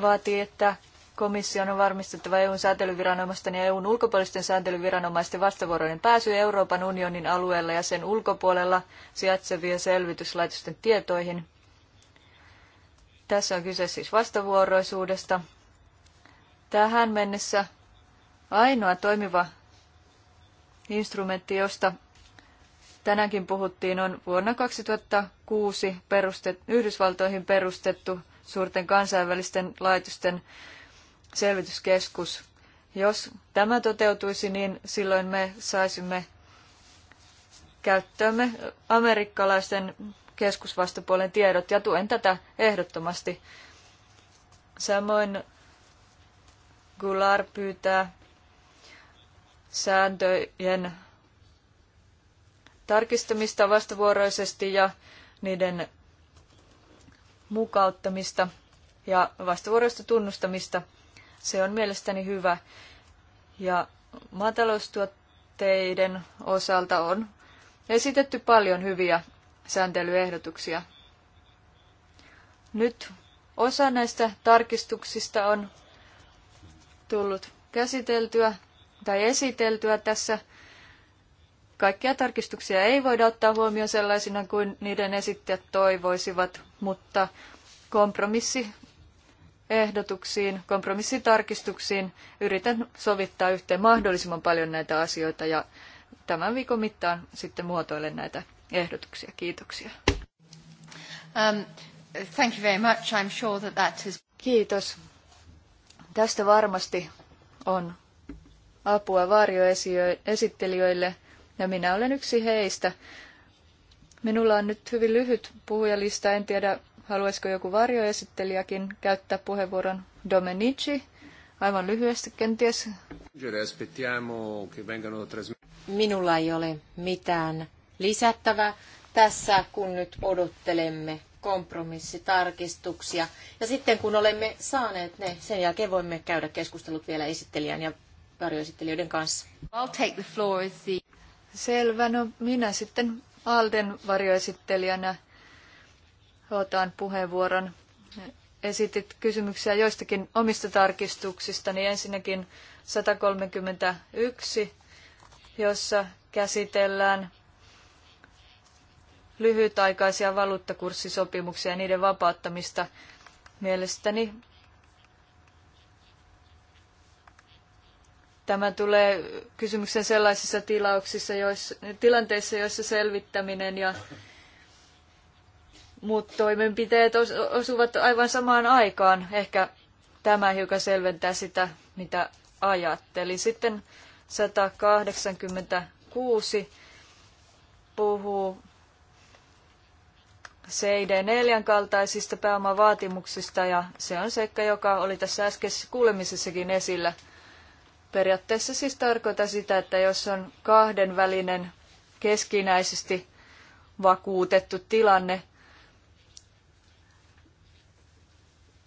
vaatii, että Komission on varmistettava EUn sääntelyviranomaisten ja EUn ulkopuolisten sääntelyviranomaisten vastavuoroinen pääsy Euroopan unionin alueella ja sen ulkopuolella sijaitsevien selvityslaitosten tietoihin. Tässä on kyse siis vastavuoroisuudesta. Tähän mennessä ainoa toimiva instrumentti, josta tänäänkin puhuttiin, on vuonna 2006 perustet, Yhdysvaltoihin perustettu suurten kansainvälisten laitosten selvityskeskus. Jos tämä toteutuisi, niin silloin me saisimme käyttöömme amerikkalaisten keskusvastapuolen tiedot ja tuen tätä ehdottomasti. Samoin Gular pyytää sääntöjen tarkistamista vastavuoroisesti ja niiden mukauttamista ja vastavuoroista tunnustamista – se on mielestäni hyvä. Ja maataloustuotteiden osalta on esitetty paljon hyviä sääntelyehdotuksia. Nyt osa näistä tarkistuksista on tullut käsiteltyä tai esiteltyä tässä. Kaikkia tarkistuksia ei voida ottaa huomioon sellaisina kuin niiden esittäjät toivoisivat, mutta kompromissi ehdotuksiin, kompromissitarkistuksiin. Yritän sovittaa yhteen mahdollisimman paljon näitä asioita ja tämän viikon mittaan sitten muotoilen näitä ehdotuksia. Kiitoksia. Um, thank you very much. I'm sure that that Kiitos. Tästä varmasti on apua varjoesittelijöille ja minä olen yksi heistä. Minulla on nyt hyvin lyhyt puhujalista, en tiedä Haluaisiko joku varjoesittelijäkin käyttää puheenvuoron? Domenici, aivan lyhyesti kenties. Minulla ei ole mitään lisättävää tässä, kun nyt odottelemme kompromissitarkistuksia. Ja sitten kun olemme saaneet ne, sen jälkeen voimme käydä keskustelut vielä esittelijän ja varjoesittelijöiden kanssa. I'll take the floor, the... Selvä, no minä sitten Alden varjoesittelijänä otan puheenvuoron. Esitit kysymyksiä joistakin omista tarkistuksista, niin ensinnäkin 131, jossa käsitellään lyhytaikaisia valuuttakurssisopimuksia ja niiden vapauttamista. Mielestäni Tämä tulee kysymyksen sellaisissa tilauksissa, joissa, tilanteissa, joissa selvittäminen ja Muut toimenpiteet osuvat aivan samaan aikaan. Ehkä tämä hiukan selventää sitä, mitä ajattelin. Sitten 186 puhuu CID4 kaltaisista pääomavaatimuksista ja se on seikka, joka oli tässä äskeisessä kuulemisessakin esillä. Periaatteessa siis tarkoittaa sitä, että jos on kahdenvälinen keskinäisesti vakuutettu tilanne,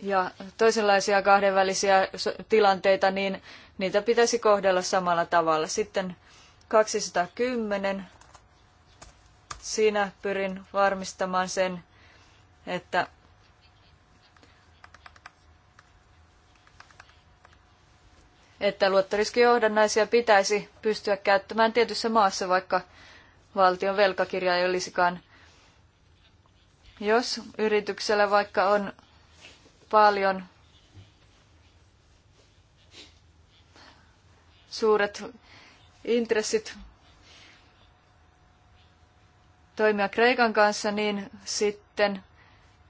ja toisenlaisia kahdenvälisiä tilanteita, niin niitä pitäisi kohdella samalla tavalla. Sitten 210. Siinä pyrin varmistamaan sen, että että luottoriskijohdannaisia pitäisi pystyä käyttämään tietyssä maassa, vaikka valtion velkakirja ei olisikaan. Jos yrityksellä vaikka on paljon. Suuret intressit toimia Kreikan kanssa, niin sitten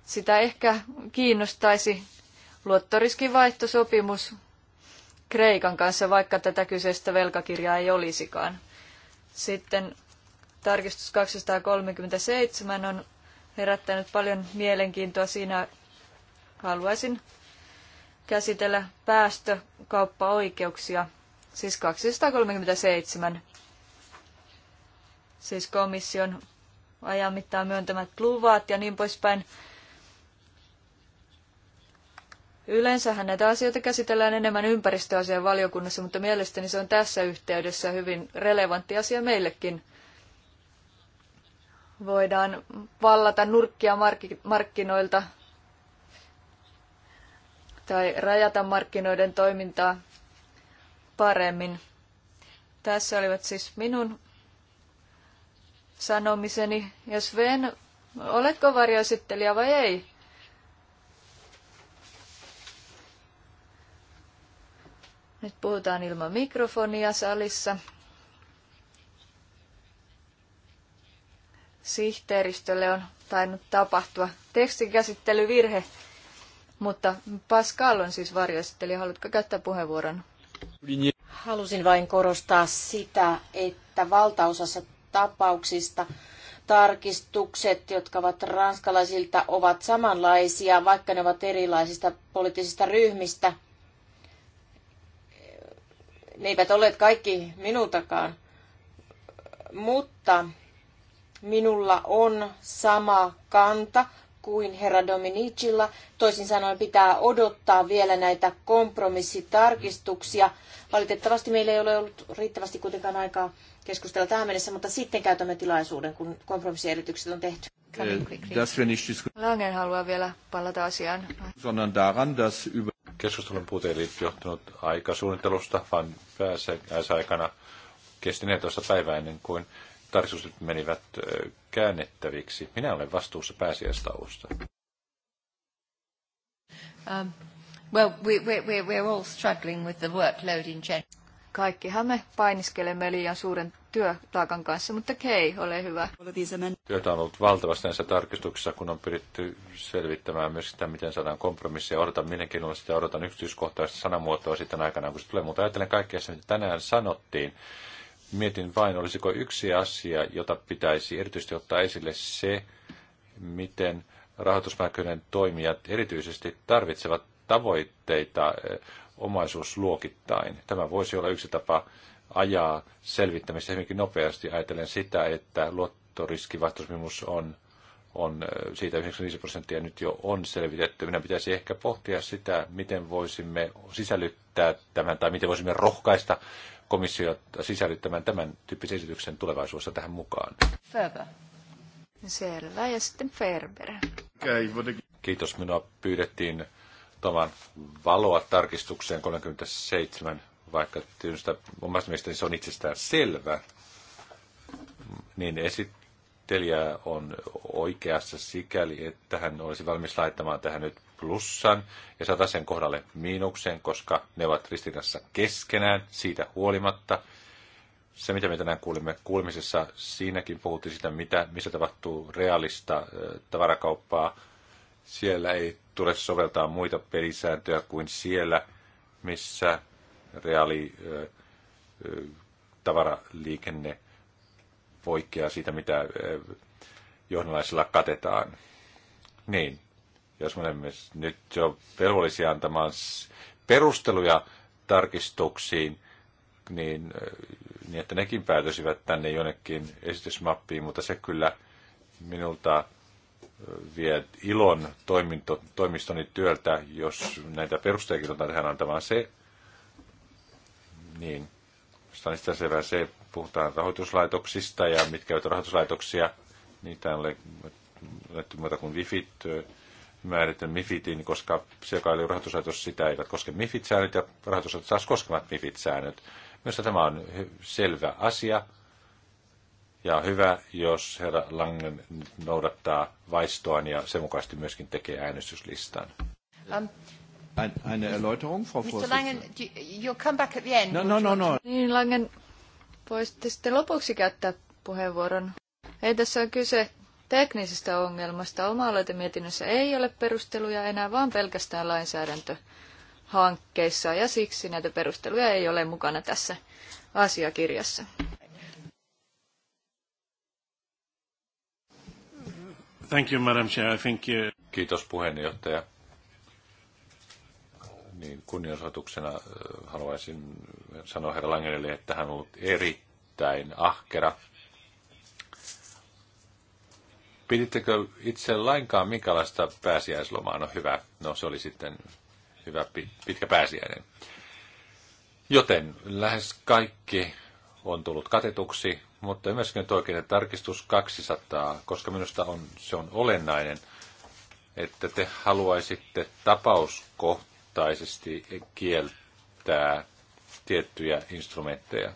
sitä ehkä kiinnostaisi luottoriskivaihtosopimus Kreikan kanssa, vaikka tätä kyseistä velkakirjaa ei olisikaan. Sitten tarkistus 237 on herättänyt paljon mielenkiintoa. Siinä haluaisin käsitellä päästökauppaoikeuksia, siis 237, siis komission ajan mittaan myöntämät luvat ja niin poispäin. Yleensähän näitä asioita käsitellään enemmän ympäristöasian valiokunnassa, mutta mielestäni se on tässä yhteydessä hyvin relevantti asia meillekin. Voidaan vallata nurkkia markkinoilta tai rajata markkinoiden toimintaa paremmin. Tässä olivat siis minun sanomiseni. Ja Sven, oletko varjoesittelijä vai ei? Nyt puhutaan ilman mikrofonia salissa. Sihteeristölle on tainnut tapahtua tekstinkäsittelyvirhe. Mutta Pascal on siis varjosteli. Haluatko käyttää puheenvuoron? Halusin vain korostaa sitä, että valtaosassa tapauksista tarkistukset, jotka ovat ranskalaisilta, ovat samanlaisia, vaikka ne ovat erilaisista poliittisista ryhmistä. Ne eivät olleet kaikki minultakaan, mutta minulla on sama kanta kuin herra Dominicilla. Toisin sanoen pitää odottaa vielä näitä kompromissitarkistuksia. Valitettavasti meillä ei ole ollut riittävästi kuitenkaan aikaa keskustella tähän mennessä, mutta sitten käytämme tilaisuuden, kun kompromissielitykset on tehty. Eh, Langen haluaa vielä palata asiaan. Keskustelun puute ei johtunut aikasuunnittelusta, vaan pääsääkänä kesti 14 päivää ennen kuin tarkistukset menivät käännettäviksi. Minä olen vastuussa pääsiäistauosta. Um, well, we, we, we're all struggling with the workload in general. Kaikkihan me painiskelemme liian suuren työtaakan kanssa, mutta Kei, ole hyvä. Työtä on ollut valtavasti näissä tarkistuksissa, kun on pyritty selvittämään myös sitä, miten saadaan kompromisseja. Odotan mielenkiinnolla sitä, odotan yksityiskohtaista sanamuotoa sitten aikanaan, kun se tulee. Mutta ajattelen kaikkea se, mitä tänään sanottiin Mietin vain, olisiko yksi asia, jota pitäisi erityisesti ottaa esille se, miten rahoitusmarkkinoiden toimijat erityisesti tarvitsevat tavoitteita eh, omaisuusluokittain. Tämä voisi olla yksi tapa ajaa selvittämistä hyvinkin nopeasti ajatellen sitä, että luottoriskivastusmimus on, on eh, siitä 95 prosenttia nyt jo on selvitetty. Minä pitäisi ehkä pohtia sitä, miten voisimme sisällyttää tämän tai miten voisimme rohkaista komissio sisällyttämään tämän tyyppisen esityksen tulevaisuudessa tähän mukaan. Further. Selvä. Ja sitten Ferber. Kiitos. Minua pyydettiin tuomaan valoa tarkistukseen 37, vaikka tietysti omasta mielestäni se on itsestään selvä. Niin esittelijä on oikeassa sikäli, että hän olisi valmis laittamaan tähän nyt plussan ja sen kohdalle miinuksen, koska ne ovat ristinässä keskenään siitä huolimatta. Se, mitä me tänään kuulimme kuulemisessa, siinäkin puhuttiin sitä, mitä, missä tapahtuu realista tavarakauppaa. Siellä ei tule soveltaa muita pelisääntöjä kuin siellä, missä reaali tavaraliikenne poikkeaa siitä, mitä johdonlaisella katetaan. Niin, jos me olemme nyt jo velvollisia antamaan perusteluja tarkistuksiin, niin, äh, niin että nekin päätösivät tänne jonnekin esitysmappiin, mutta se kyllä minulta äh, vie ilon toiminto, toimistoni työltä, jos näitä perusteekin on tähän antamaan se, niin sitä selvää se, puhutaan rahoituslaitoksista ja mitkä ovat rahoituslaitoksia, niitä on annettu muuta kuin wifi äh, määritön MIFITin, koska se, joka oli rahoituslaitos, sitä eivät koske MIFIT-säännöt ja rahoituslaitos taas koskevat MIFIT-säännöt. Myös tämä on selvä asia ja hyvä, jos herra Langen noudattaa vaistoaan ja sen mukaisesti myöskin tekee äänestyslistan. Um. Eine Erläuterung, Frau Mr. Langen, do you, come back at the end. No, no, no, no. Niin, Langen, voisitte sitten lopuksi käyttää puheenvuoron. Ei tässä on kyse teknisestä ongelmasta. Oma-aloitemietinnössä ei ole perusteluja enää, vaan pelkästään lainsäädäntöhankkeissa, ja siksi näitä perusteluja ei ole mukana tässä asiakirjassa. Thank you, Madam Chair. I think you... Uh, Kiitos puheenjohtaja. Niin, kunnianosoituksena uh, haluaisin sanoa herra Langenille, että hän on ollut erittäin ahkera Pidittekö itse lainkaan minkälaista pääsiäislomaa? No hyvä, no se oli sitten hyvä pitkä pääsiäinen. Joten lähes kaikki on tullut katetuksi, mutta ymmärsikö nyt oikein, että tarkistus 200, koska minusta on, se on olennainen, että te haluaisitte tapauskohtaisesti kieltää tiettyjä instrumentteja.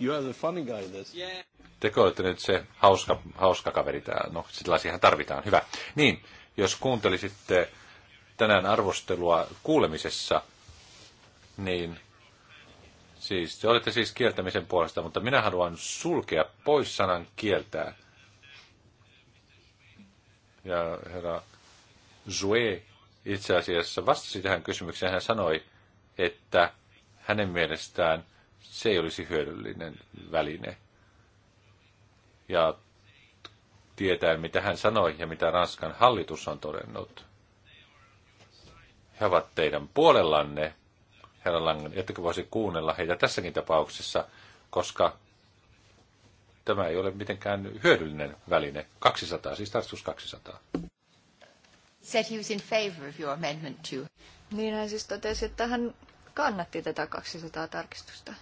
You are the funny guy this. Yeah. Teko olette nyt se hauska, hauska kaveri täällä. No, sellaisiahan tarvitaan. Hyvä. Niin, jos kuuntelisitte tänään arvostelua kuulemisessa, niin siis te olette siis kieltämisen puolesta, mutta minä haluan sulkea pois sanan kieltää. Ja herra Zue itse asiassa vastasi tähän kysymykseen. Hän sanoi, että hänen mielestään se ei olisi hyödyllinen väline ja tietää, mitä hän sanoi ja mitä Ranskan hallitus on todennut. He ovat teidän puolellanne, herra Langen, ettekö voisi kuunnella heitä tässäkin tapauksessa, koska tämä ei ole mitenkään hyödyllinen väline. 200, siis tarkistus 200. Said he was in favor of your amendment too. Niin hän siis totesi, että hän kannatti tätä 200 tarkistusta.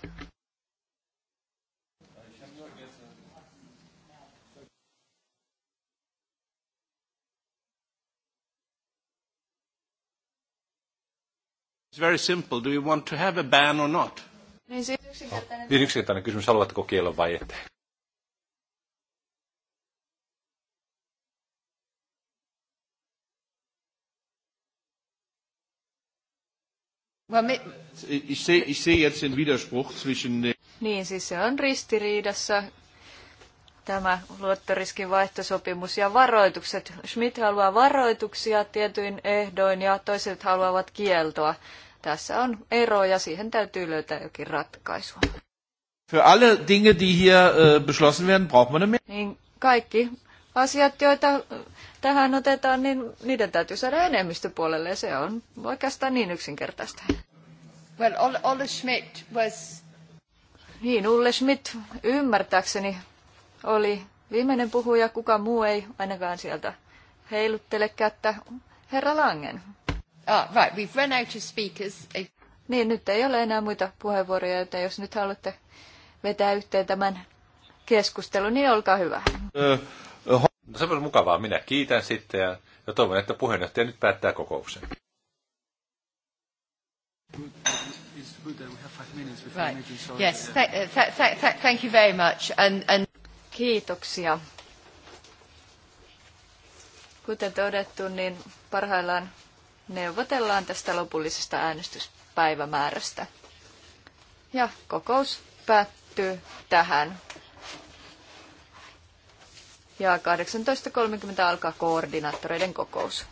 It's very simple. Do you want to have a ban or not? Niin se yksinkertainen, oh, kysymys, haluatteko kiellon vai ette? Niin siis se on ristiriidassa tämä luottoriskin vaihtosopimus ja varoitukset. Schmidt haluaa varoituksia tietyin ehdoin ja toiset haluavat kieltoa. Tässä on ero ja siihen täytyy löytää jokin ratkaisu. Für alle Dinge, die hier äh, beschlossen werden, braucht man niin kaikki asiat, joita äh, tähän otetaan, niin niiden täytyy saada enemmistöpuolelle ja se on oikeastaan niin yksinkertaista. Well, Olle Schmidt was... Niin, Ulle Schmidt ymmärtääkseni oli viimeinen puhuja, kuka muu ei ainakaan sieltä heiluttele kättä. Herra Langen. Ah, right, we've run out of speakers. Niin, nyt ei ole enää muita puheenvuoroja, joten jos nyt haluatte vetää yhteen tämän keskustelun, niin olkaa hyvä. No, se on mukavaa. Minä kiitän sitten ja, ja toivon, että puheenjohtaja nyt päättää kokouksen. Right. Yes, thank, thank you very much. And, and Kiitoksia. Kuten todettu, niin parhaillaan neuvotellaan tästä lopullisesta äänestyspäivämäärästä. Ja kokous päättyy tähän. Ja 18.30 alkaa koordinaattoreiden kokous.